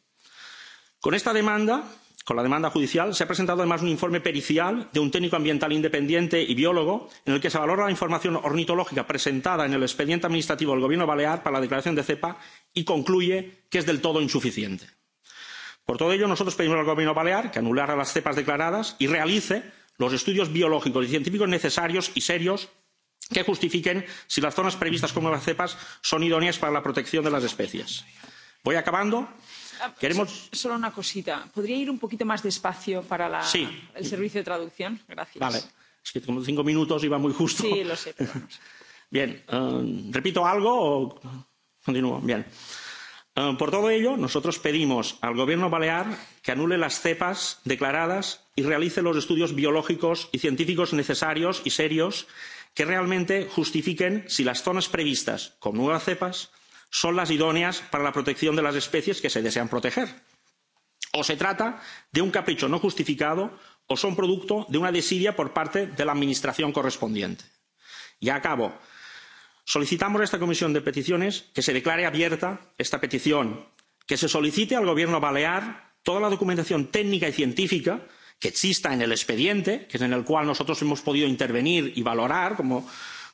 con esta demanda con la demanda judicial se ha presentado además un informe pericial de un técnico ambiental independiente y biólogo en el que se valora la información ornitológica presentada en el expediente administrativo del gobierno balear para la declaración de cepa y concluye que es del todo insuficiente. por todo ello nosotros pedimos al gobierno balear que anulara las cepas declaradas y realice los estudios biológicos y científicos necesarios y serios que justifiquen si las zonas previstas como nuevas cepas son idóneas para la protección de las especies. voy acabando. Ah, Queremos... Solo una cosita. ¿Podría ir un poquito más despacio para la, sí. el servicio de traducción? Gracias. Vale. Es que como cinco minutos iba muy justo. Sí, lo sé. Pero [laughs] Bien. Uh, ¿Repito algo o continúo? Bien. Uh, por todo ello, nosotros pedimos al Gobierno balear que anule las cepas declaradas y realice los estudios biológicos y científicos necesarios y serios que realmente justifiquen si las zonas previstas con nuevas cepas son las idóneas para la protección de las especies que se desean proteger. o se trata de un capricho no justificado o son producto de una desidia por parte de la administración correspondiente. y acabo solicitamos a esta comisión de peticiones que se declare abierta esta petición que se solicite al gobierno balear toda la documentación técnica y científica que exista en el expediente que es en el cual nosotros hemos podido intervenir y valorar como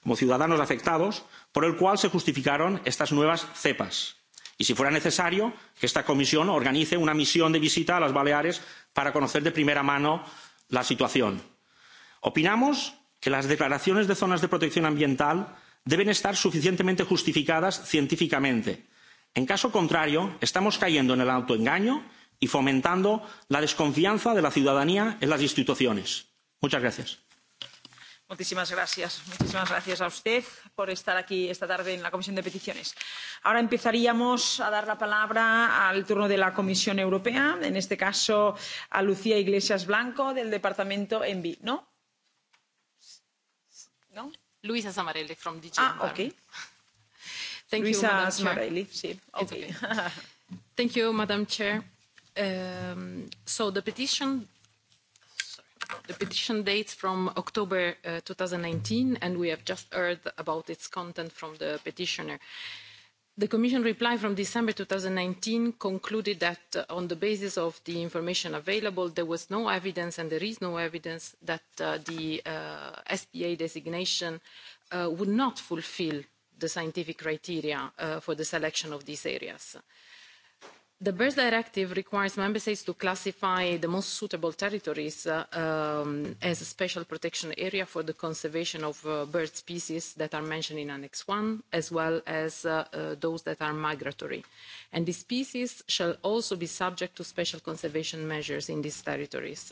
como ciudadanos afectados por el cual se justificaron estas nuevas cepas y si fuera necesario que esta comisión organice una misión de visita a las baleares para conocer de primera mano la situación. opinamos que las declaraciones de zonas de protección ambiental deben estar suficientemente justificadas científicamente. en caso contrario estamos cayendo en el autoengaño y fomentando la desconfianza de la ciudadanía en las instituciones. muchas gracias. Muchísimas gracias. Muchísimas gracias a usted por estar aquí esta tarde en la Comisión de Peticiones. Ahora empezaríamos a dar la palabra al turno de la Comisión Europea, en este caso a Lucía Iglesias Blanco del Departamento ENVI. ¿No? ¿No? Luisa Samarelli from DG Ah, ok. [laughs] Thank Luisa you, Samarelli, sí. Okay. okay. [laughs] Thank you, Madam Chair. Um, so the petition The petition dates from October uh, 2019, and we have just heard about its content from the petitioner. The Commission reply from December 2019 concluded that uh, on the basis of the information available, there was no evidence and there is no evidence that uh, the uh, SPA designation uh, would not fulfill the scientific criteria uh, for the selection of these areas. Uh, The Birds Directive requires member states to classify the most suitable territories uh, um, as a special protection area for the conservation of uh, bird species that are mentioned in Annex 1, as well as uh, uh, those that are migratory. And these species shall also be subject to special conservation measures in these territories.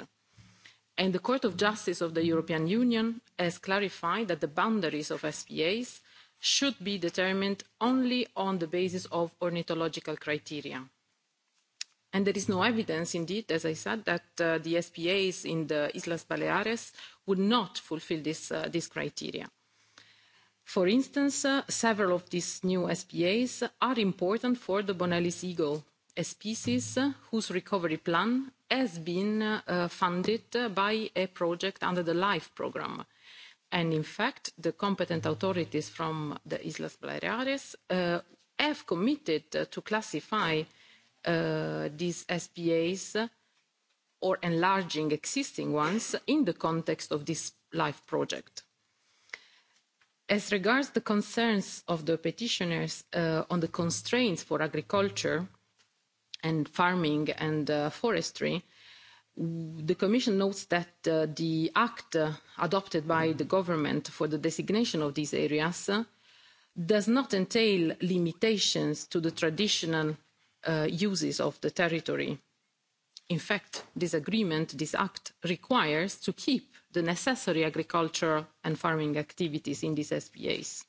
And the Court of Justice of the European Union has clarified that the boundaries of SPAs should be determined only on the basis of ornithological criteria And there is no evidence, indeed, as I said, that uh, the SPAs in the Islas Baleares would not fulfill this, uh, this criteria. For instance, uh, several of these new SPAs are important for the Bonelli's eagle, a species uh, whose recovery plan has been uh, funded uh, by a project under the LIFE programme. And in fact, the competent authorities from the Islas Baleares uh, have committed uh, to classify Uh, these SPAs or enlarging existing ones in the context of this LIFE project. As regards the concerns of the petitioners uh, on the constraints for agriculture and farming and uh, forestry, the Commission notes that uh, the act uh, adopted by the government for the designation of these areas uh, does not entail limitations to the traditional uh, uses of the territory. In fact, this agreement, this act, requires to keep the necessary agricultural and farming activities in these SPAs.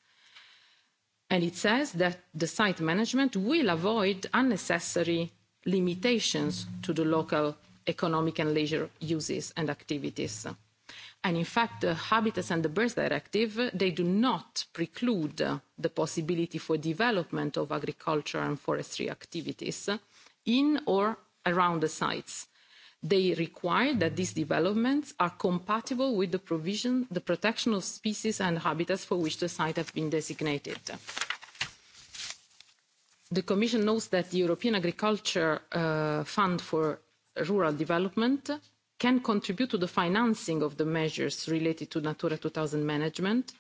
And it says that the site management will avoid unnecessary limitations to the local economic and leisure uses and activities. And in fact, the Habitats and the Birds Directive, they do not preclude the possibility for development of agriculture and forestry activities in or around the sites. They require that these developments are compatible with the provision, the protection of species and habitats for which the site have been designated. The Commission knows that the European Agriculture uh, Fund for Rural Development can contribute to the financing of the measures related to natura two thousand management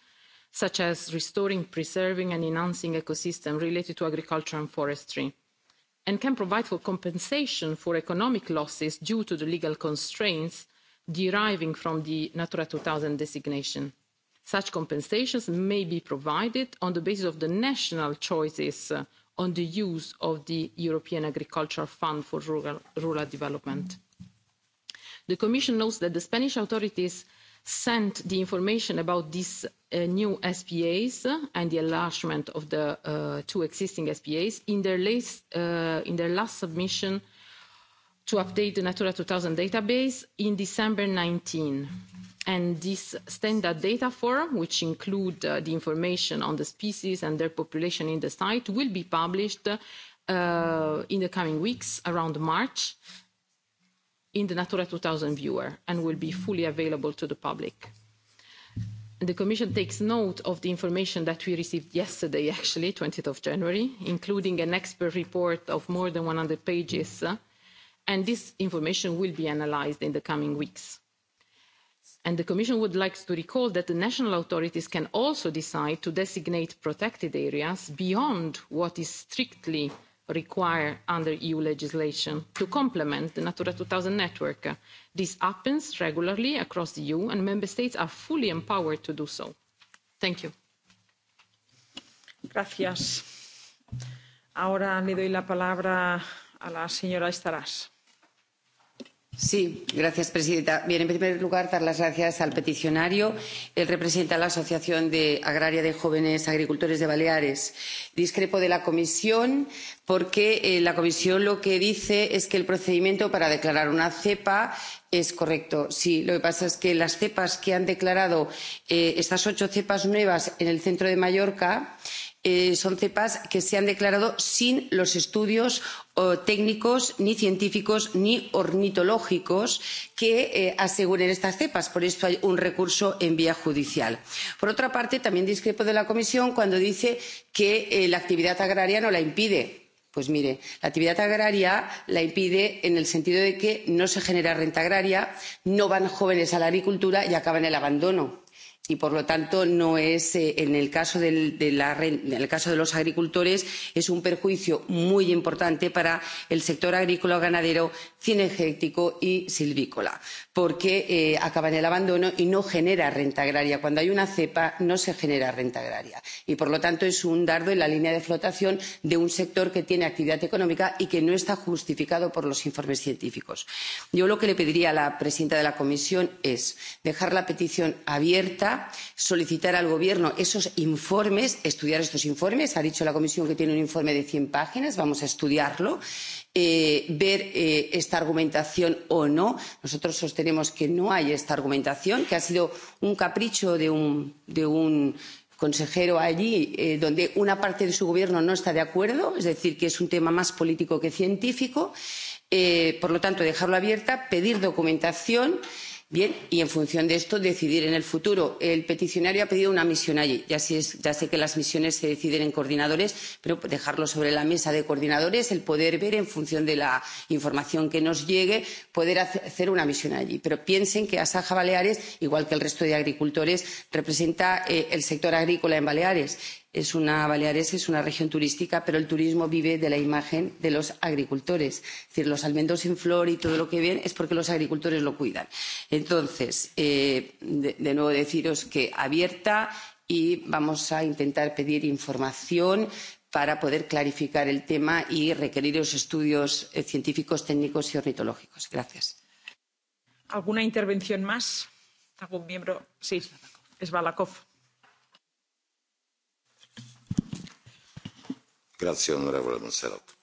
such as restoring preserving and enhancing ecosystems related to agriculture and forestry and can provide for compensation for economic losses due to the legal constraints deriving from the natura two thousand designation. such compensations may be provided on the basis of the national choices uh, on the use of the european agricultural fund for rural development the commission notes that the spanish authorities sent the information about these uh, new spas uh, and the enlargement of the uh, two existing spas in their, last, submission to update the natura 2000 database in december 19 and this standard data form which includes the information on the species and their population in the site will be published in the coming weeks around march in the Natura 2000 viewer and will be fully available to the public. The Commission takes note of the information that we received yesterday, [laughs] actually, 20th of January, including an expert report of more than 100 pages, uh, and this information will be analysed in the coming weeks. And the Commission would like to recall that the national authorities can also decide to designate protected areas beyond what is strictly require under EU legislation to complement the Natura 2000 network. This happens regularly across the EU and member states are fully empowered to do so. Thank you. Gracias. Ahora le doy la palabra a la señora Estarás señora presidenta en primer lugar quiero dar las gracias al peticionario. él representa a la asociación agraria de jóvenes agricultores de baleares. discrepo de la comisión porque eh, la comisión lo que dice es que el procedimiento para declarar una cepa es correcto. sí lo que pasa es que las cepas que han declarado eh, estas ocho cepas nuevas en el centro de mallorca han Eh, son cepas que se han declarado sin los estudios técnicos ni científicos ni ornitológicos que eh, aseguren estas cepas. por eso hay un recurso en vía judicial. por otra parte también discrepo de la comisión cuando dice que eh, la actividad agraria no la impide. Pues mire, la actividad agraria la impide en el sentido de que no se genera renta agraria, no van jóvenes a la agricultura y acaban en el abandono y por lo tanto no es, eh, en, el caso de la, en el caso de los agricultores es un perjuicio muy importante para el sector agrícola ganadero cinegético y silvícola porque eh, acaba en el abandono y no genera renta agraria cuando hay una cepa no se genera renta agraria y por lo tanto es un dardo en la línea de flotación de un sector que tiene actividad económica y que no está justificado por los informes científicos. yo lo que le pediría a la presidenta de la comisión es dejar la petición abierta solicitar al gobierno esos informes estudiar estos informes ha dicho la comisión que tiene un informe de cien páginas vamos a estudiarlo eh, ver eh, esta argumentación o no nosotros sostenemos que no hay esta argumentación que ha sido un capricho de un, de un consejero allí eh, donde una parte de su gobierno no está de acuerdo es decir que es un tema más político que científico eh, por lo tanto dejarlo abierta pedir documentación y Bien, y en función de esto, decidir en el futuro. El peticionario ha pedido una misión allí. Ya, sí es, ya sé que las misiones se deciden en coordinadores, pero dejarlo sobre la mesa de coordinadores, el poder ver en función de la información que nos llegue, poder hacer una misión allí. Pero piensen que Asaja Baleares, igual que el resto de agricultores, representa eh, el sector agrícola en Baleares es una, Baleares es una región turística, pero el turismo vive de la imagen de los agricultores. Es decir, los almendros en flor y todo lo que ven es porque los agricultores lo cuidan. Entonces, eh, de, de nuevo deciros que abierta y vamos a intentar pedir información para poder clarificar el tema y requerir los estudios eh, científicos, técnicos y ornitológicos. Gracias. ¿Alguna intervención más? ¿Algún miembro? Sí, es Balakov. Grație, onorevole Măserat.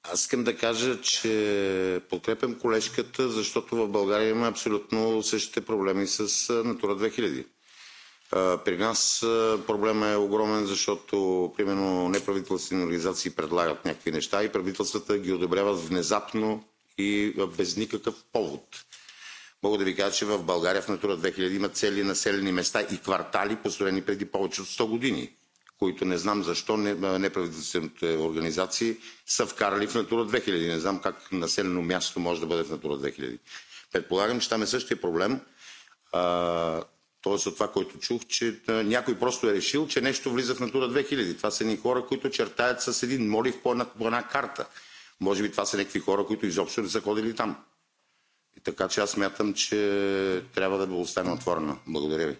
Аз искам да кажа, че подкрепям колежката, защото в България има абсолютно същите проблеми с Натура 2000. При нас проблема е огромен, защото примерно неправителствени организации предлагат някакви неща и правителствата ги одобряват внезапно и без никакъв повод. Мога да ви кажа, че в България в Натура 2000 има цели населени места и квартали, построени преди повече от 100 години които не знам защо неправителствените организации са вкарали в Натура 2000. Не знам как населено място може да бъде в Натура 2000. Предполагам, че там е същия проблем. Тоест от това, което чух, че някой просто е решил, че нещо влиза в Натура 2000. Това са ни хора, които чертаят с един молив по една, по една карта. Може би това са някакви хора, които изобщо не са ходили там. И така че аз смятам, че трябва да бъде оставена отворена. Благодаря ви.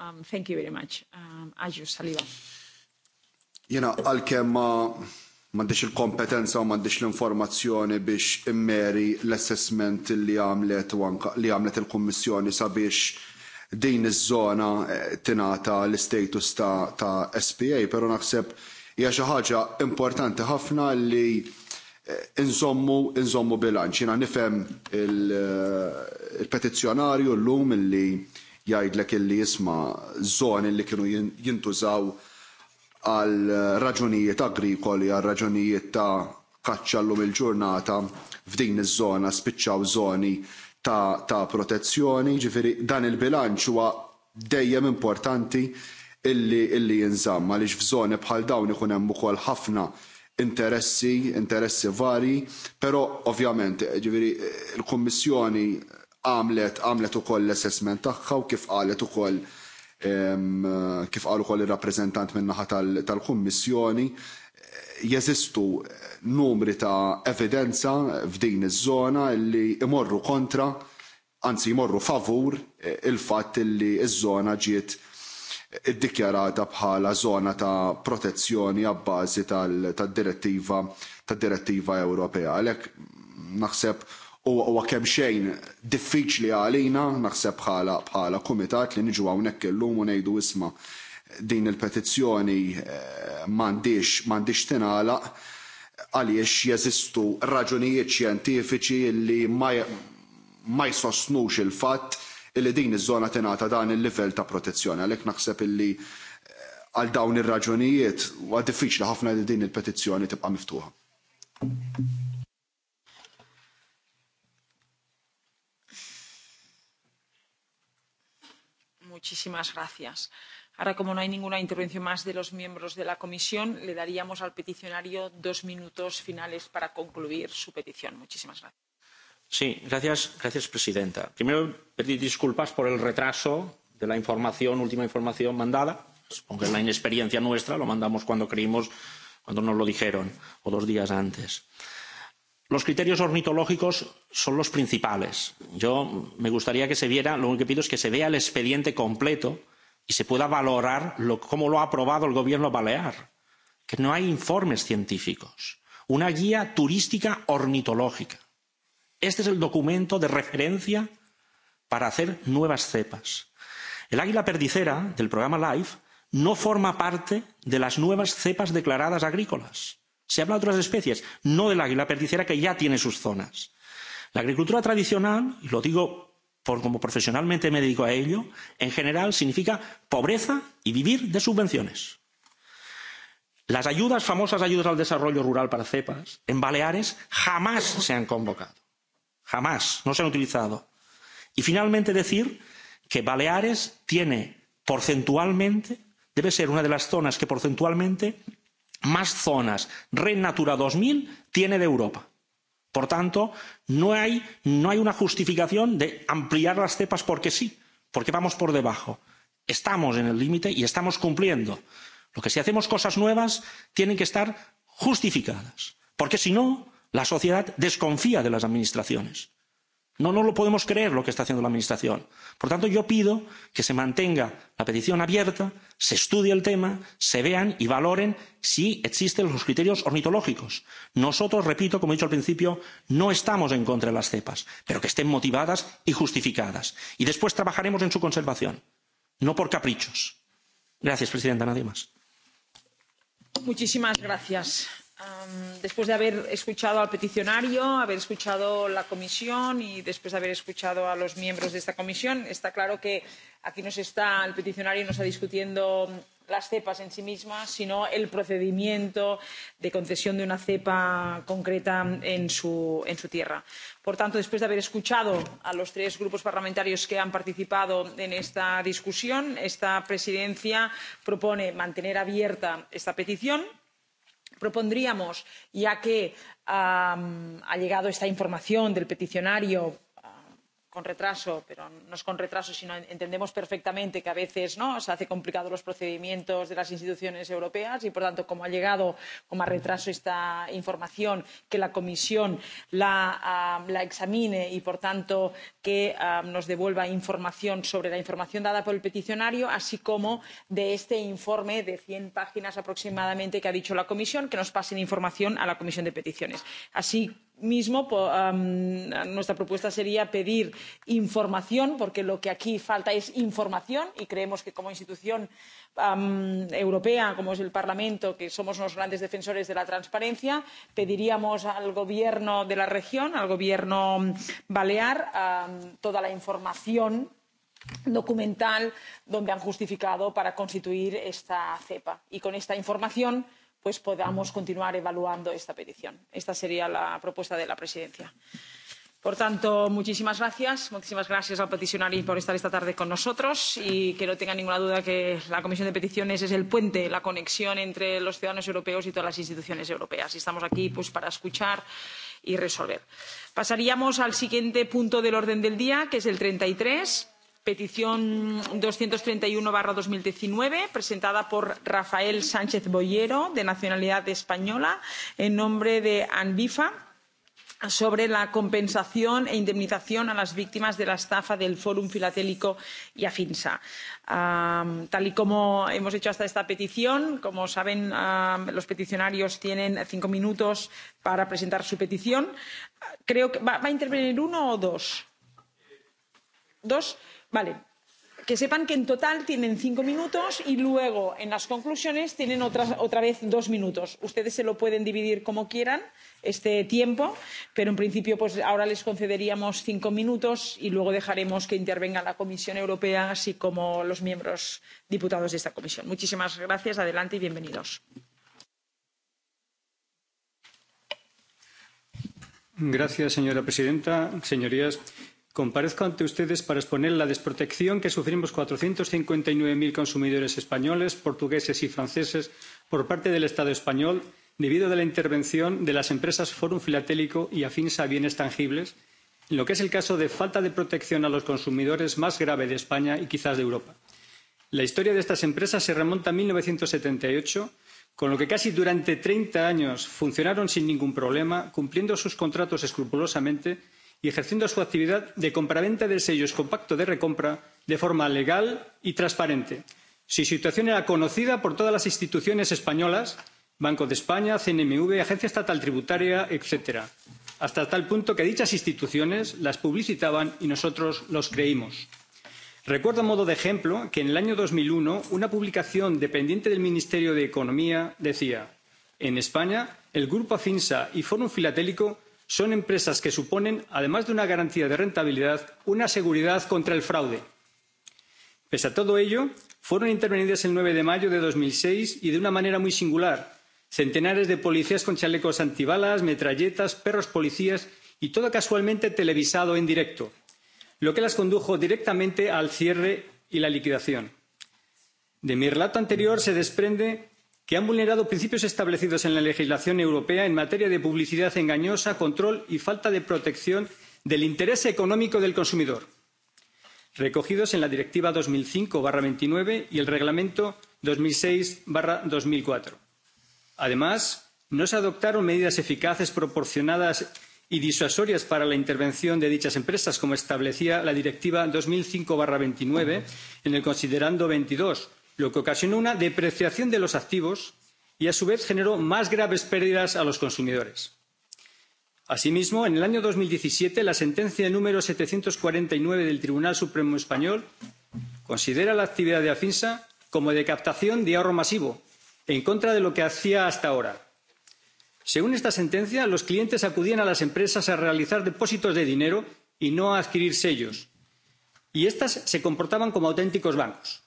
Um, thank you very much. Um, Aġju Saliva. Jena għal-kem mandiċ il-kompetenza u mandiċ l-informazzjoni biex immeri l-assessment li għamlet li għamlet il-Kommissjoni sabiex din iż-żona eh, tinata l-status ta', ta SPA, pero naħseb hija xi ħaġa importanti ħafna li eh, inżommu inżommu bilanċ. Jiena nifhem eh, il-petizzjonarju l-lum illi il jgħidlek illi jisma' żoni li kienu jintużaw għal raġunijiet agrikoli, għal raġunijiet ta' kaċċa llum il-ġurnata f'din iż-żona spiċċaw żoni ta', ta protezzjoni, ġifieri dan il-bilanċ huwa dejjem importanti illi illi jinżamm għaliex f'żoni bħal dawn ikun hemm ukoll ħafna interessi, interessi vari, però ovvjament ġifieri il kummissjoni għamlet għamlet koll l-assessment taħħa u kif u koll kif qal koll il rappreżentant min-naħa tal kommissjoni jeżistu numri ta' evidenza f'din iż-żona li imorru kontra anzi jmorru favur eh, il-fatt li ż-żona ġiet iddikjarata bħala zona ta' protezzjoni għabbażi tad-direttiva tad-direttiva Ewropea. Għalek naħseb u huwa kemm xejn diffiċli għalina naħseb bħala bħala kumitat li niġu hawnhekk illum u ngħidu isma' din il-petizzjoni eh, m'għandix m'għandix tingħalaq għaliex jeżistu raġunijiet xjentifiċi li ma jsostnux il-fatt illi din iż-żona tingħata dan il-livell ta' protezzjoni għalhekk naħseb illi eh, għal dawn ir-raġunijiet huwa diffiċli ħafna li din il-petizzjoni tibqa' miftuħa. muchísimas gracias. Ahora, como no hay ninguna intervención más de los miembros de la comisión, le daríamos al peticionario dos minutos finales para concluir su petición. Muchísimas gracias. Sí, gracias, gracias presidenta. Primero, pedir disculpas por el retraso de la información, última información mandada. Supongo que es la inexperiencia nuestra, lo mandamos cuando creímos, cuando nos lo dijeron, o dos días antes. Eh, los criterios ornitológicos son los principales. me gustaría que se viera lo único que pido es que se vea el expediente completo y se pueda valorar cómo lo ha aprobado el gobierno balear que no hay informes científicos una guía turística ornitológica. este es el documento de referencia para hacer nuevas cepas. el águila perdicera del programa life no forma parte de las nuevas cepas declaradas agrícolas se habla de otras especies no del águila perdicera que ya tiene sus zonas. la agricultura tradicional y lo digo como profesionalmente me dedico a ello en general significa pobreza y vivir de subvenciones. las ayudas famosas ayudas al desarrollo rural para cepa en baleares jamás se han convocado jamás no se han utilizado. y finalmente decir que baleares tiene porcentualmente debe ser una de las zonas que porcentualmente más zonas red natura dos mil tiene de europa. por tanto no, no hay una justificación de ampliar las cepas porque sí porque vamos por debajo. estamos en el límite y estamos cumpliendo. Lo que si hacemos cosas nuevas tienen que estar justificadas porque si no la sociedad desconfía de las administraciones. No nos lo podemos creer lo que está haciendo la administración. por tanto yo pido que se mantenga la petición abierta se estudie el tema se vean y valoren si existen los criterios ornitológicos. nosotros repito como he dicho al principio no estamos en contra de las cepas pero que estén motivadas y justificadas. y después trabajaremos en su conservación no por caprichos. gracias presidenta. nada más. Um, después de haber escuchado al peticionario, haber escuchado la comisión y después de haber escuchado a los miembros de esta comisión, está claro que aquí no está, el peticionario no está discutiendo las cepas en sí mismas, sino el procedimiento de concesión de una cepa concreta en su, en su tierra. Por tanto, después de haber escuchado a los tres grupos parlamentarios que han participado en esta discusión, esta presidencia propone mantener abierta esta petición propondríamos ya que ha llegado esta información del peticionario con retraso, pero no es con retraso, sino entendemos perfectamente que a veces ¿no? se hacen complicados los procedimientos de las instituciones europeas y, por tanto, como ha llegado con más retraso esta información, que la Comisión la, uh, la examine y, por tanto, que uh, nos devuelva información sobre la información dada por el peticionario, así como de este informe de 100 páginas aproximadamente que ha dicho la Comisión, que nos pasen información a la Comisión de Peticiones. Así mismo um, nuestra propuesta sería pedir información porque lo que aquí falta es información y creemos que como institución um, europea como es el parlamento que somos unos grandes defensores de la transparencia pediríamos al gobierno de la región al gobierno balear um, toda la información documental donde han justificado para constituir esta cepa y con esta información pues podamos continuar evaluando esta petición. Esta sería la propuesta de la presidencia. Por tanto, muchísimas gracias. Muchísimas gracias al peticionario por estar esta tarde con nosotros y que no tenga ninguna duda que la Comisión de Peticiones es el puente, la conexión entre los ciudadanos europeos y todas las instituciones europeas. Y estamos aquí pues, para escuchar y resolver. Pasaríamos al siguiente punto del orden del día, que es el treinta y tres petición doscientos treinta y uno dos mil diecinueve presentada por Rafael Sánchez Boyero, de nacionalidad española, en nombre de ANVIFA sobre la compensación e indemnización a las víctimas de la estafa del Fórum Filatélico y Afinsa. Ah, tal y como hemos hecho hasta esta petición, como saben, ah, los peticionarios tienen cinco minutos para presentar su petición. Creo que va, va a intervenir uno o dos. Dos. Vale. Que sepan que en total tienen cinco minutos y luego en las conclusiones tienen otra, otra vez dos minutos. Ustedes se lo pueden dividir como quieran este tiempo, pero en principio pues ahora les concederíamos cinco minutos y luego dejaremos que intervenga la Comisión Europea, así como los miembros diputados de esta comisión. Muchísimas gracias. Adelante y bienvenidos. Gracias, señora presidenta. Señorías, comparezco ante ustedes para exponer la desprotección que sufrimos cuatrocientos cincuenta y nueve cero consumidores españoles portugueses y franceses por parte del estado español debido a la intervención de las empresas forum filatélico y afinsa bienes tangibles en lo que es el caso de falta de protección a los consumidores más grave de españa y quizás de europa. la historia de estas empresas se remonta a mil novecientos setenta y ocho con lo que casi durante treinta años funcionaron sin ningún problema cumpliendo sus contratos escrupulosamente y y ejerciendo su actividad de compraventa de sellos con pacto de recompra de forma legal y transparente. su situación era conocida por todas las instituciones españolas banco de españa cnmv agencia estatal tributaria etcétera hasta tal punto que dichas instituciones las publicitaban y nosotros los creímos. recuerdo a modo de ejemplo que en el año dos mil uno una publicación dependiente del ministerio de economía decía en españa el grupo afinsa y forum filatélico son empresas que suponen además de una garantía de rentabilidad una seguridad contra el fraude. pese a todo ello fueron intervenidas el nueve de mayo de dos mil seis y de una manera muy singular centenares de policías con chalecos antibalas metralletas perros policías y todo casualmente televisado en directo lo que las condujo directamente al cierre y la liquidación. de mi relato anterior se desprende que han vulnerado principios establecidos en la legislación europea en materia de publicidad engañosa control y falta de protección del interés económico del consumidor recogidos en la directiva dos mil cinco veintinueve ce y el reglamento dos mil seis dos mil cuatro además no se adoptaron medidas eficaces proporcionadas y disuasorias para la intervención de dichas empresas como establecía la directiva dos mil cinco veintinueve ce en el considerando veintidós lo que ocasionó una depreciación de los activos y a su vez generó más graves pérdidas a los consumidores. asimismo en el año dos mil diecisiete la sentencia número setecientos cuarenta y nueve del tribunal supremo español considera la actividad de afinsa como de captación de ahorro masivo en contra de lo que hacía hasta ahora. según esta sentencia los clientes acudían a las empresas a realizar depósitos de dinero y no a adquirir sellos y estas se comportaban como auténticos bancos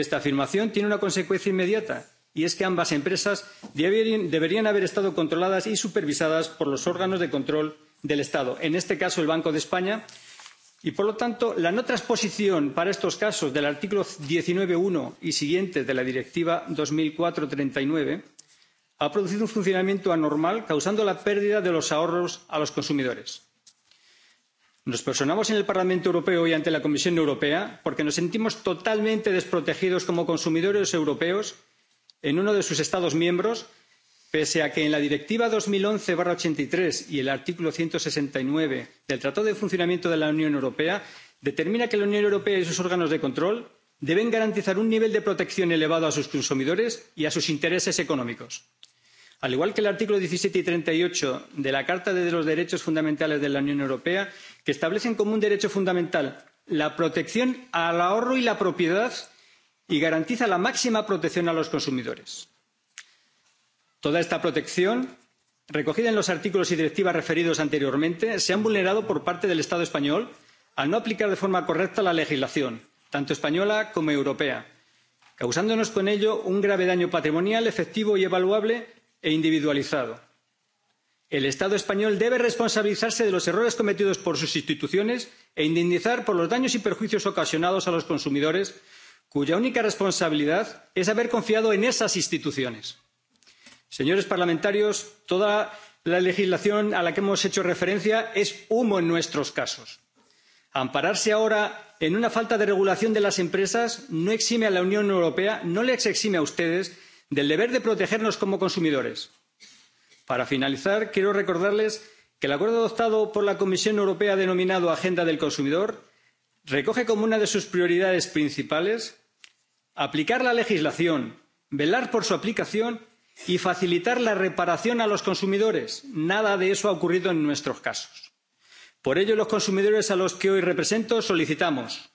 esta afirmación tiene una consecuencia inmediata y es que ambas empresas deberían haber estado controladas y supervisadas por los órganos de control del estado en este caso el banco de españa y por lo tanto la no transposición para estos casos del artículo diecinueve apartado uno y siguientes de la directiva dos mil cuatro treinta y nueve ce ha producido un funcionamiento anormal causando la pérdida de los ahorros a los consumidores nos personamos en el parlamento europeo y ante la comisión europea porque nos sentimos totalmente desprotegidos como consumidores europeos en uno de sus estados miembros pese a que en la directiva dos mil once ochenta y tres ce y el artículo ciento sesenta y nueve del tratado de funcionamiento de la unión europea determina que la unión europea y sus órganos de control deben garantizar un nivel de protección elevado a sus consumidores y a sus intereses económicos al igual que el artículo diecisiete y treinta y ocho de la carta de los derechos fundamentales de la unión europea que establecen como un derecho fundamental la protección al ahorro y la propiedad y garantizan la máxima protección a los consumidores. toda esta protección recogida en los artículos y directivas referidos anteriormente se ha vulnerado por parte del estado español al no aplicar de forma correcta la legislación tanto española como europea causándonos con ello un grave daño patrimonial efectivo y evaluable e individualizado. El Estado español debe responsabilizarse de los errores cometidos por sus instituciones e indemnizar por los daños y perjuicios ocasionados a los consumidores, cuya única responsabilidad es haber confiado en esas instituciones. Señores parlamentarios, toda la legislación a la que hemos hecho referencia es humo en nuestros casos. Ampararse ahora en una falta de regulación de las empresas no exime a la Unión Europea, no les exime a ustedes del deber de protegernos como consumidores. para finalizar quiero recordarles que el acuerdo adoptado por la comisión europea denominado agenda del consumidor recoge como una de sus prioridades principales aplicar la legislación velar por su aplicación y facilitar la reparación a los consumidores. nada de eso ha ocurrido en nuestros casos. por ello los consumidores a los que hoy represento solicitamos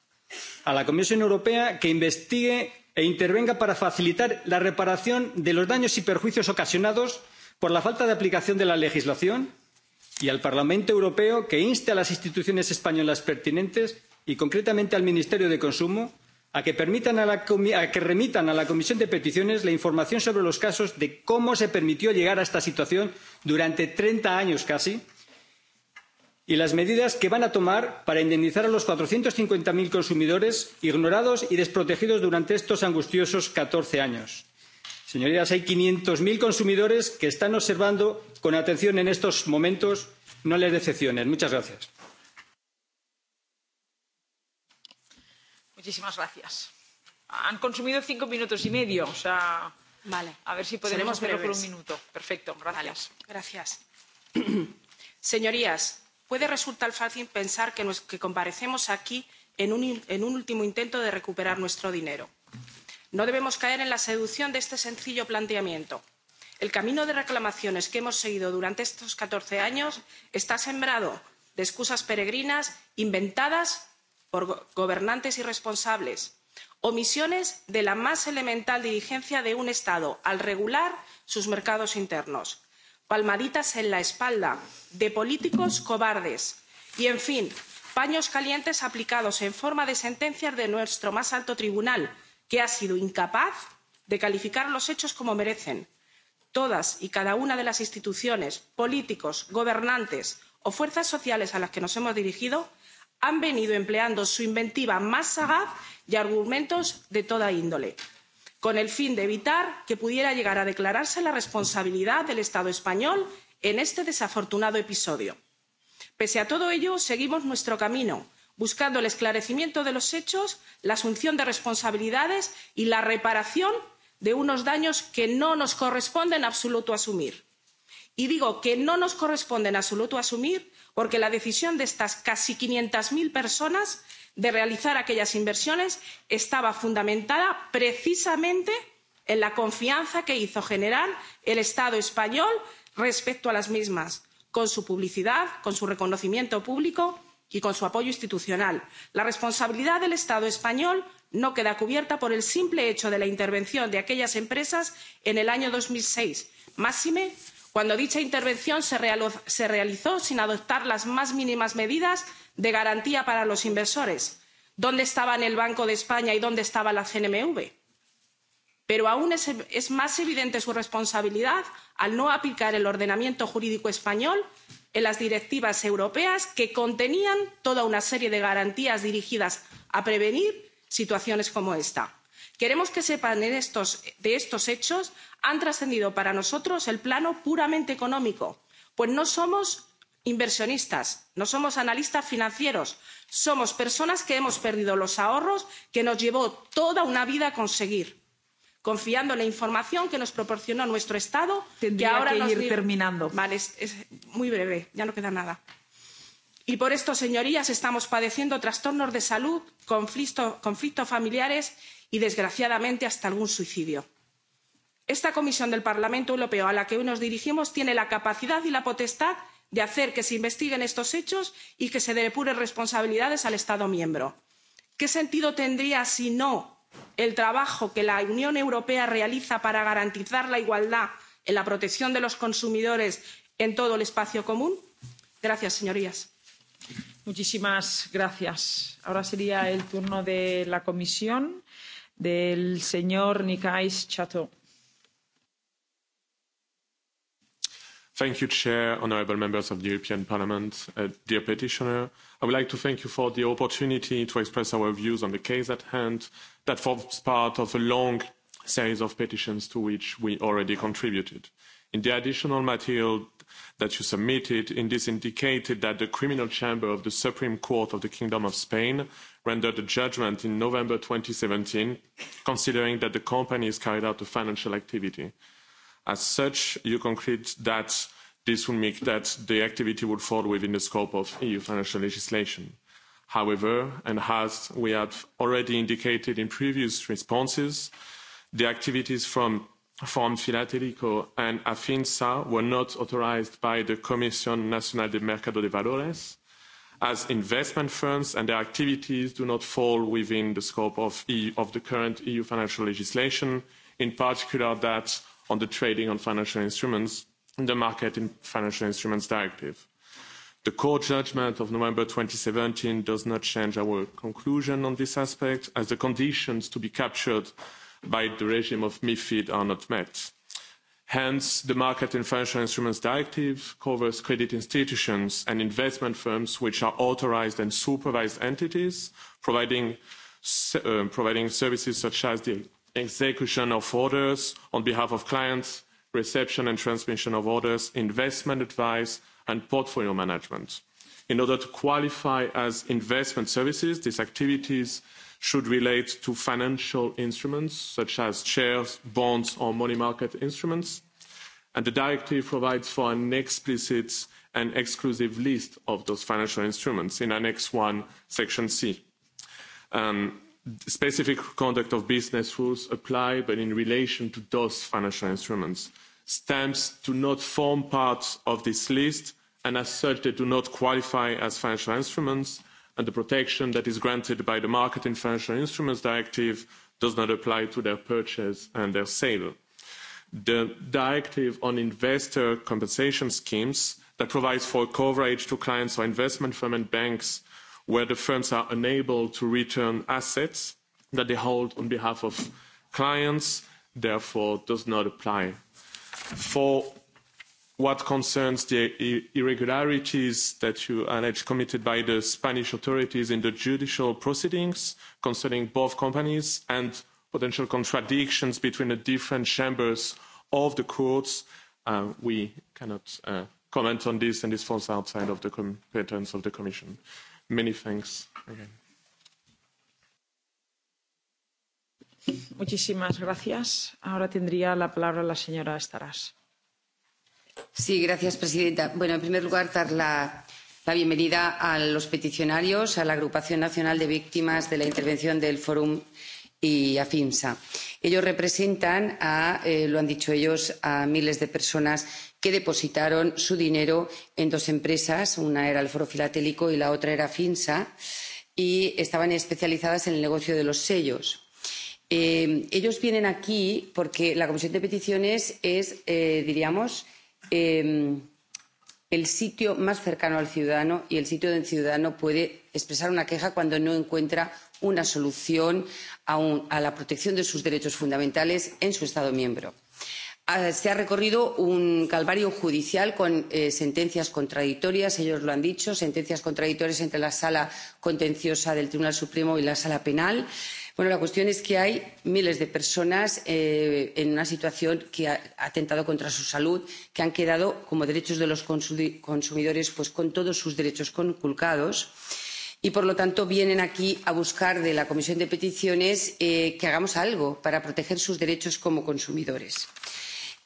a la comisión europea que investigue e intervenga para facilitar la reparación de los daños y perjuicios ocasionados por la falta de aplicación de la legislación y al parlamento europeo que inste a las instituciones españolas pertinentes y concretamente al ministerio de consumo a que remitan a la comisión de peticiones la información sobre los casos de cómo se permitió llegar a esta situación durante treinta años casi y las medidas que van a tomar para indemnizar a los cuatrocientos cincuenta cero consumidores ignorados y desprotegidos durante estos angustiosos catorce años. señorías hay quinientos cero consumidores que están observando con atención en estos momentos no les decepcionen. muchas gracias. Muchísimas gracias. Han consumido cinco minutos y medio, o sea, vale. a ver si podemos hacerlo por un minuto. Perfecto, gracias. Vale. Gracias. [clears throat] Señorías, puede resultar fácil pensar que comparecemos aquí en un último intento de recuperar nuestro dinero. no debemos caer en la seducción de este sencillo planteamiento. el camino de reclamaciones que hemos seguido durante estos catorce años está sembrado de excusas peregrinas inventadas por gobernantes irresponsables omisiones de la más elemental diligencia de un estado al regular sus mercados internos palmaditas en la espalda de políticos cobardes y en fin paños calientes aplicados en forma de sentencias de nuestro más alto tribunal que ha sido incapaz de calificar los hechos como merecen. todas y cada una de las instituciones políticos gobernantes o fuerzas sociales a las que nos hemos dirigido han venido empleando su inventiva más sagaz y argumentos de toda índole con el fin de evitar que pudiera llegar a declararse la responsabilidad del estado español en este desafortunado episodio. pese a todo ello seguimos nuestro camino buscando el esclarecimiento de los hechos la asunción de responsabilidades y la reparación de unos daños que no nos corresponde en absoluto asumir. y digo que no nos corresponde en absoluto asumir porque la decisión de estas casi quinientos cero personas de realizar aquellas inversiones estaba fundamentada precisamente en la confianza que hizo generar el estado español respecto a las mismas con su publicidad con su reconocimiento público y con su apoyo institucional. la responsabilidad del estado español no queda cubierta por el simple hecho de la intervención de aquellas empresas en el año dos mil seis máxime cuando dicha intervención se realizó sin adoptar las más mínimas medidas de garantía para los inversores? dónde estaban el banco de españa y dónde estaba la cnmv? pero aún es más evidente su responsabilidad al no aplicar el ordenamiento jurídico español en las directivas europeas que contenían toda una serie de garantías dirigidas a prevenir situaciones como esta queremos que sepan de estos hechos ha trascendido para nosotros el plano puramente económico pues no somos inversionistas no somos analistas financieros somos personas que hemos perdido los ahorros que nos llevó toda una vida conseguir confiando en la información que nos proporcionó nuestro estado que ahora nos vale es, es muy breve ya no queda nada y por esto señorías estamos padeciendo trastornos de salud conflictos conflictos familiares y desgraciadamente hasta algún suicidio. esta comisión del parlamento europeo a la que hoy nos dirigimos tiene la capacidad y la potestad de hacer que se investiguen estos hechos y que se depuren responsabilidades al estado miembro. qué sentido tendría si no el trabajo que la unión europea realiza para garantizar la igualdad en la protección de los consumidores en todo el espacio común? gracias señorías. muchísimas gracias. ahora sería el turno de la comisión del señor Nikais Chateau. Thank you, Chair, honourable members of the European Parliament, uh, dear petitioner. I would like to thank you for the opportunity to express our views on the case at hand that forms part of a long series of petitions to which we already contributed. In the additional material that you submitted, in this indicated that the Criminal Chamber of the Supreme Court of the Kingdom of Spain rendered a judgment in november 2017, considering that the company has carried out a financial activity. as such you conclude that this would make that the activity would fall within the scope of eu financial legislation. however and as we have already indicated in previous responses the activities from from Filatelico and Afinsa were not authorised by the Commission Nacional de Mercado de Valores as investment firms and their activities do not fall within the scope of, EU, of the current EU financial legislation, in particular that on the trading on financial instruments and the market in financial instruments directive. The court judgment of November 2017 does not change our conclusion on this aspect, as the conditions to be captured by the regime of MIFID are not met hence the market in financial instruments directive covers credit institutions and investment firms which are authorised and supervised entities uh, providing services such as the execution of orders on behalf of clients reception and transmission of orders investment advice and portfolio management. in order to qualify as investment services these activities should relate to financial instruments such as shares bonds or money market instruments and the directive provides for an explicit and exclusive list of those financial instruments in annex i section c. Um, specific conduct of business rules apply but in relation to those financial instruments. stamps do not form part of this list and as such they do not qualify as financial instruments and the protection that is granted by the market in financial instruments directive does not apply to their purchase and their sale. the directive on investor compensation schemes that provides for coverage to clients or investment firms and banks where the firms are unable to return assets that they hold on behalf of clients therefore does not apply. for what concerns the irregularities that you allege committed by the Spanish authorities in the judicial proceedings concerning both companies and potential contradictions between the different chambers of the courts, uh, we cannot uh, comment on this, and this falls outside of the competence of the Commission. Many thanks again. Muchísimas gracias. Ahora tendría la palabra la señora Estarás señora presidenta en primer lugar quiero dar la bienvenida a los peticionarios a la agrupación nacional de víctimas de la intervención del fórum y a afinsa. ellos representan eh, lo han dicho ellos a miles de personas que depositaron su dinero en dos empresas una era el foro filatélico y la otra era afinsa y estaban especializadas en el negocio de los sellos. Eh, ellos vienen aquí porque la comisión de peticiones es eh, diríamos eh, el sitio más cercano al ciudadano y el sitio donde el ciudadano puede expresar una queja cuando no encuentra una solución a, un, a la protección de sus derechos fundamentales en su Estado miembro. Ah, se ha recorrido un calvario judicial con eh, sentencias contradictorias, ellos lo han dicho, sentencias contradictorias entre la sala contenciosa del Tribunal Supremo y la sala penal. Eh, la cuestión es que hay miles de personas eh, en una situación que ha atentado contra su salud que han quedado como derechos de los consumidores pues con todos sus derechos conculcados y por lo tanto vienen aquí a buscar de la comisión de peticiones eh, que hagamos algo para proteger sus derechos como consumidores.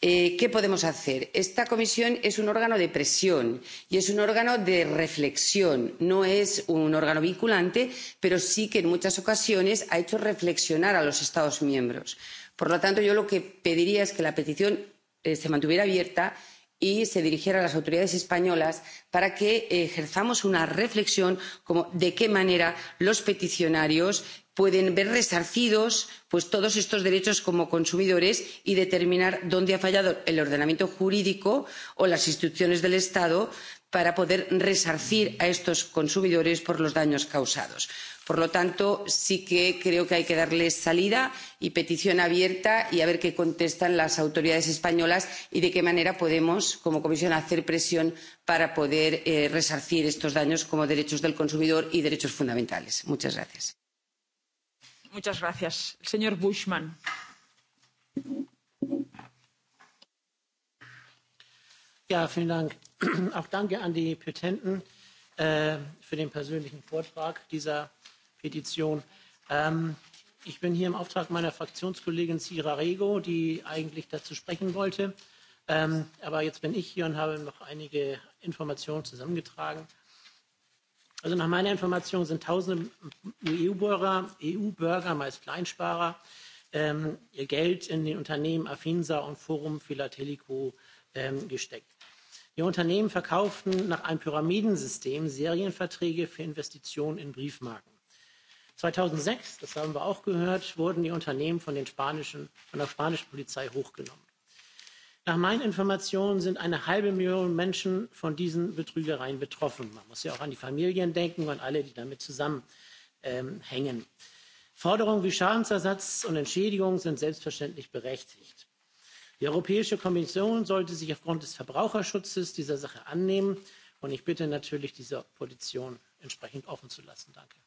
Eh, qué podemos hacer? esta comisión es un órgano de presión y es un órgano de reflexión no es un órgano vinculante pero sí que en muchas ocasiones ha hecho reflexionar a los estados miembros. por lo tanto yo lo que pediría es que la petición eh, se mantuviera abierta y y se dirigiera a las autoridades españolas para que ejerzamos una reflexión sobre de qué manera los peticionarios pueden ver resarcidos todos estos derechos como consumidores y determinar dónde ha fallado el ordenamiento jurídico o las instituciones del estado para para poder resarcir a estos consumidores por los daños causados. por lo tanto sí que creo que hay que darles salida y petición abierta y a ver qué contestan las autoridades españolas y de qué manera podemos como comisión hacer presión para poder eh, resarcir estos daños como derechos del consumidor y derechos fundamentales. muchas gracias. Muchas gracias. Señor Bushman. Ja, vielen Dank. [clears throat] Auch danke an die Petenten äh, für den persönlichen Vortrag dieser Petition. Ähm, ich bin hier im Auftrag meiner Fraktionskollegin Sira Rego, die eigentlich dazu sprechen wollte. Ähm, aber jetzt bin ich hier und habe noch einige Informationen zusammengetragen. Also nach meiner Information sind tausende EU-Bürger, EU-Bürger, meist Kleinsparer, ähm, ihr Geld in den Unternehmen Afinsa und Forum Philatelico ähm, gesteckt. Die Unternehmen verkauften nach einem Pyramidensystem Serienverträge für Investitionen in Briefmarken. 2006, das haben wir auch gehört, wurden die Unternehmen von, den spanischen, von der spanischen Polizei hochgenommen. Nach meinen Informationen sind eine halbe Million Menschen von diesen Betrügereien betroffen. Man muss ja auch an die Familien denken und alle, die damit zusammenhängen. Ähm, Forderungen wie Schadensersatz und Entschädigung sind selbstverständlich berechtigt die europäische kommission sollte sich aufgrund des verbraucherschutzes dieser sache annehmen und ich bitte natürlich diese position entsprechend offen zu lassen. danke.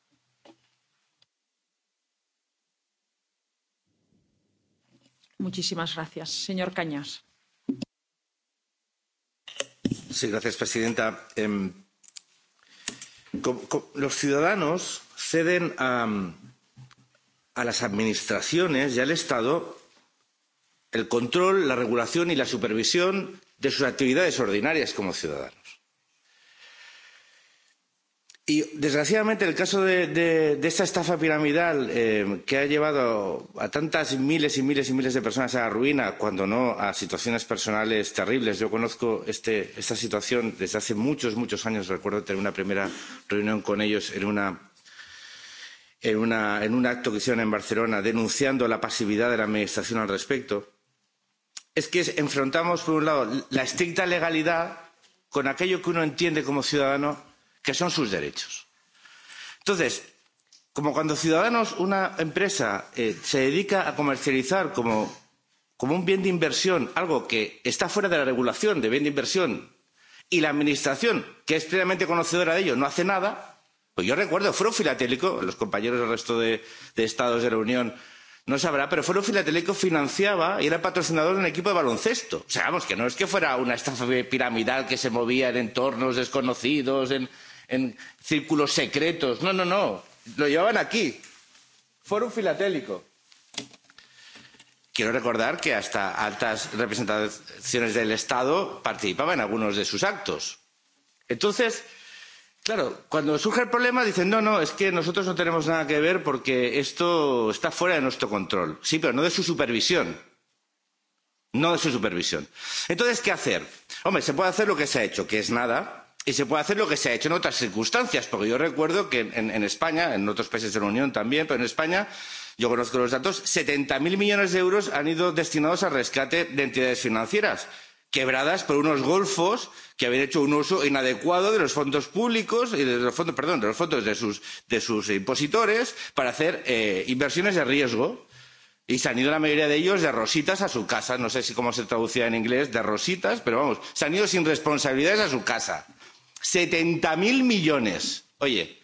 señora sí, presidenta eh, los ciudadanos ceden a, a las administraciones y al estado el control la regulación y la supervisión de sus actividades ordinarias como ciudadanos. Y desgraciadamente el caso de, de, de esta estafa piramidal eh, que ha llevado a tantas miles y miles y miles de personas a la ruina, cuando no a situaciones personales terribles. Yo conozco este, esta situación desde hace muchos, muchos años. Recuerdo tener una primera reunión con ellos en, una, en, una, en un acto que hicieron en Barcelona denunciando la pasividad de la Administración al respecto es que enfrentamos, por un lado, la estricta legalidad con aquello que uno entiende como ciudadano que son sus derechos. Entonces, como cuando Ciudadanos, una empresa, eh, se dedica a comercializar como, como un bien de inversión algo que está fuera de la regulación de bien de inversión y la Administración, que es plenamente conocedora de ello, no hace nada, pues yo recuerdo, fue filatélico, los compañeros del resto de, de Estados de la Unión no sabrá, pero Foro Filatélico financiaba y era patrocinador de un equipo de baloncesto. O sea, vamos, que no es que fuera una estafa piramidal que se movía en entornos desconocidos, en, en círculos secretos. No, no, no. Lo llevaban aquí. Foro Filatélico. Quiero recordar que hasta altas representaciones del Estado participaban en algunos de sus actos. Entonces, Claro, cuando surge el problema dicen, no, no, es que nosotros no tenemos nada que ver porque esto está fuera de nuestro control. Sí, pero no de su supervisión. No de su supervisión. Entonces, ¿qué hacer? Hombre, se puede hacer lo que se ha hecho, que es nada, y se puede hacer lo que se ha hecho en otras circunstancias, porque yo recuerdo que en, en España, en otros países de la Unión también, pero en España, yo conozco los datos, 70.000 millones de euros han ido destinados al rescate de entidades financieras quebradas por unos golfos que habían hecho un uso inadecuado de los fondos públicos y de los fondos, perdón, de los fondos de sus, de sus impositores para hacer eh, inversiones de riesgo. Y se han ido la mayoría de ellos de rositas a su casa. No sé si cómo se traducía en inglés, de rositas, pero vamos, se han ido sin responsabilidades a su casa. 70.000 millones. Oye,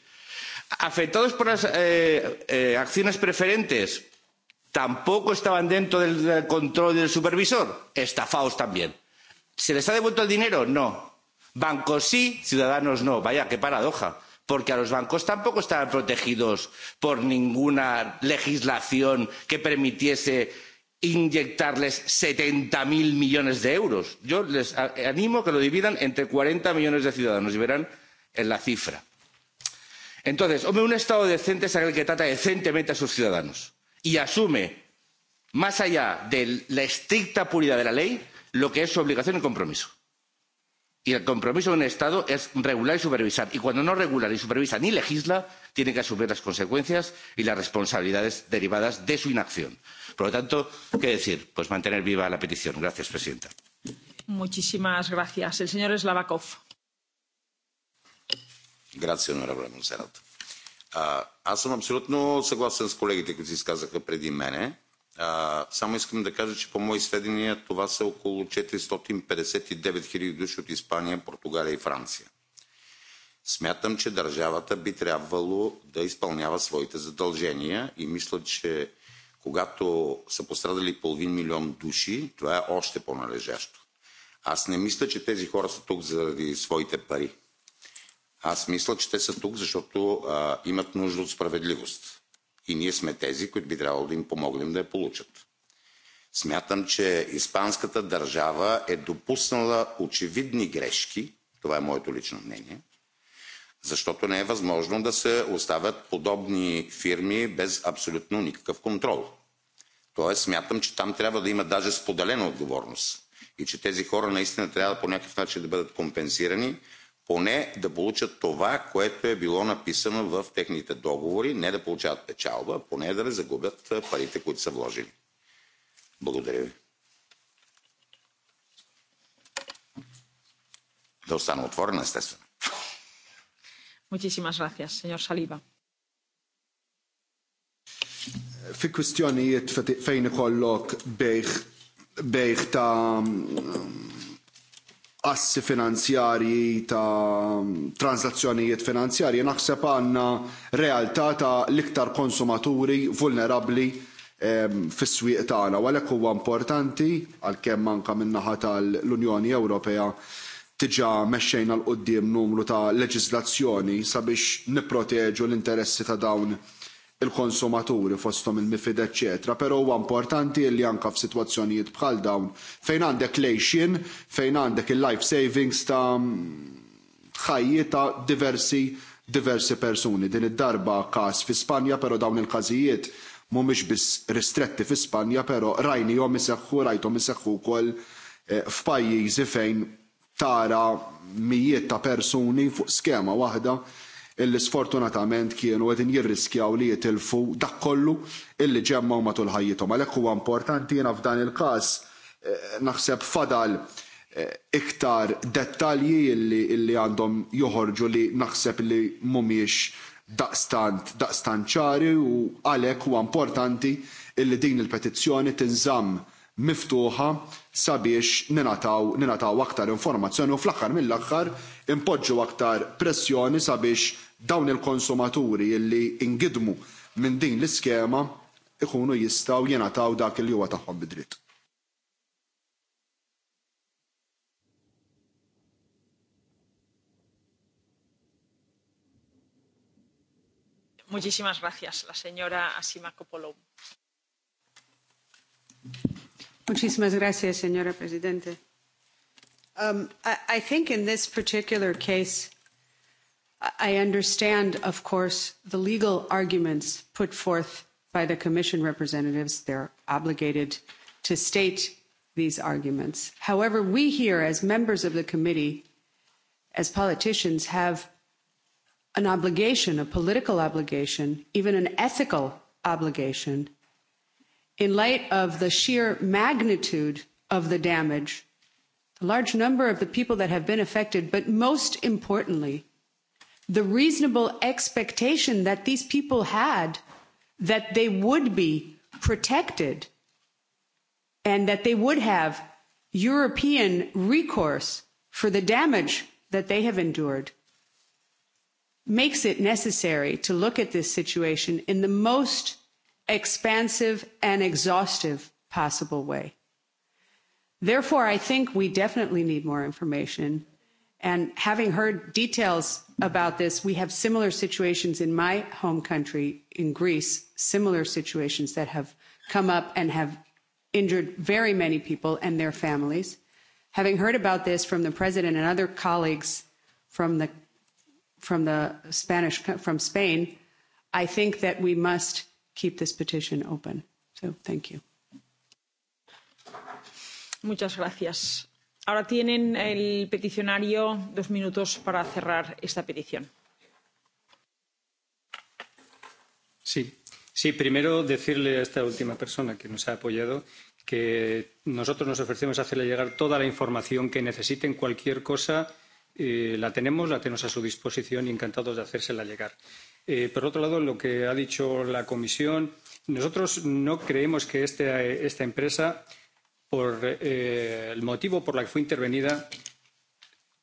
afectados por las eh, eh, acciones preferentes, tampoco estaban dentro del, del control del supervisor. Estafados también se les ha devuelto el dinero? no. bancos sí ciudadanos no. vaya qué paradoja porque a los bancos tampoco estaban protegidos por ninguna legislación que permitiese inyectarles setenta cero millones de euros. yo les animo a que lo dividan entre cuarenta millones de ciudadanos y verán la cifra. entonces hombre un estado decente es aquel que trata decentemente a sus ciudadanos y asume más allá de la estricta puridad de la ley lo que es su obligación y compromiso. Y el compromiso de un Estado es regular y supervisar. Y cuando no regula, ni supervisa, ni legisla, tiene que asumir las consecuencias y las responsabilidades derivadas de su inacción. Por lo tanto, ¿qué decir? Pues mantener viva la petición. Gracias, presidenta. Muchísimas gracias. El señor Slavakov. Grazie, onorevole Monserrat. Аз съм абсолютно съгласен с колегите, които се изказаха преди мене само искам да кажа, че по мои сведения това са около 459 000 души от Испания, Португалия и Франция. Смятам, че държавата би трябвало да изпълнява своите задължения и мисля, че когато са пострадали половин милион души, това е още по-належащо. Аз не мисля, че тези хора са тук заради своите пари. Аз мисля, че те са тук, защото а, имат нужда от справедливост. И ние сме тези, които би трябвало да им помогнем да я получат. Смятам, че испанската държава е допуснала очевидни грешки, това е моето лично мнение, защото не е възможно да се оставят подобни фирми без абсолютно никакъв контрол. Тоест, смятам, че там трябва да има даже споделена отговорност и че тези хора наистина трябва по някакъв начин да бъдат компенсирани, поне да получат това, което е било написано в техните договори, не да получават печалба, поне да не загубят парите, които са вложили. Благодаря ви. Да остана отворена, естествено. Muchísimas gracias, señor Saliba. Fi kwistjonijiet fejn ikollok bejħ ta' assi finanzjarji ta' transazzjonijiet finanzjarji naħseb għandna realtà ta' l-iktar konsumaturi vulnerabbli ehm, fis-swieq tagħna u għalhekk huwa importanti għalkemm anke min-naħa tal-Unjoni Ewropea diġà mexxejna l qudiem numru ta' leġiżlazzjoni sabiex nipproteġu l-interessi ta' dawn il-konsumaturi fostom il-mifid eċetera, però huwa importanti li anke f'sitwazzjonijiet bħal dawn fejn għandek lejxin, fejn għandek il-life savings ta' ħajji ta' diversi diversi persuni. Din id-darba każ fi Spanja, però dawn il-każijiet mhumiex biss ristretti fi Spanja, però rajnihom iseħħu rajthom iseħħu wkoll eh, f'pajjiżi fejn tara mijiet ta' persuni fuq skema waħda illi sfortunatament kienu qegħdin jirriskjaw li jitilfu dakollu illi ġemmgħu matul ħajjithom. Għalhekk huwa importanti jiena f'dan il-każ eh, naħseb fadal eh, iktar dettalji illi għandhom joħorġu li naħseb li mhumiex daqstant daqstant ċari u għalhekk huwa importanti illi din il-petizzjoni tinżamm miftuħa sabiex ninataw ninataw aktar informazzjoni u fl-aħħar mill-aħħar impoġġu aktar pressjoni sabiex dawn il-konsumaturi illi ingidmu minn din l-iskema ikunu jistgħu jingħataw dak li huwa tagħhom bidritt. Muchísimas gracias, la señora Asima Kopolov. Muchísimas gracias, señora Presidente. Um, I, I think in this particular case, I understand, of course, the legal arguments put forth by the Commission representatives. They're obligated to state these arguments. However, we here, as members of the committee, as politicians, have an obligation, a political obligation, even an ethical obligation, in light of the sheer magnitude of the damage, the large number of the people that have been affected, but most importantly, the reasonable expectation that these people had that they would be protected and that they would have European recourse for the damage that they have endured makes it necessary to look at this situation in the most expansive and exhaustive possible way. Therefore, I think we definitely need more information. And having heard details about this we have similar situations in my home country in greece similar situations that have come up and have injured very many people and their families having heard about this from the president and other colleagues from the from the spanish from spain i think that we must keep this petition open so thank you. Sí, primero decirle a esta última persona que nos ha apoyado que nosotros nos ofrecemos a hacerle llegar toda la información que necesiten, cualquier cosa eh, la tenemos, la tenemos a su disposición y encantados de hacérsela llegar. Eh, por otro lado, lo que ha dicho la Comisión, nosotros no creemos que esta empresa por eh, el motivo por el que fue intervenida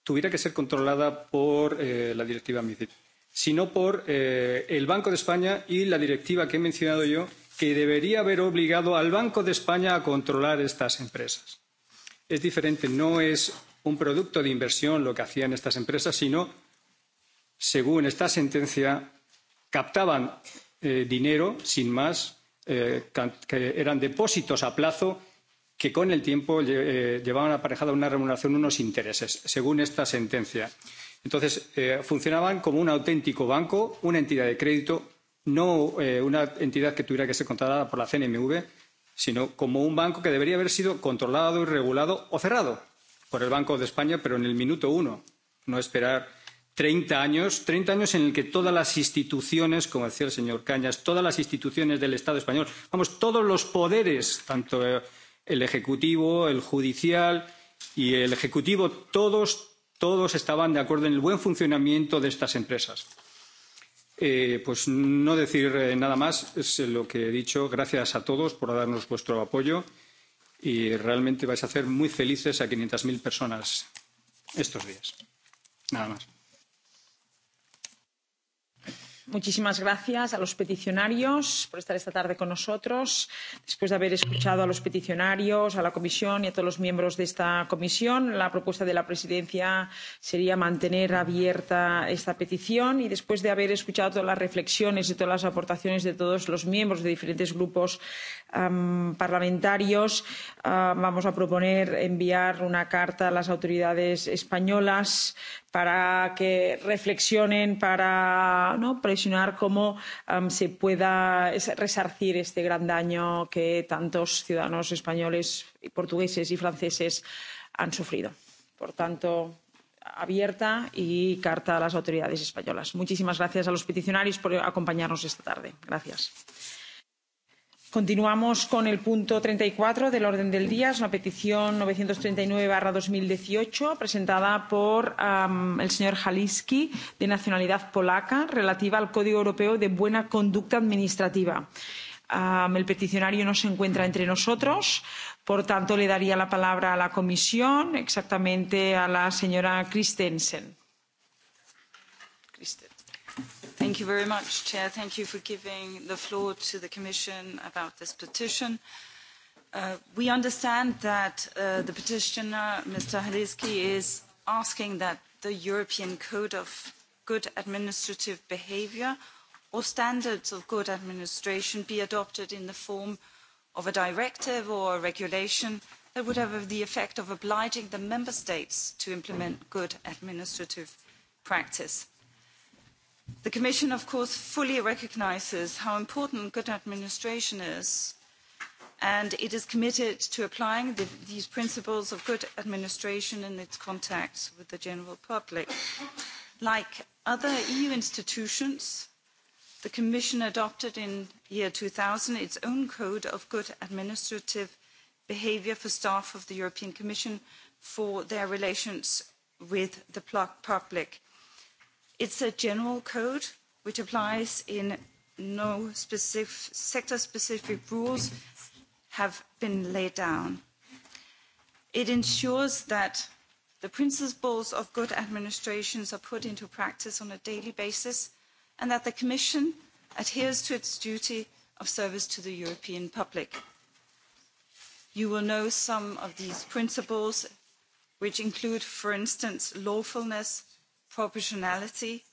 tuviera que ser controlada por eh, la directiva MIFID, sino por eh, el Banco de España y la directiva que he mencionado yo, que debería haber obligado al Banco de España a controlar estas empresas. Es diferente, no es un producto de inversión lo que hacían estas empresas, sino, según esta sentencia, captaban eh, dinero sin más, eh, que eran depósitos a plazo que con el tiempo eh, llevaban aparejada una remuneración unos intereses, según esta sentencia. Entonces, eh, funcionaban como un auténtico banco, una entidad de crédito, no eh, una entidad que tuviera que ser controlada por la CNMV, sino como un banco que debería haber sido controlado y regulado o cerrado por el Banco de España, pero en el minuto uno, no esperar 30 años, 30 años en el que todas las instituciones, como decía el señor Cañas, todas las instituciones del Estado español, vamos, todos los poderes, tanto eh, el ejecutivo el judicial y el ejecutivo todos todos estaban de acuerdo en el buen funcionamiento de estas empresas. Eh, pues no decir eh, nada más es lo que he dicho. Gracias a todos por darnos vuestro apoyo y realmente vais a hacer muy felices a 500.000 personas estos días. Nada más. Muchísimas gracias a los peticionarios por estar esta tarde con nosotros. Después de haber escuchado a los peticionarios, a la Comisión y a todos los miembros de esta comisión, la propuesta de la Presidencia sería mantener abierta esta petición y después de haber escuchado todas las reflexiones y todas las aportaciones de todos los miembros de diferentes grupos parlamentarios vamos a proponer enviar una carta a las autoridades españolas para que reflexionen para ¿no? presionar cómo se puede resarcir este gran daño que tantos ciudadanos españoles portugueses y franceses han sufrido. por tanto abierta y carta a las autoridades españolas. muchísimas gracias a los peticionarios por acompañarnos esta tarde. gracias. Continuamos con el punto treinta y cuatro del orden del día. Es una petición novecientos treinta y nueve barra dos mil dieciocho presentada por el señor Jaliski, de nacionalidad polaca, relativa al Código Europeo de Buena Conducta Administrativa. el peticionario no se encuentra entre nosotros, por tanto le daría la palabra a la comisión, exactamente a la señora Christensen. Christensen. Thank you very much, Chair. Thank you for giving the floor to the Commission about this petition. Uh, we understand that uh, the petitioner, Mr. Haliski, is asking that the European Code of Good Administrative Behaviour or standards of good administration be adopted in the form of a directive or a regulation that would have the effect of obliging the member states to implement good administrative practice. The Commission, of course, fully recognises how important good administration is, and it is committed to applying the, these principles of good administration in its contacts with the general public. Like other EU institutions, the Commission adopted in year 2000 its own code of good administrative behaviour for staff of the European Commission for their relations with the public It's a general code which applies in no specific, sector-specific rules have been laid down. It ensures that the principles of good administrations are put into practice on a daily basis and that the Commission adheres to its duty of service to the European public. You will know some of these principles, which include, for instance, lawfulness, proportionality,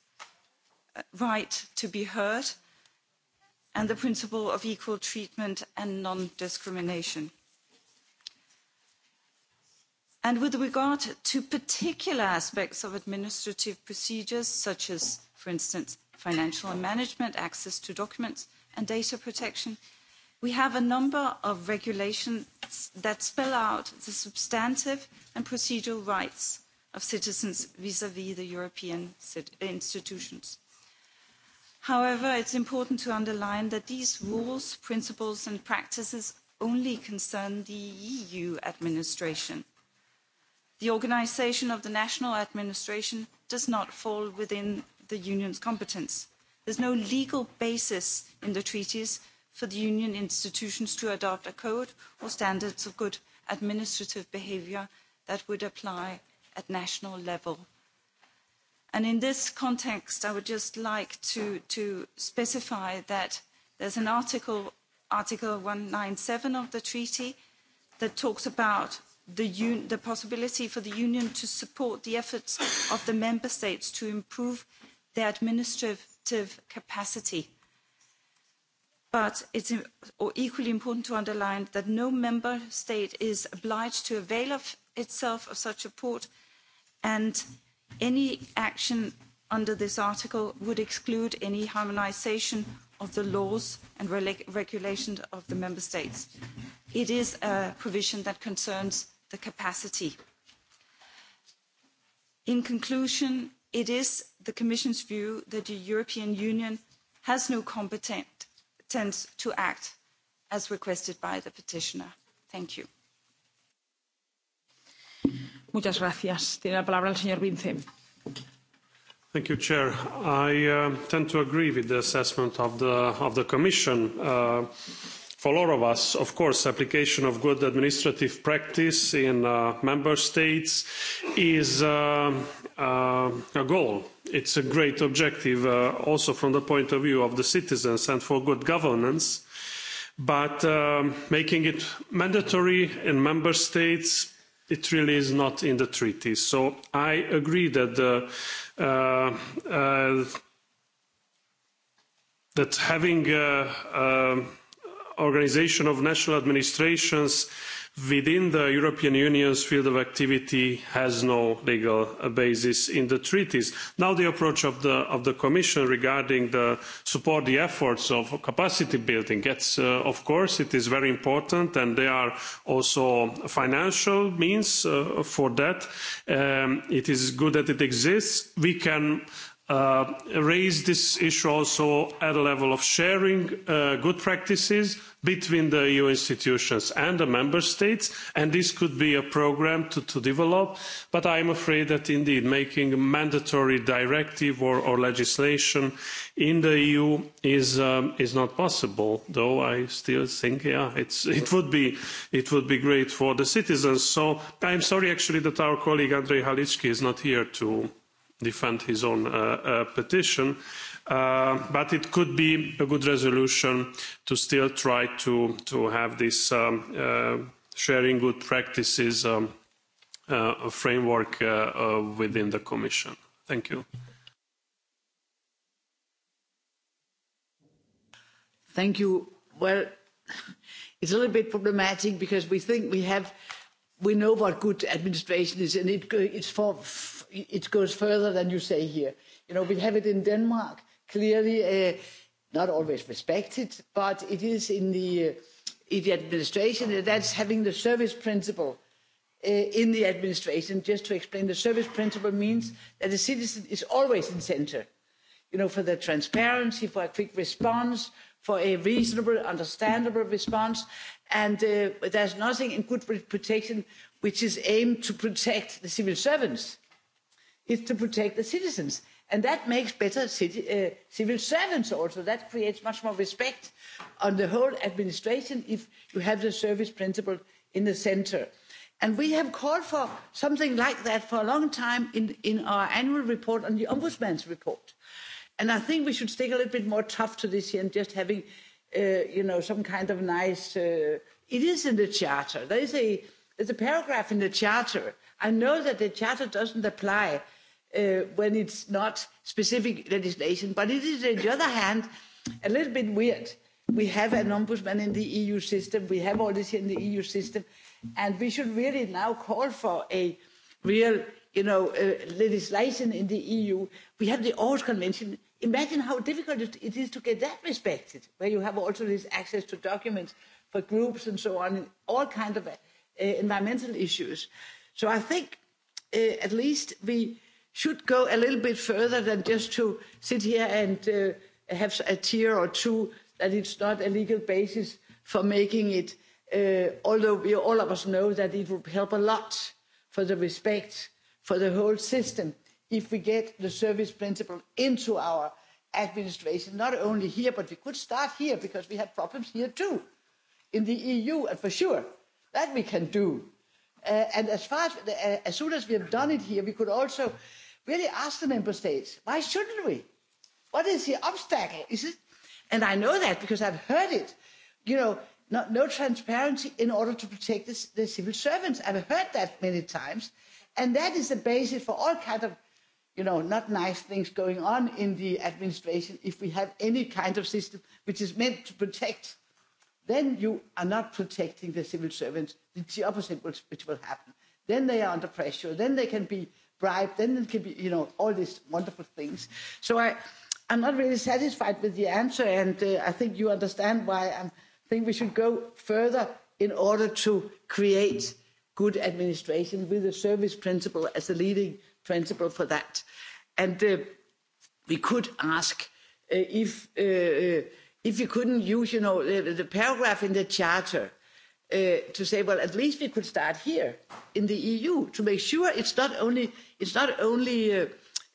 uh, right to be heard, and the principle of equal treatment and non-discrimination. And with regard to particular aspects of administrative procedures, such as, for instance, financial and management, access to documents and data protection, we have a number of regulations that spell out the substantive and procedural rights of citizens vis-à-vis the European institutions. However, it's important to underline that these rules, principles and practices only concern the EU administration. The organisation of the national administration does not fall within the Union's competence. There's no legal basis in the treaties for the Union institutions to adopt a code or standards of good administrative behaviour that would apply at national level. And in this context, I would just like to, to specify that there's an article, Article 197 of the treaty, that talks about the, un the possibility for the Union to support the efforts of the member states to improve their administrative capacity. But it's equally important to underline that no member state is obliged to avail of itself of such support and any action under this article would exclude any harmonisation of the laws and regulations of the member states. It is a provision that concerns the capacity. In conclusion, it is the Commission's view that the European Union has no competence to act as requested by the petitioner. Thank you. Muchas gracias. Tiene la palabra el señor Vincent. Thank you, Chair. I uh, tend to agree with the assessment of the, of the Commission. Uh, for all of us, of course, application of good administrative practice in uh, member states is uh, uh, a goal. It's a great objective uh, also from the point of view of the citizens and for good governance. But um, making it mandatory in member states it really is not in the treaty. So I agree that the uh, uh, that having uh, uh, organization of national administrations within the European Union's field of activity has no legal basis in the treaties. Now the approach of the, of the Commission regarding the support the efforts of capacity building gets, uh, of course, it is very important and there are also financial means uh, for that. Um, it is good that it exists. We can uh, raise this issue also at a level of sharing uh, good practices between the EU institutions and the member states. And this could be a program to, to develop. But I'm afraid that indeed making a mandatory directive or, or legislation in the EU is, um, is not possible, though I still think, yeah, it's, [laughs] it, would be, it would be great for the citizens. So I'm sorry actually that our colleague Andrei Halicki is not here to defend his own uh, uh, petition uh, but it could be a good resolution to still try to to have this um, sharing good practices um, framework within the commission. thank you. Thank you. Well, [laughs] it's a little bit problematic because we think we have, we know what good administration is, and it, it's for it goes further than you say here. You know, we have it in Denmark, clearly uh, not always respected, but it is in the, uh, in the administration that's having the service principle uh, in the administration. Just to explain, the service principle means that the citizen is always in center, you know, for the transparency, for a quick response, for a reasonable, understandable response. And uh, there's nothing in good protection which is aimed to protect the civil servants is to protect the citizens and that makes better city, uh, civil servants also that creates much more respect on the whole administration if you have the service principle in the centre and we have called for something like that for a long time in, in our annual report on the ombudsman's report and i think we should stick a little bit more tough to this here and just having uh, you know some kind of nice uh, it is in the charter there is a there's a paragraph in the charter i know that the charter doesn't apply uh, when it's not specific legislation. But it is, on the other hand, a little bit weird. We have an ombudsman in the EU system. We have all this in the EU system. And we should really now call for a real you know, uh, legislation in the EU. We have the Aarhus Convention. Imagine how difficult it is to get that respected, where you have also this access to documents for groups and so on, all kinds of uh, environmental issues. So I think uh, at least we should go a little bit further than just to sit here and uh, have a tear or two that it's not a legal basis for making it uh, although we all of us know that it would help a lot for the respect for the whole system if we get the service principle into our administration not only here but we could start here because we have problems here too in the eu and for sure that we can do uh, and as far as, uh, as soon as we have done it here we could also really ask the member states why shouldn't we? what is the obstacle? is it? and i know that because i've heard it. you know, not, no transparency in order to protect the, the civil servants. i've heard that many times. and that is the basis for all kinds of, you know, not nice things going on in the administration. if we have any kind of system which is meant to protect, then you are not protecting the civil servants. it's the opposite which, which will happen. then they are under pressure. then they can be bribed, then it can be, you know, all these wonderful things. So I, I'm not really satisfied with the answer, and uh, I think you understand why I think we should go further in order to create good administration with the service principle as the leading principle for that. And uh, we could ask uh, if uh, uh if you couldn't use, you know, the, the paragraph in the charter uh, Uh, to say, well, at least we could start here in the EU to make sure it's not only it's not only uh,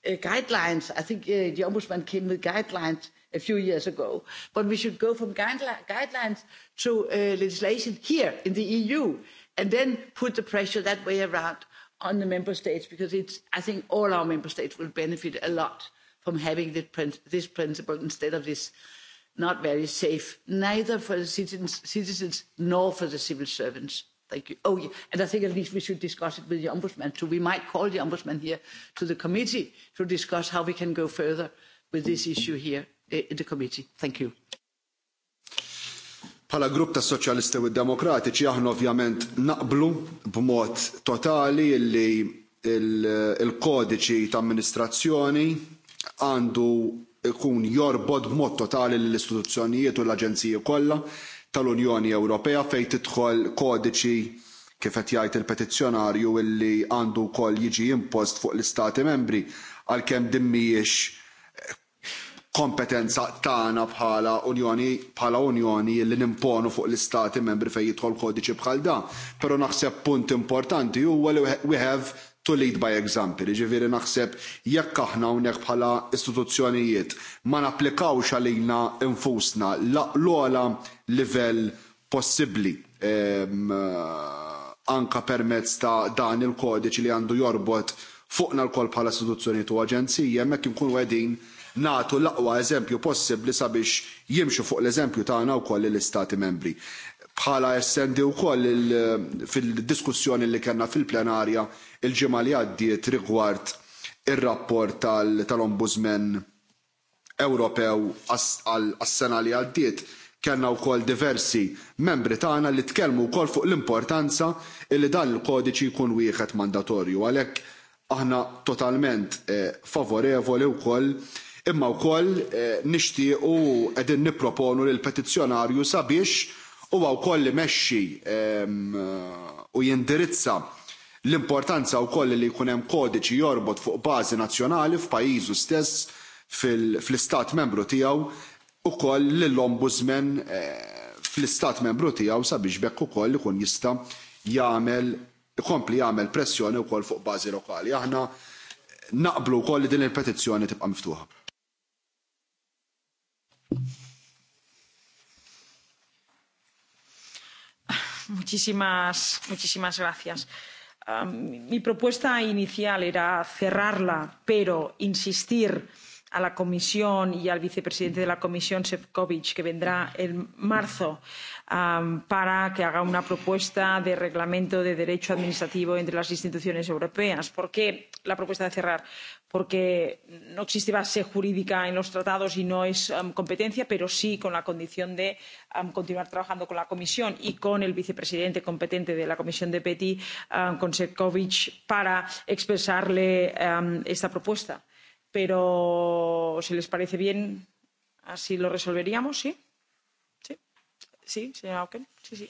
uh, guidelines. I think the ombudsman came with guidelines a few years ago, but we should go from guidelines to legislation here in the EU, and then put the pressure that way around on the member states because it's I think all our member states will benefit a lot from having this principle instead of this not very safe, neither for the citizens, citizens nor for the civil servants. Thank you. Oh, yeah. and I think at least we should discuss it with the Ombudsman too. We might call the Ombudsman here to the committee to discuss how we can go further with this issue here eh, in the committee. Thank you. Bħala grupp ta' Soċjalisti u Demokratiċi aħna ovvjament naqblu b'mod totali li il-kodiċi ta' amministrazzjoni għandu ikun jorbod b'mod totali l istituzzjonijiet u l-aġenziji kollha tal-unjoni ewropea fejn tidħol kodiċi kif qed jgħid il-petizzjonarju illi għandu wkoll jiġi impost fuq l-istati membri għalkemm din mhijiex kompetenza tagħna bħala unjoni bħala unjoni li nimponu fuq l-istati membri fejn jidħol kodiċi bħal dan però naħseb punt importanti huwa li we have to lead by example. Jiġifieri naħseb jekk aħna hawnhekk bħala istituzzjonijiet ma napplikawx għalina infusna l-ogħla livell possibbli eh, anka permezz ta' dan il-kodiċi li għandu jorbot fuqna lkoll bħala istituzzjonijiet u aġenziji hemmhekk inkunu qegħdin nagħtu l-aqwa eżempju possibbli sabiex jimxu fuq l-eżempju tagħna wkoll lill-istati membri bħala essendi wkoll fil-diskussjoni li kellna fil-plenarja il-ġimgħa li għaddiet rigward ir-rapport tal-Ombudsman Ewropew għas-sena li għaddiet kellna wkoll diversi membri tagħna li tkellmu wkoll fuq l-importanza li dan il-kodiċi jkun wieħed mandatorju għalhekk aħna totalment eh, favorevoli wkoll imma wkoll eh, nixtiequ qegħdin nipproponu lill petizzjonarju sabiex huwa wkoll imexxi u jindirizza l-importanza wkoll li jkun hemm kodiċi jorbot fuq bażi nazzjonali f'pajjiżu stess fl-istat membru tiegħu ukoll lill-ombudsman fl-istat membru tiegħu sabiex bekk ukoll ikun jista' jagħmel ikompli jagħmel pressjoni wkoll fuq bażi lokali. Aħna naqblu wkoll li din il-petizzjoni tibqa' miftuħa. muchísimas, muchísimas gracias. Um, mi propuesta inicial era cerrarla, pero insistir en a la comisión y al vicepresidente de la comisión efovi que vendrá en marzo para que haga una propuesta de reglamento de derecho administrativo entre las instituciones europeas. por qué la propuesta de cerrar? porque no existe base jurídica en los tratados y no es competencia pero sí con la condición de continuar trabajando con la comisión y con el vicepresidente competente de la comisión de peti con efovi para expresarle esta propuesta pero si les parece bien, así lo resolveríamos, ¿sí? Sí, sí, señora Auken, sí, sí.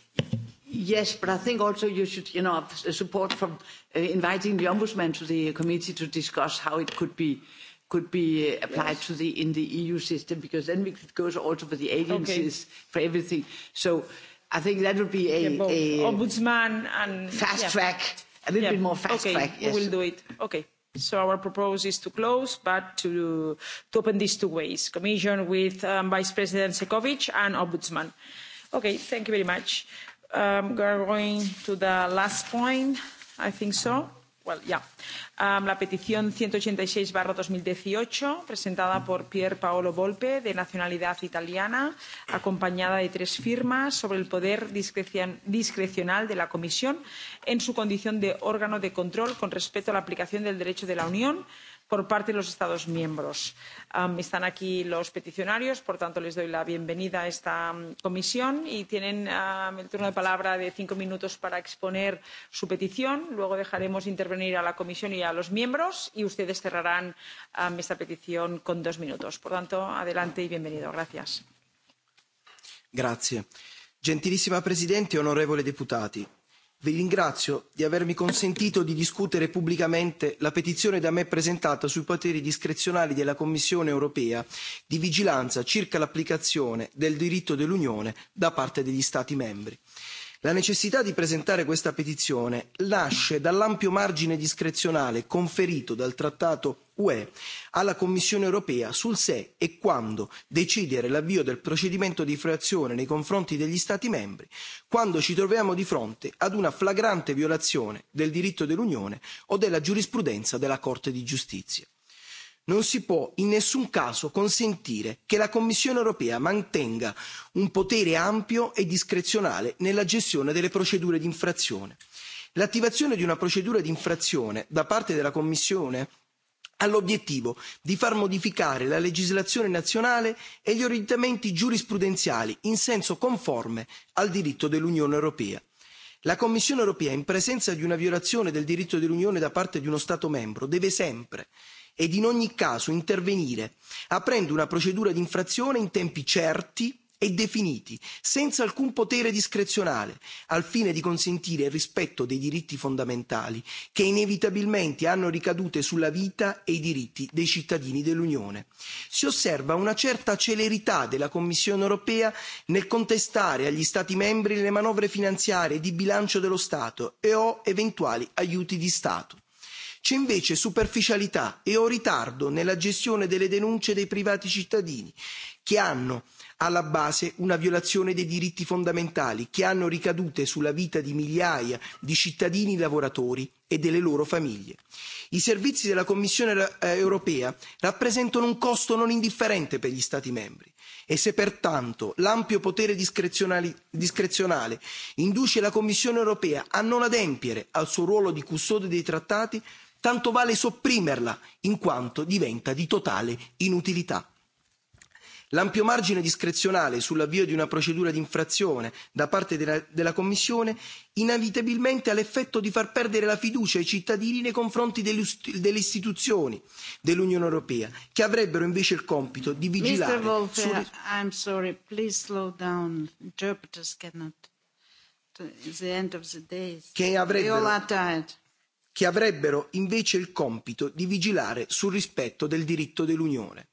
Yes, but I think also you should, you know, support from uh, inviting the ombudsman to the committee to discuss how it could be could be uh, applied yes. to the in the EU system because then we could go to also for the agencies okay. for everything. So I think that would be a, yeah, a ombudsman and fast yeah. track, a little yeah. bit more fast okay. track. Yes, we will do it. Okay so our proposal is to close but to, to open this two ways commission with um, vice president efovi and ombudsman. okay thank you very much. Um, we are going to the last point i think so Um, ciento ochenta y la petición 186-2018, presentada por Pier Paolo Volpe, de nacionalidad italiana, acompañada de tres firmas, sobre el poder discrecional de la Comisión en su condición de órgano de control con respecto a la aplicación del derecho de la Unión por parte de los Estados miembros. están aquí los peticionarios, por tanto, les doy la bienvenida a esta comisión y tienen el turno de palabra de cinco minutos para exponer su petición. Luego dejaremos intervenir a la comisión y a los miembros y ustedes cerrarán esta petición con dos minutos. Por tanto, adelante y bienvenido. Gracias. Grazie. Gentilissima Presidente, onorevoli deputati vi ringrazio di avermi consentito di discutere pubblicamente la petizione da me presentata sui poteri discrezionali della commissione europea di vigilanza circa l'applicazione del diritto dell'unione da parte degli stati membri la necessità di presentare questa petizione nasce dall'ampio margine discrezionale conferito dal trattato ue alla commissione europea sul se e quando decidere l'avvio del procedimento di infrazione nei confronti degli stati membri quando ci troviamo di fronte ad una flagrante violazione del diritto dell'unione o della giurisprudenza della corte di giustizia non si può in nessun caso consentire che la commissione europea mantenga un potere ampio e discrezionale nella gestione delle procedure di infrazione. l'attivazione di una procedura di infrazione da parte della commissione ha l'obiettivo di far modificare la legislazione nazionale e gli orientamenti giurisprudenziali in senso conforme al diritto dell'unione europea. la commissione europea in presenza di una violazione del diritto dell'unione da parte di uno stato membro deve sempre ed in ogni caso intervenire aprendo una procedura di infrazione in tempi certi e definiti senza alcun potere discrezionale al fine di consentire il rispetto dei diritti fondamentali che inevitabilmente hanno ricadute sulla vita e i diritti dei cittadini dell'unione. si osserva una certa celerità della commissione europea nel contestare agli stati membri le manovre finanziarie e di bilancio dello stato e o eventuali aiuti di stato c'è invece superficialità e o ritardo nella gestione delle denunce dei privati cittadini che hanno alla base una violazione dei diritti fondamentali che hanno ricadute sulla vita di migliaia di cittadini lavoratori e delle loro famiglie. i servizi della commissione eh, europea rappresentano un costo non indifferente per gli stati membri e se pertanto l'ampio potere discrezionale induce la commissione europea a non adempiere al suo ruolo di custode dei trattati tanto vale sopprimerla in quanto diventa di totale inutilità. L'ampio margine discrezionale sull'avvio di una procedura di infrazione da parte della, della Commissione inevitabilmente ha l'effetto di far perdere la fiducia ai cittadini nei confronti delle, delle istituzioni dell'Unione Europea, che avrebbero invece il compito di vigilare. Mr. Wolfe, I'm sorry, please slow down. Interpreters cannot. It's the end of the day. Che avrebbero... We all are tired che avrebbero invece il compito di vigilare sul rispetto del diritto dell'Unione,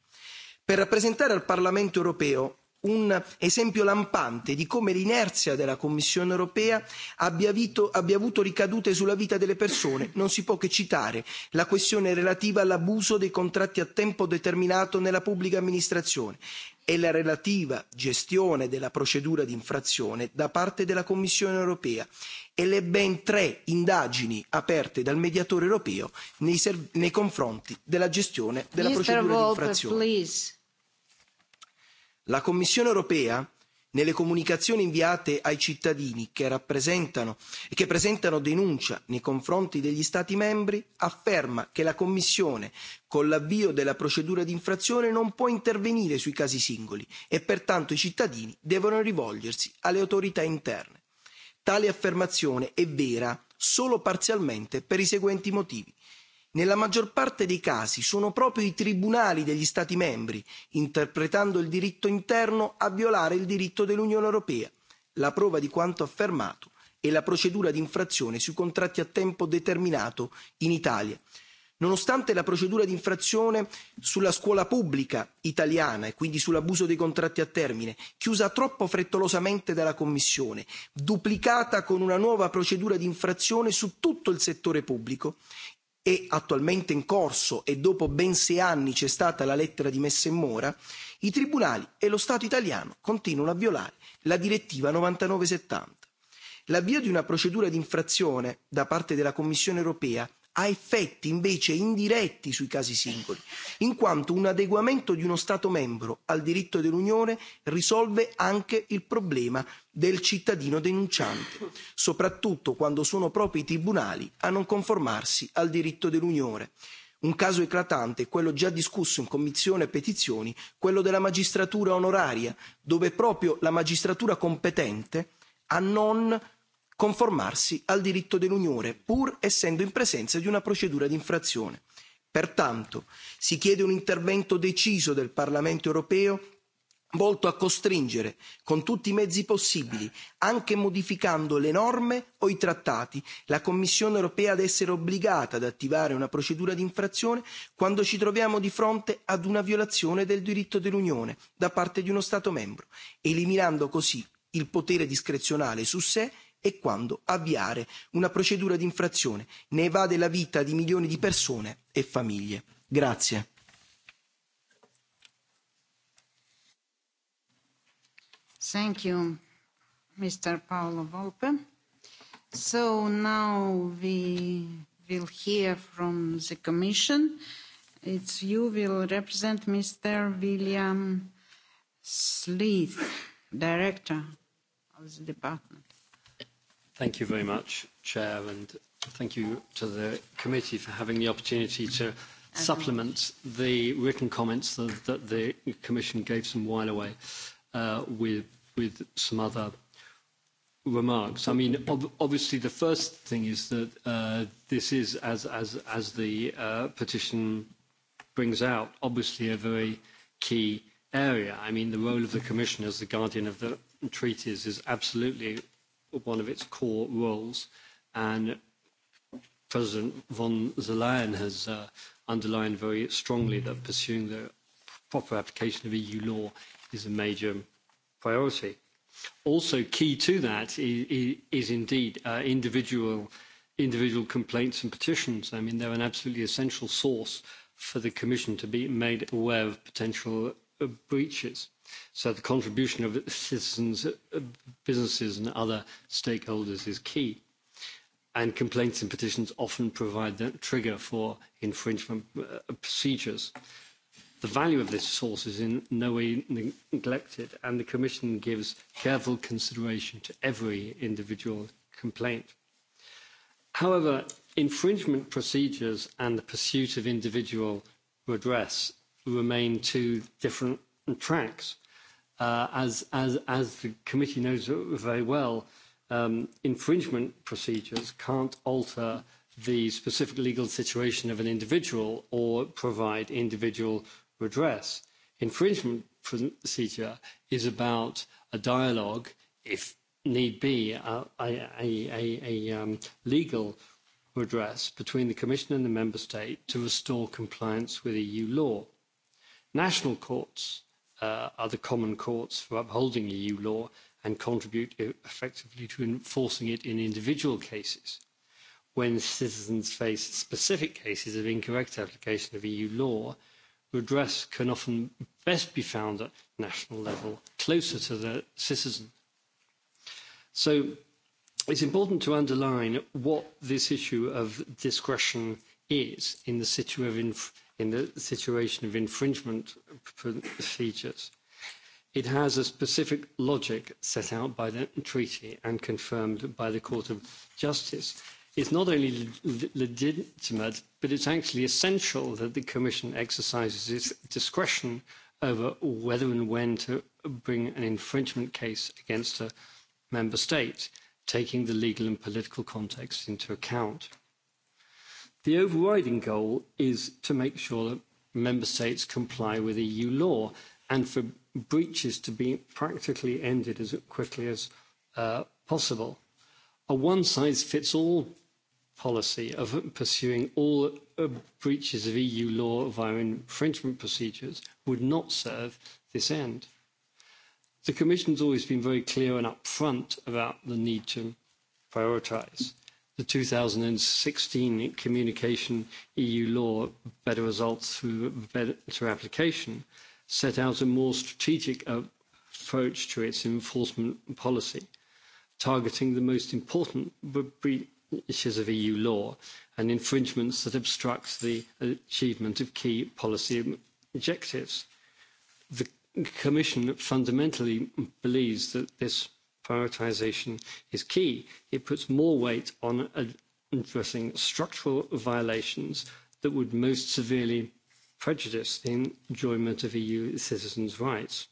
per rappresentare al Parlamento europeo un esempio lampante di come l'inerzia della Commissione europea abbia, avito, abbia avuto ricadute sulla vita delle persone, non si può che citare la questione relativa all'abuso dei contratti a tempo determinato nella pubblica amministrazione, e la relativa gestione della procedura di infrazione da parte della Commissione europea e le ben tre indagini aperte dal mediatore europeo nei, nei confronti della gestione della Mr. procedura di infrazione. La Commissione europea nelle comunicazioni inviate ai cittadini che rappresentano e che presentano denuncia nei confronti degli stati membri afferma che la commissione con l'avvio della procedura di infrazione, non può intervenire sui casi singoli e pertanto i cittadini devono rivolgersi alle autorità interne. tale affermazione è vera solo parzialmente per i seguenti motivi nella maggior parte dei casi sono proprio i tribunali degli stati membri interpretando il diritto interno a violare il diritto dell'unione europea la prova di quanto affermato è e la procedura di infrazione sui contratti a tempo determinato in italia. nonostante la procedura di infrazione sulla scuola pubblica italiana e quindi sull'abuso dei contratti a termine chiusa troppo frettolosamente dalla commissione duplicata con una nuova procedura di infrazione su tutto il settore pubblico è attualmente in corso e dopo ben sei anni c'è stata la lettera di messa in mora i tribunali e lo stato italiano continuano a violare la direttiva novantanove settanta. l'avvio di una procedura di infrazione da parte della commissione europea ha effetti invece indiretti sui casi singoli, in quanto un adeguamento di uno Stato membro al diritto dell'Unione risolve anche il problema del cittadino denunciante, soprattutto quando sono proprio i tribunali a non conformarsi al diritto dell'Unione. Un caso eclatante è quello già discusso in commissione e petizioni, quello della magistratura onoraria, dove proprio la magistratura competente a non conformarsi al diritto dell'unione pur essendo in presenza di una procedura di infrazione. pertanto si chiede un intervento deciso del parlamento europeo volto a costringere con tutti i mezzi possibili anche modificando le norme o i trattati la commissione europea ad essere obbligata ad attivare una procedura di infrazione quando ci troviamo di fronte ad una violazione del diritto dell'unione da parte di uno stato membro eliminando così il potere discrezionale su sé e quando avviare una procedura di infrazione ne va della vita di milioni di persone e famiglie. Grazie. Thank you, Mr. Paolo Volpe. So now we will hear from the Commission. It's you will represent Mr. William Sleeth, Director of the Department. Thank you very much, Chair, and thank you to the committee for having the opportunity to supplement the written comments that, that the Commission gave some while away uh, with, with some other remarks. I mean, ob obviously, the first thing is that uh, this is, as, as, as the uh, petition brings out, obviously a very key area. I mean, the role of the Commission as the guardian of the treaties is absolutely one of its core roles. And President von der Leyen has uh, underlined very strongly that pursuing the proper application of EU law is a major priority. Also key to that is, is indeed uh, individual, individual complaints and petitions. I mean, they're an absolutely essential source for the Commission to be made aware of potential breaches. So the contribution of citizens, uh, businesses and other stakeholders is key. And complaints and petitions often provide the trigger for infringement uh, procedures. The value of this source is in no way neglected, and the Commission gives careful consideration to every individual complaint. However, infringement procedures and the pursuit of individual redress remain two different tracks. Uh, as, as, as the committee knows very well, um, infringement procedures can't alter the specific legal situation of an individual or provide individual redress. Infringement procedure is about a dialogue, if need be, a, a, a, a um, legal redress between the Commission and the Member State to restore compliance with EU law. National courts uh, are the common courts for upholding EU law and contribute e, effectively to enforcing it in individual cases. When citizens face specific cases of incorrect application of EU law, redress can often best be found at national level, closer to the citizen. So it's important to underline what this issue of discretion is in the situation. of inf- in the situation of infringement procedures. It has a specific logic set out by the treaty and confirmed by the Court of Justice. It's not only legitimate, but it's actually essential that the Commission exercises its discretion over whether and when to bring an infringement case against a member state, taking the legal and political context into account. The overriding goal is to make sure that member states comply with EU law and for breaches to be practically ended as quickly as uh, possible. A one-size-fits-all policy of pursuing all uh, breaches of EU law via infringement procedures would not serve this end. The Commission's always been very clear and upfront about the need to prioritise the 2016 communication EU law, Better Results Through Better Application, set out a more strategic approach to its enforcement policy, targeting the most important breaches of EU law and infringements that obstruct the achievement of key policy objectives. The Commission fundamentally believes that this prioritisation is key. It puts more weight on addressing structural violations that would most severely prejudice the enjoyment of EU citizens' rights.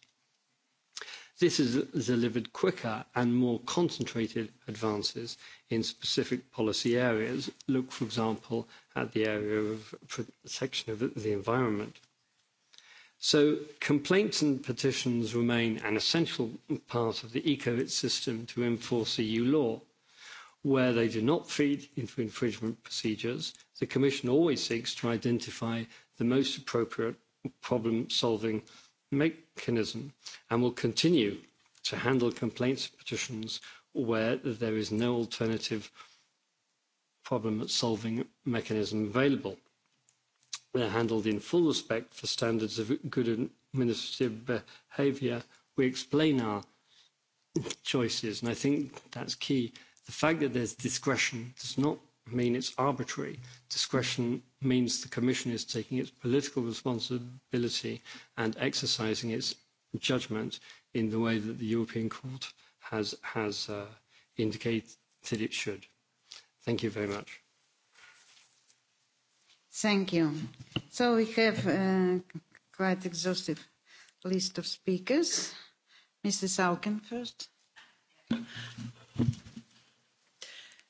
This has delivered quicker and more concentrated advances in specific policy areas. Look, for example, at the area of protection of the environment. So complaints and petitions remain an essential part of the ecosystem to enforce EU law. Where they do not feed into infringement procedures, the Commission always seeks to identify the most appropriate problem-solving mechanism and will continue to handle complaints and petitions where there is no alternative problem-solving mechanism available handled in full respect for standards of good administrative behaviour. We explain our choices, and I think that's key. The fact that there's discretion does not mean it's arbitrary. Discretion means the Commission is taking its political responsibility and exercising its judgment in the way that the European Court has, has uh, indicated it should. Thank you very much. Thank you. So we have uh, quite exhaustive list of speakers. Mr. Sauken first.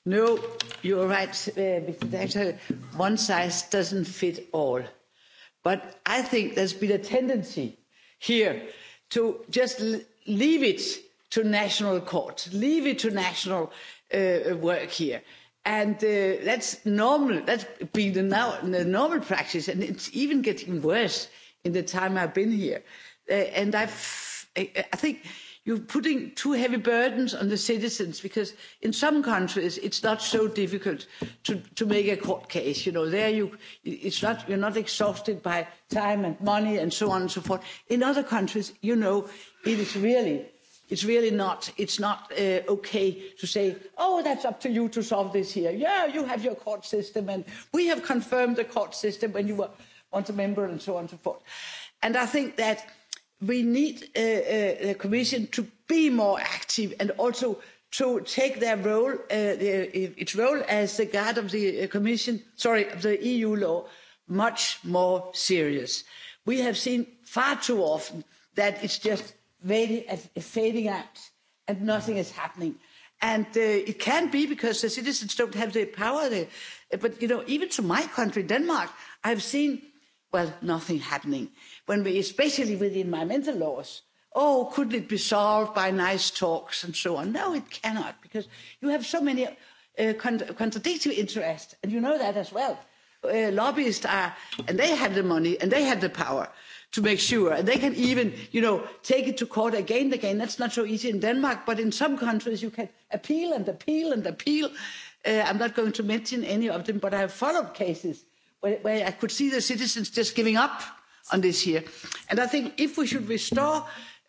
No, you are right, uh, One size doesn't fit all. But I think there's been a tendency here to just leave it to national courts, leave it to national uh, work here and uh, that's normal that's been the, now, the normal practice and it's even getting worse in the time i've been here uh, and I've, I, I think you're putting too heavy burdens on the citizens because in some countries it's not so difficult to, to make a court case you know there you it's not you're not exhausted by time and money and so on and so forth in other countries you know it is really it's really not it's not uh, okay to say oh that's up to you to solve this here yeah you have your court system and we have confirmed the court system when you were once a member and so on and so forth and i think that we need uh, uh, the commission to be more active and also to take their role uh, the, its role as the guard of the uh, commission sorry of the eu law much more serious we have seen far too often that it's just fading, fading out and nothing is happening. And uh, it can be because the citizens don't have the power. There. Uh, but, you know, even to my country, Denmark, I've seen, well, nothing happening. When we, especially with the environmental laws, oh, couldn't it be solved by nice talks and so on? No, it cannot because you have so many uh, con- contradictory interests. And you know that as well. Uh, lobbyists are, and they have the money and they have the power to make sure. and they can even you know take it to court again and again that's not so easy in denmark but in some countries you can appeal and appeal and appeal. Uh, i'm not going to mention any of them but i have followed cases where, where i could see the citizens just giving up on this here. and i think if we should restore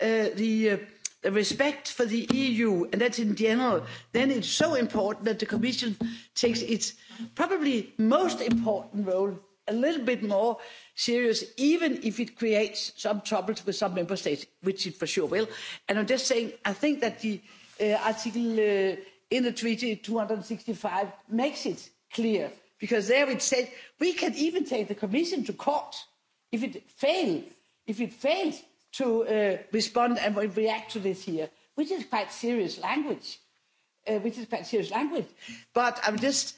uh, the, uh, the respect for the eu and that's in general then it's so important that the commission takes its probably most important role a little bit more serious even if it creates some troubles with some member states which it for sure will and i'm just saying i think that the uh, article uh, in the treaty 265 makes it clear because there it said we can even take the commission to court if it fails if it fails to uh, respond and react to this here which is quite serious language uh, which is quite serious language but i'm just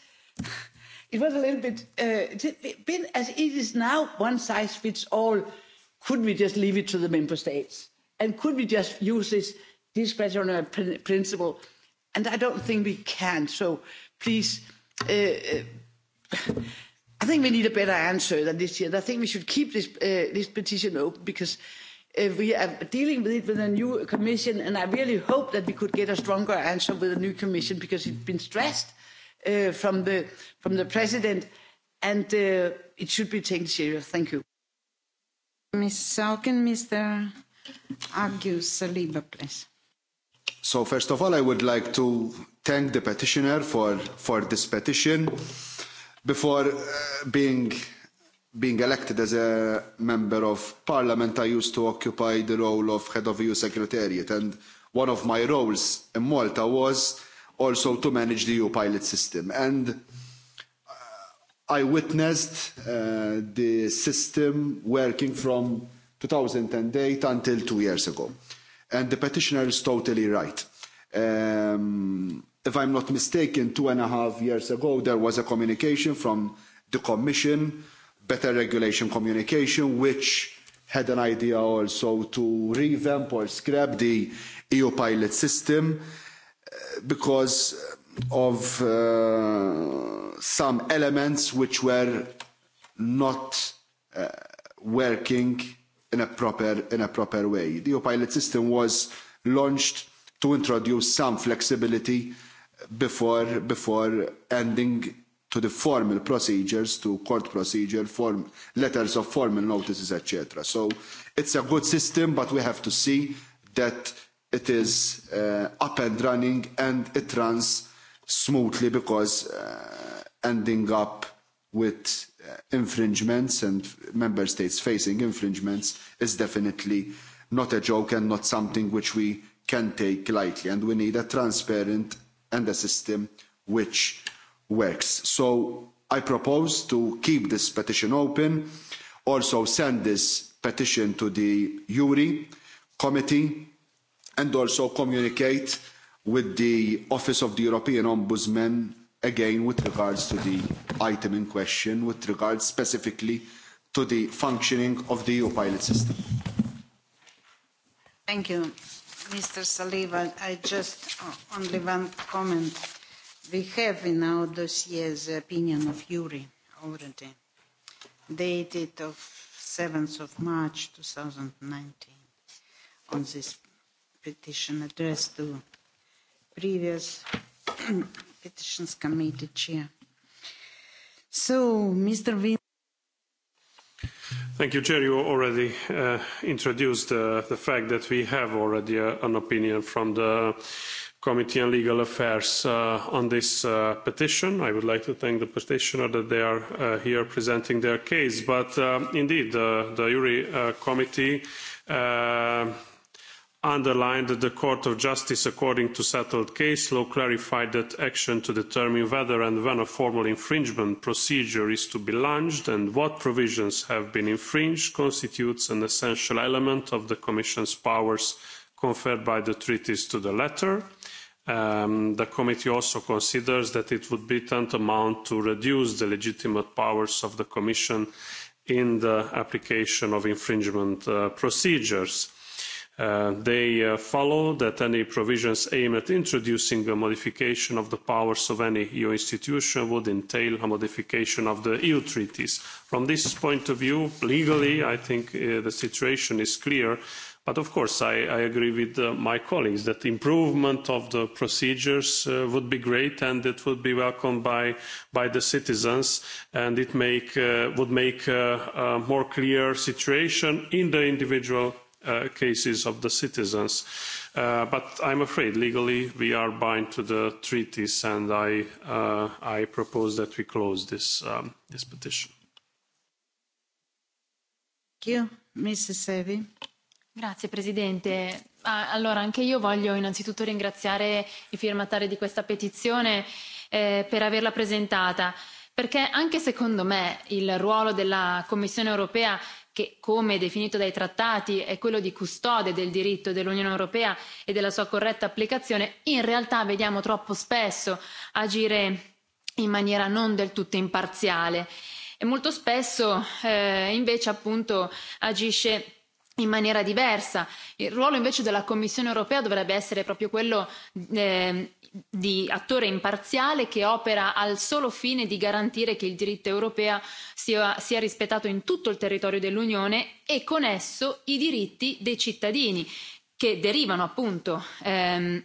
It was a little bit, uh, as it is now, one size fits all. Could we just leave it to the member states? And could we just use this discretionary principle? And I don't think we can. So please, uh, uh I think we need a better answer than this year. I think we should keep this, uh, this petition open because uh, we are dealing with it with a new commission. And I really hope that we could get a stronger answer with a new commission because it's been stressed Uh, from, the, from the president, and uh, it should be taken seriously. Thank you. Ms. Salkin, Mr. Agus Saliba, please. So first of all, I would like to thank the petitioner for, for this petition. Before uh, being being elected as a member of parliament, I used to occupy the role of head of EU secretariat. And one of my roles in Malta was also to manage the EU pilot system. And uh, I witnessed uh, the system working from 2008 until two years ago. And the petitioner is totally right. Um, if I'm not mistaken, two and a half years ago, there was a communication from the Commission, better regulation communication, which had an idea also to revamp or scrap the EU pilot system because of uh, some elements which were not uh, working in a proper in a proper way. The pilot system was launched to introduce some flexibility before before ending to the formal procedures, to court procedure, form, letters of formal notices, etc. So it's a good system, but we have to see that it is uh, up and running and it runs smoothly because uh, ending up with uh, infringements and member states facing infringements is definitely not a joke and not something which we can take lightly and we need a transparent and a system which works. So I propose to keep this petition open, also send this petition to the URI committee and also communicate with the office of the european ombudsman again with regards to the item in question with regards specifically to the functioning of the eu pilot system. thank you mr saliba. i just uh, only one comment. we have in our dossier the opinion of juri already dated of 7th of march 2019 on this petition addressed to previous [clears throat] petitions committee chair. So, Mr. Vin- Thank you, Chair. You already uh, introduced uh, the fact that we have already uh, an opinion from the Committee on Legal Affairs uh, on this uh, petition. I would like to thank the petitioner that they are uh, here presenting their case. But uh, indeed, the URI uh, Committee uh, underlined that the court of justice according to settled case law clarified that action to determine whether and when a formal infringement procedure is to be launched and what provisions have been infringed constitutes an essential element of the commission's powers conferred by the treaties to the letter. Um, the committee also considers that it would be tantamount to reduce the legitimate powers of the commission in the application of infringement uh, procedures. Uh, they uh, follow that any provisions aimed at introducing a modification of the powers of any EU institution would entail a modification of the EU treaties. From this point of view, legally, I think uh, the situation is clear. But of course, I, I agree with uh, my colleagues that improvement of the procedures uh, would be great and it would be welcomed by, by the citizens and it make, would make a more clear situation in the individual Uh, cases of the citizens. Uh, but I'm afraid legally we are bound to the treaties, and I, uh, I propose that we close this, um, this petition. Thank you. Mrs. Sevi. Grazie Presidente. Ah, allora anche io voglio innanzitutto ringraziare i firmatari di questa petizione eh, per averla presentata perché anche secondo me il ruolo della Commissione europea che come definito dai trattati è quello di custode del diritto dell'unione europea e della sua corretta applicazione in realtà vediamo troppo spesso agire in maniera non del tutto imparziale e molto spesso eh, invece appunto agisce in maniera diversa. Il ruolo invece della Commissione europea dovrebbe essere proprio quello eh, di attore imparziale che opera al solo fine di garantire che il diritto europeo sia, sia rispettato in tutto il territorio dell'Unione e con esso i diritti dei cittadini che derivano appunto ehm,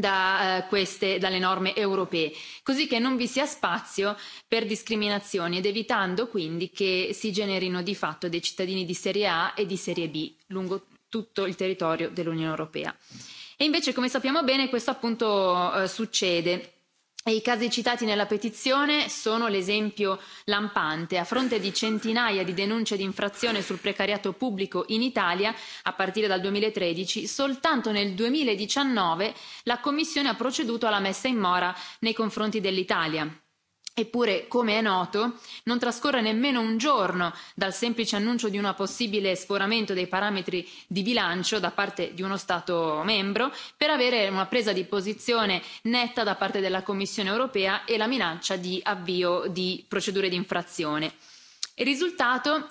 da eh, queste, dalle norme europee, così che non vi sia spazio per discriminazioni ed evitando quindi che si generino di fatto dei cittadini di serie A e di serie B lungo tutto il territorio dell'Unione Europea. E invece, come sappiamo bene, questo appunto eh, succede E I casi citati nella petizione sono l'esempio lampante. A fronte di centinaia di denunce di infrazione sul precariato pubblico in Italia, a partire dal 2013, soltanto nel 2019 la Commissione ha proceduto alla messa in mora nei confronti dell'Italia. Eppure, come è noto, non trascorre nemmeno un giorno dal semplice annuncio di un possibile sforamento dei parametri di bilancio da parte di uno Stato membro per avere una presa di posizione netta da parte della Commissione europea e la minaccia di avvio di procedure di infrazione. Il risultato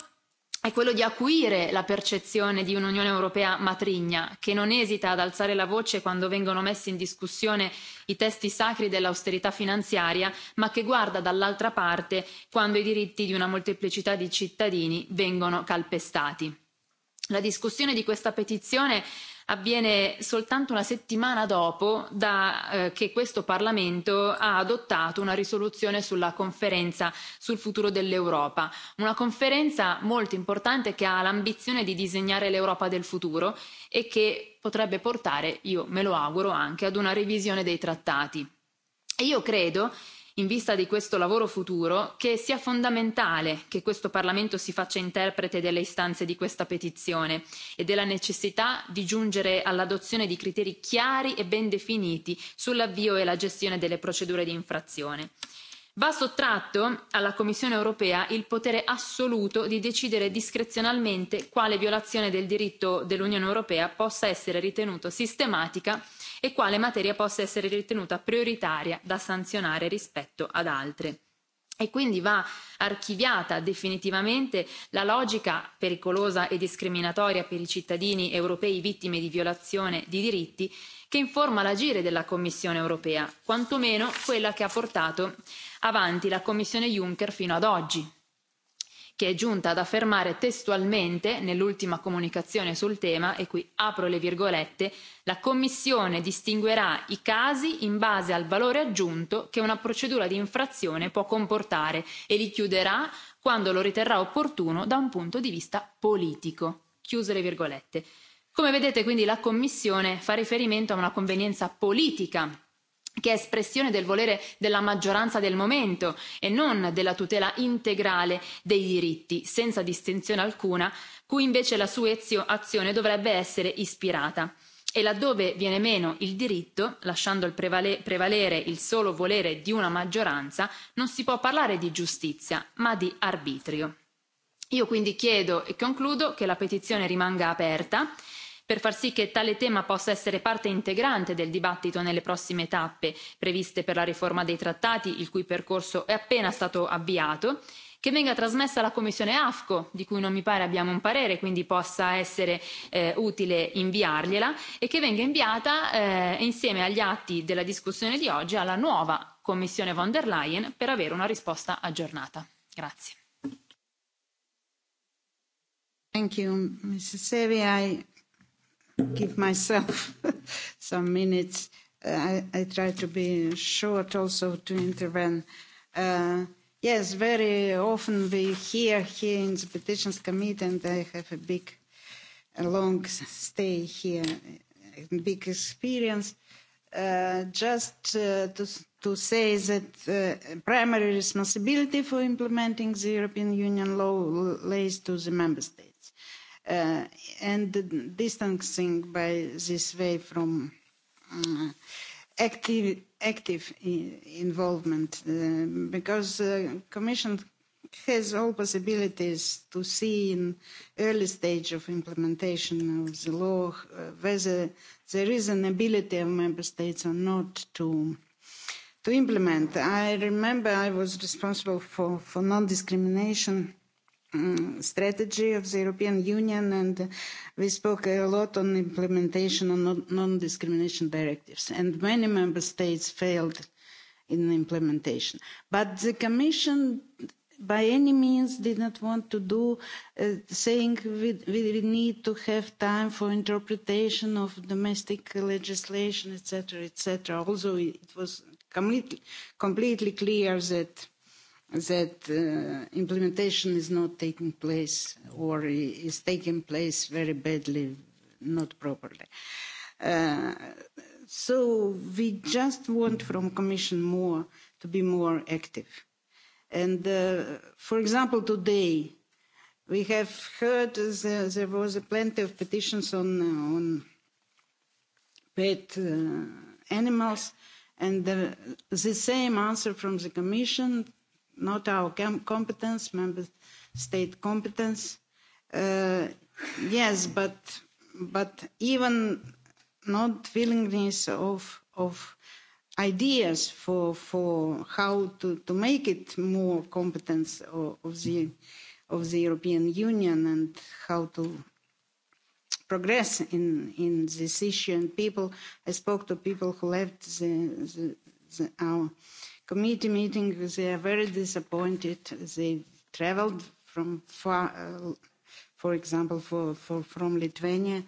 è quello di acuire la percezione di un'unione europea matrigna che non esita ad alzare la voce quando vengono messi in discussione i testi sacri dell'austerità finanziaria ma che guarda dall'altra parte quando i diritti di una molteplicità di cittadini vengono calpestati. la discussione di questa petizione avviene soltanto una settimana dopo da, eh, che questo Parlamento ha adottato una risoluzione sulla conferenza sul futuro dell'Europa, una conferenza molto importante che ha l'ambizione di disegnare l'Europa del futuro e che potrebbe portare, io me lo auguro, anche ad una revisione dei trattati. E io credo in vista di questo lavoro futuro che sia fondamentale che questo parlamento si faccia interprete delle istanze di questa petizione e della necessità di giungere all'adozione di criteri chiari e ben definiti sull'avvio e la gestione delle procedure di infrazione va sottratto alla commissione europea il potere assoluto di decidere discrezionalmente quale violazione del diritto dell'unione europea possa essere ritenuta sistematica e quale materia possa essere ritenuta prioritaria da sanzionare rispetto ad altre e quindi va archiviata definitivamente la logica pericolosa e discriminatoria per i cittadini europei vittime di violazione di diritti che informa l'agire della commissione europea quantomeno quella che ha portato avanti la commissione juncker fino ad oggi che è giunta ad affermare testualmente nell'ultima comunicazione sul tema e qui apro le virgolette la commissione distinguerà i casi in base al valore aggiunto che una procedura di infrazione può comportare e li chiuderà quando lo riterrà opportuno da un punto di vista politico. chiuse le virgolette. come vedete quindi la commissione fa riferimento a una convenienza politica che è espressione del volere della maggioranza del momento e non della tutela integrale dei diritti senza distinzione alcuna cui invece la sua azione dovrebbe essere ispirata e laddove viene meno il diritto lasciando prevalere il solo volere di una maggioranza non si può parlare di giustizia ma di arbitrio. io quindi chiedo e concludo che la petizione rimanga aperta per far sì che tale tema possa essere parte integrante del dibattito nelle prossime tappe previste per la riforma dei trattati il cui percorso è appena stato avviato che venga trasmessa alla commissione afco di cui non mi pare abbiamo un parere quindi possa essere eh, utile inviargliela e che venga inviata eh, insieme agli atti della discussione di oggi alla nuova commissione von der leyen per avere una risposta aggiornata. Grazie. Thank you, Mrs. Sevi. I give myself [laughs] some minutes. Uh, I, I try to be short also to intervene. Uh, yes, very often we hear here in the Petitions Committee, and I have a big, a long stay here, a big experience, uh, just uh, to, to say that uh, primary responsibility for implementing the European Union law lays to the member states Uh, and distancing by this way from uh, active, active involvement uh, because the uh, Commission has all possibilities to see in early stage of implementation of the law uh, whether there is an ability of member states or not to to implement. I remember I was responsible for, for non-discrimination Mm, strategy of the European Union, and we spoke a lot on implementation of non-discrimination directives, and many member states failed in implementation. But the Commission by any means did not want to do uh, saying we, we need to have time for interpretation of domestic legislation etc etc although it was completely, completely clear that that uh, implementation is not taking place or is taking place very badly, not properly. Uh, so we just want from Commission more to be more active. And uh, for example, today we have heard there was a plenty of petitions on, uh, on pet uh, animals and the, uh, the same answer from the Commission not our competence, member state competence. Uh, yes, but but even not willingness of of ideas for for how to, to make it more competence of, of the of the European Union and how to progress in in this issue. And people, I spoke to people who left the, the, the our committee meeting they are very disappointed they travelled from far uh, for example from lithuania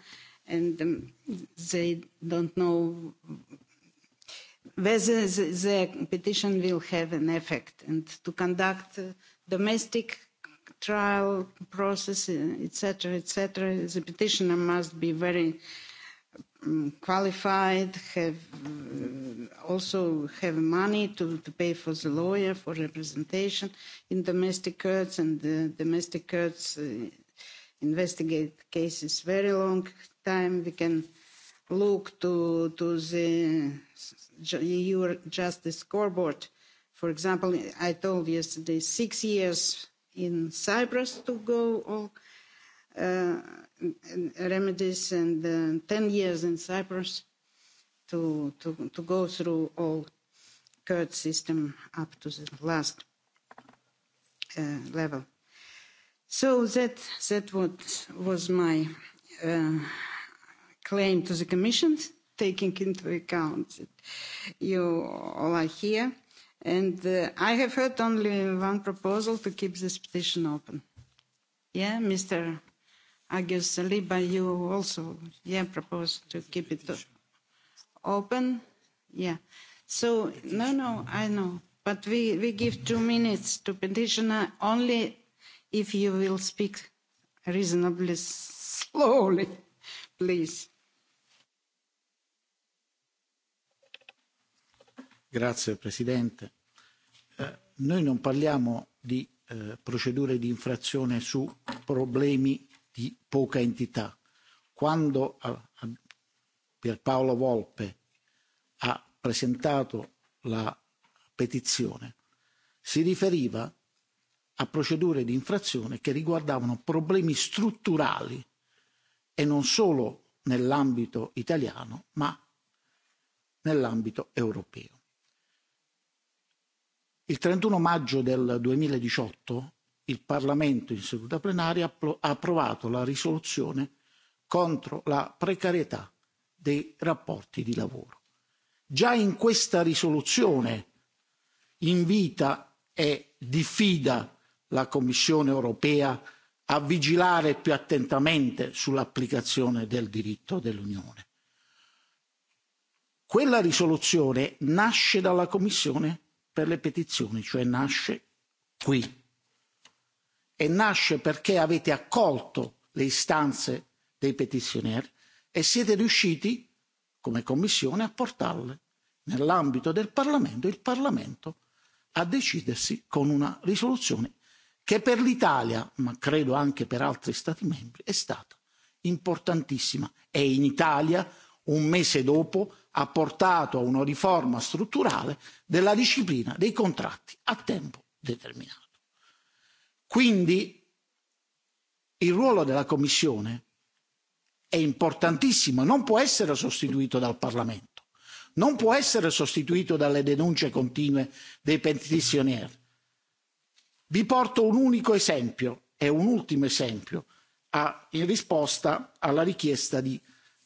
and um, they don't know whether the, petition will have an effect and to conduct domestic trial process etc etc the petitioner must be very Mm, qualified, have uh, also have money to, to pay for the lawyer for representation in domestic courts, and the domestic courts uh, investigate cases very long time. We can look to to the EU e Justice Scoreboard. For example, I told yesterday six years in Cyprus to go all Uh, remedies and 10 uh, years in Cyprus to, to, to go through all Kurd system up to the last uh, level. So that, that what was my uh, claim to the Commission, taking into account that you all are here. And uh, I have heard only one proposal to keep this petition open. Yeah, Mr. I guess, Liba, you also, yeah, propose to keep it open. Yeah. So, no, no, I know. But we, we give two minutes to petitioner only if you will speak reasonably slowly, please. Grazie Presidente. Eh, noi non parliamo di eh, procedure di infrazione su problemi di poca entità. Quando Pierpaolo Volpe ha presentato la petizione si riferiva a procedure di infrazione che riguardavano problemi strutturali e non solo nell'ambito italiano ma nell'ambito europeo. Il 31 maggio del 2018 il Parlamento in seduta plenaria ha approvato la risoluzione contro la precarietà dei rapporti di lavoro. Già in questa risoluzione invita e diffida la Commissione europea a vigilare più attentamente sull'applicazione del diritto dell'Unione. Quella risoluzione nasce dalla Commissione per le petizioni, cioè nasce qui e nasce perché avete accolto le istanze dei petizionieri e siete riusciti, come Commissione, a portarle nell'ambito del Parlamento, e il Parlamento a decidersi con una risoluzione che per l'Italia, ma credo anche per altri Stati membri, è stata importantissima e in Italia, un mese dopo, ha portato a una riforma strutturale della disciplina dei contratti a tempo determinato quindi il ruolo della commissione è importantissimo non può essere sostituito dal parlamento non può essere sostituito dalle denunce continue dei petizionieri. vi porto un unico esempio e un ultimo esempio in risposta alla richiesta di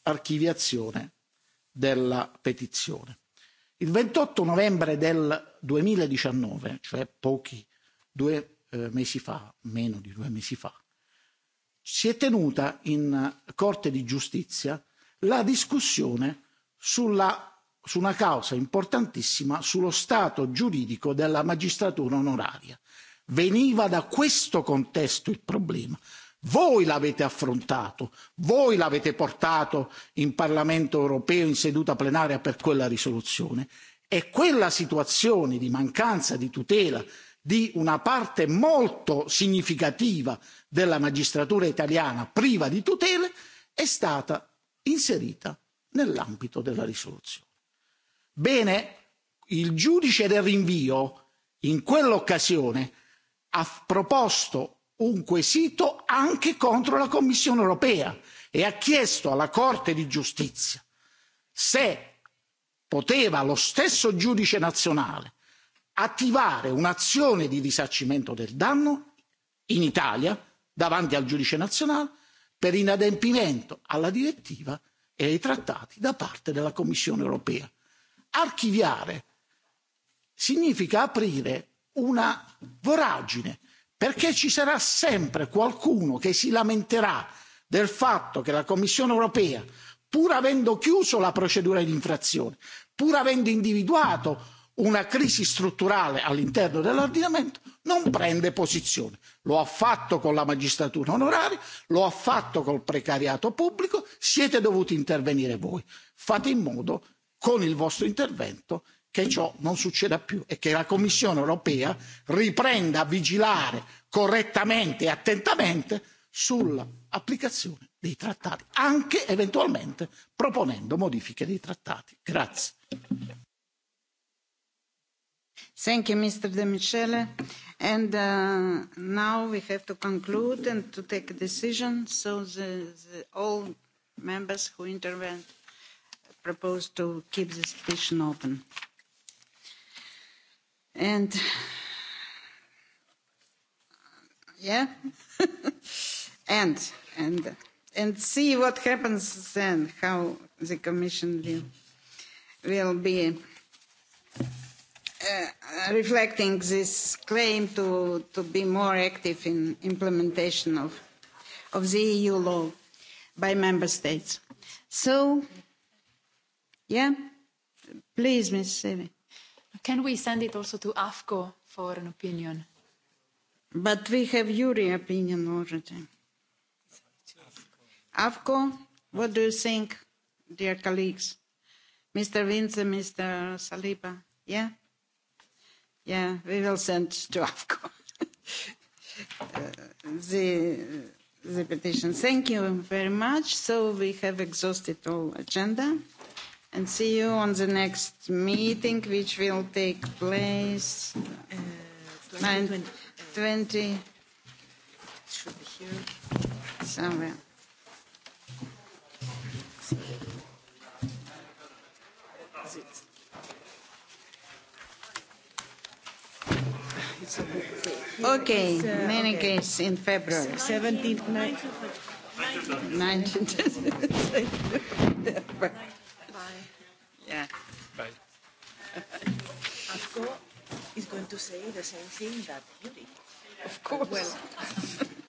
archiviazione della petizione. il ventotto novembre del duemiladiciannove cioè pochi due Eh, mesi fa, meno di due mesi fa, si è tenuta in eh, Corte di Giustizia la discussione sulla, su una causa importantissima sullo stato giuridico della magistratura onoraria. Veniva da questo contesto il problema. Voi l'avete affrontato, voi l'avete portato in Parlamento europeo in seduta plenaria per quella risoluzione. E quella situazione di mancanza di tutela di una parte molto significativa della magistratura italiana priva di tutele è stata inserita nell'ambito della risoluzione. Bene, il giudice del rinvio in quell'occasione ha proposto un quesito anche contro la Commissione europea e ha chiesto alla Corte di giustizia se poteva lo stesso giudice nazionale attivare un'azione di risarcimento del danno in Italia davanti al giudice nazionale per inadempimento alla direttiva e ai trattati da parte della Commissione europea. Archiviare significa aprire una voragine perché ci sarà sempre qualcuno che si lamenterà del fatto che la Commissione europea, pur avendo chiuso la procedura di infrazione, pur avendo individuato una crisi strutturale all'interno dell'ordinamento non prende posizione lo ha fatto con la magistratura onoraria lo ha fatto col precariato pubblico siete dovuti intervenire voi fate in modo con il vostro intervento che ciò non succeda più e che la commissione europea riprenda a vigilare correttamente e attentamente sull'applicazione dei trattati anche eventualmente proponendo modifiche dei trattati. Thank you, Mr. De Michele. And uh, now we have to conclude and to take a decision. So the, the, all members who intervened propose to keep this petition open. And yeah, [laughs] and and and see what happens then. How the Commission will will be Uh, uh, reflecting this claim to, to be more active in implementation of, of the EU law by member states. So, yeah, please, Ms. Sevi. Can we send it also to AFCO for an opinion? But we have your opinion already. AFCO, what do you think, dear colleagues? Mr. Windsor, Mr. Saliba, yeah? Yeah, we will send to AFCO uh, the, the petition. Thank you very much. So we have exhausted all agenda and see you on the next meeting, which will take place uh, 20, uh, uh, should be here somewhere. Okay, uh, in okay. in February. 17 nineteen, nineteen. Bye. Yeah. Bye. Asko is going to say the same thing that you did. Of course. Well.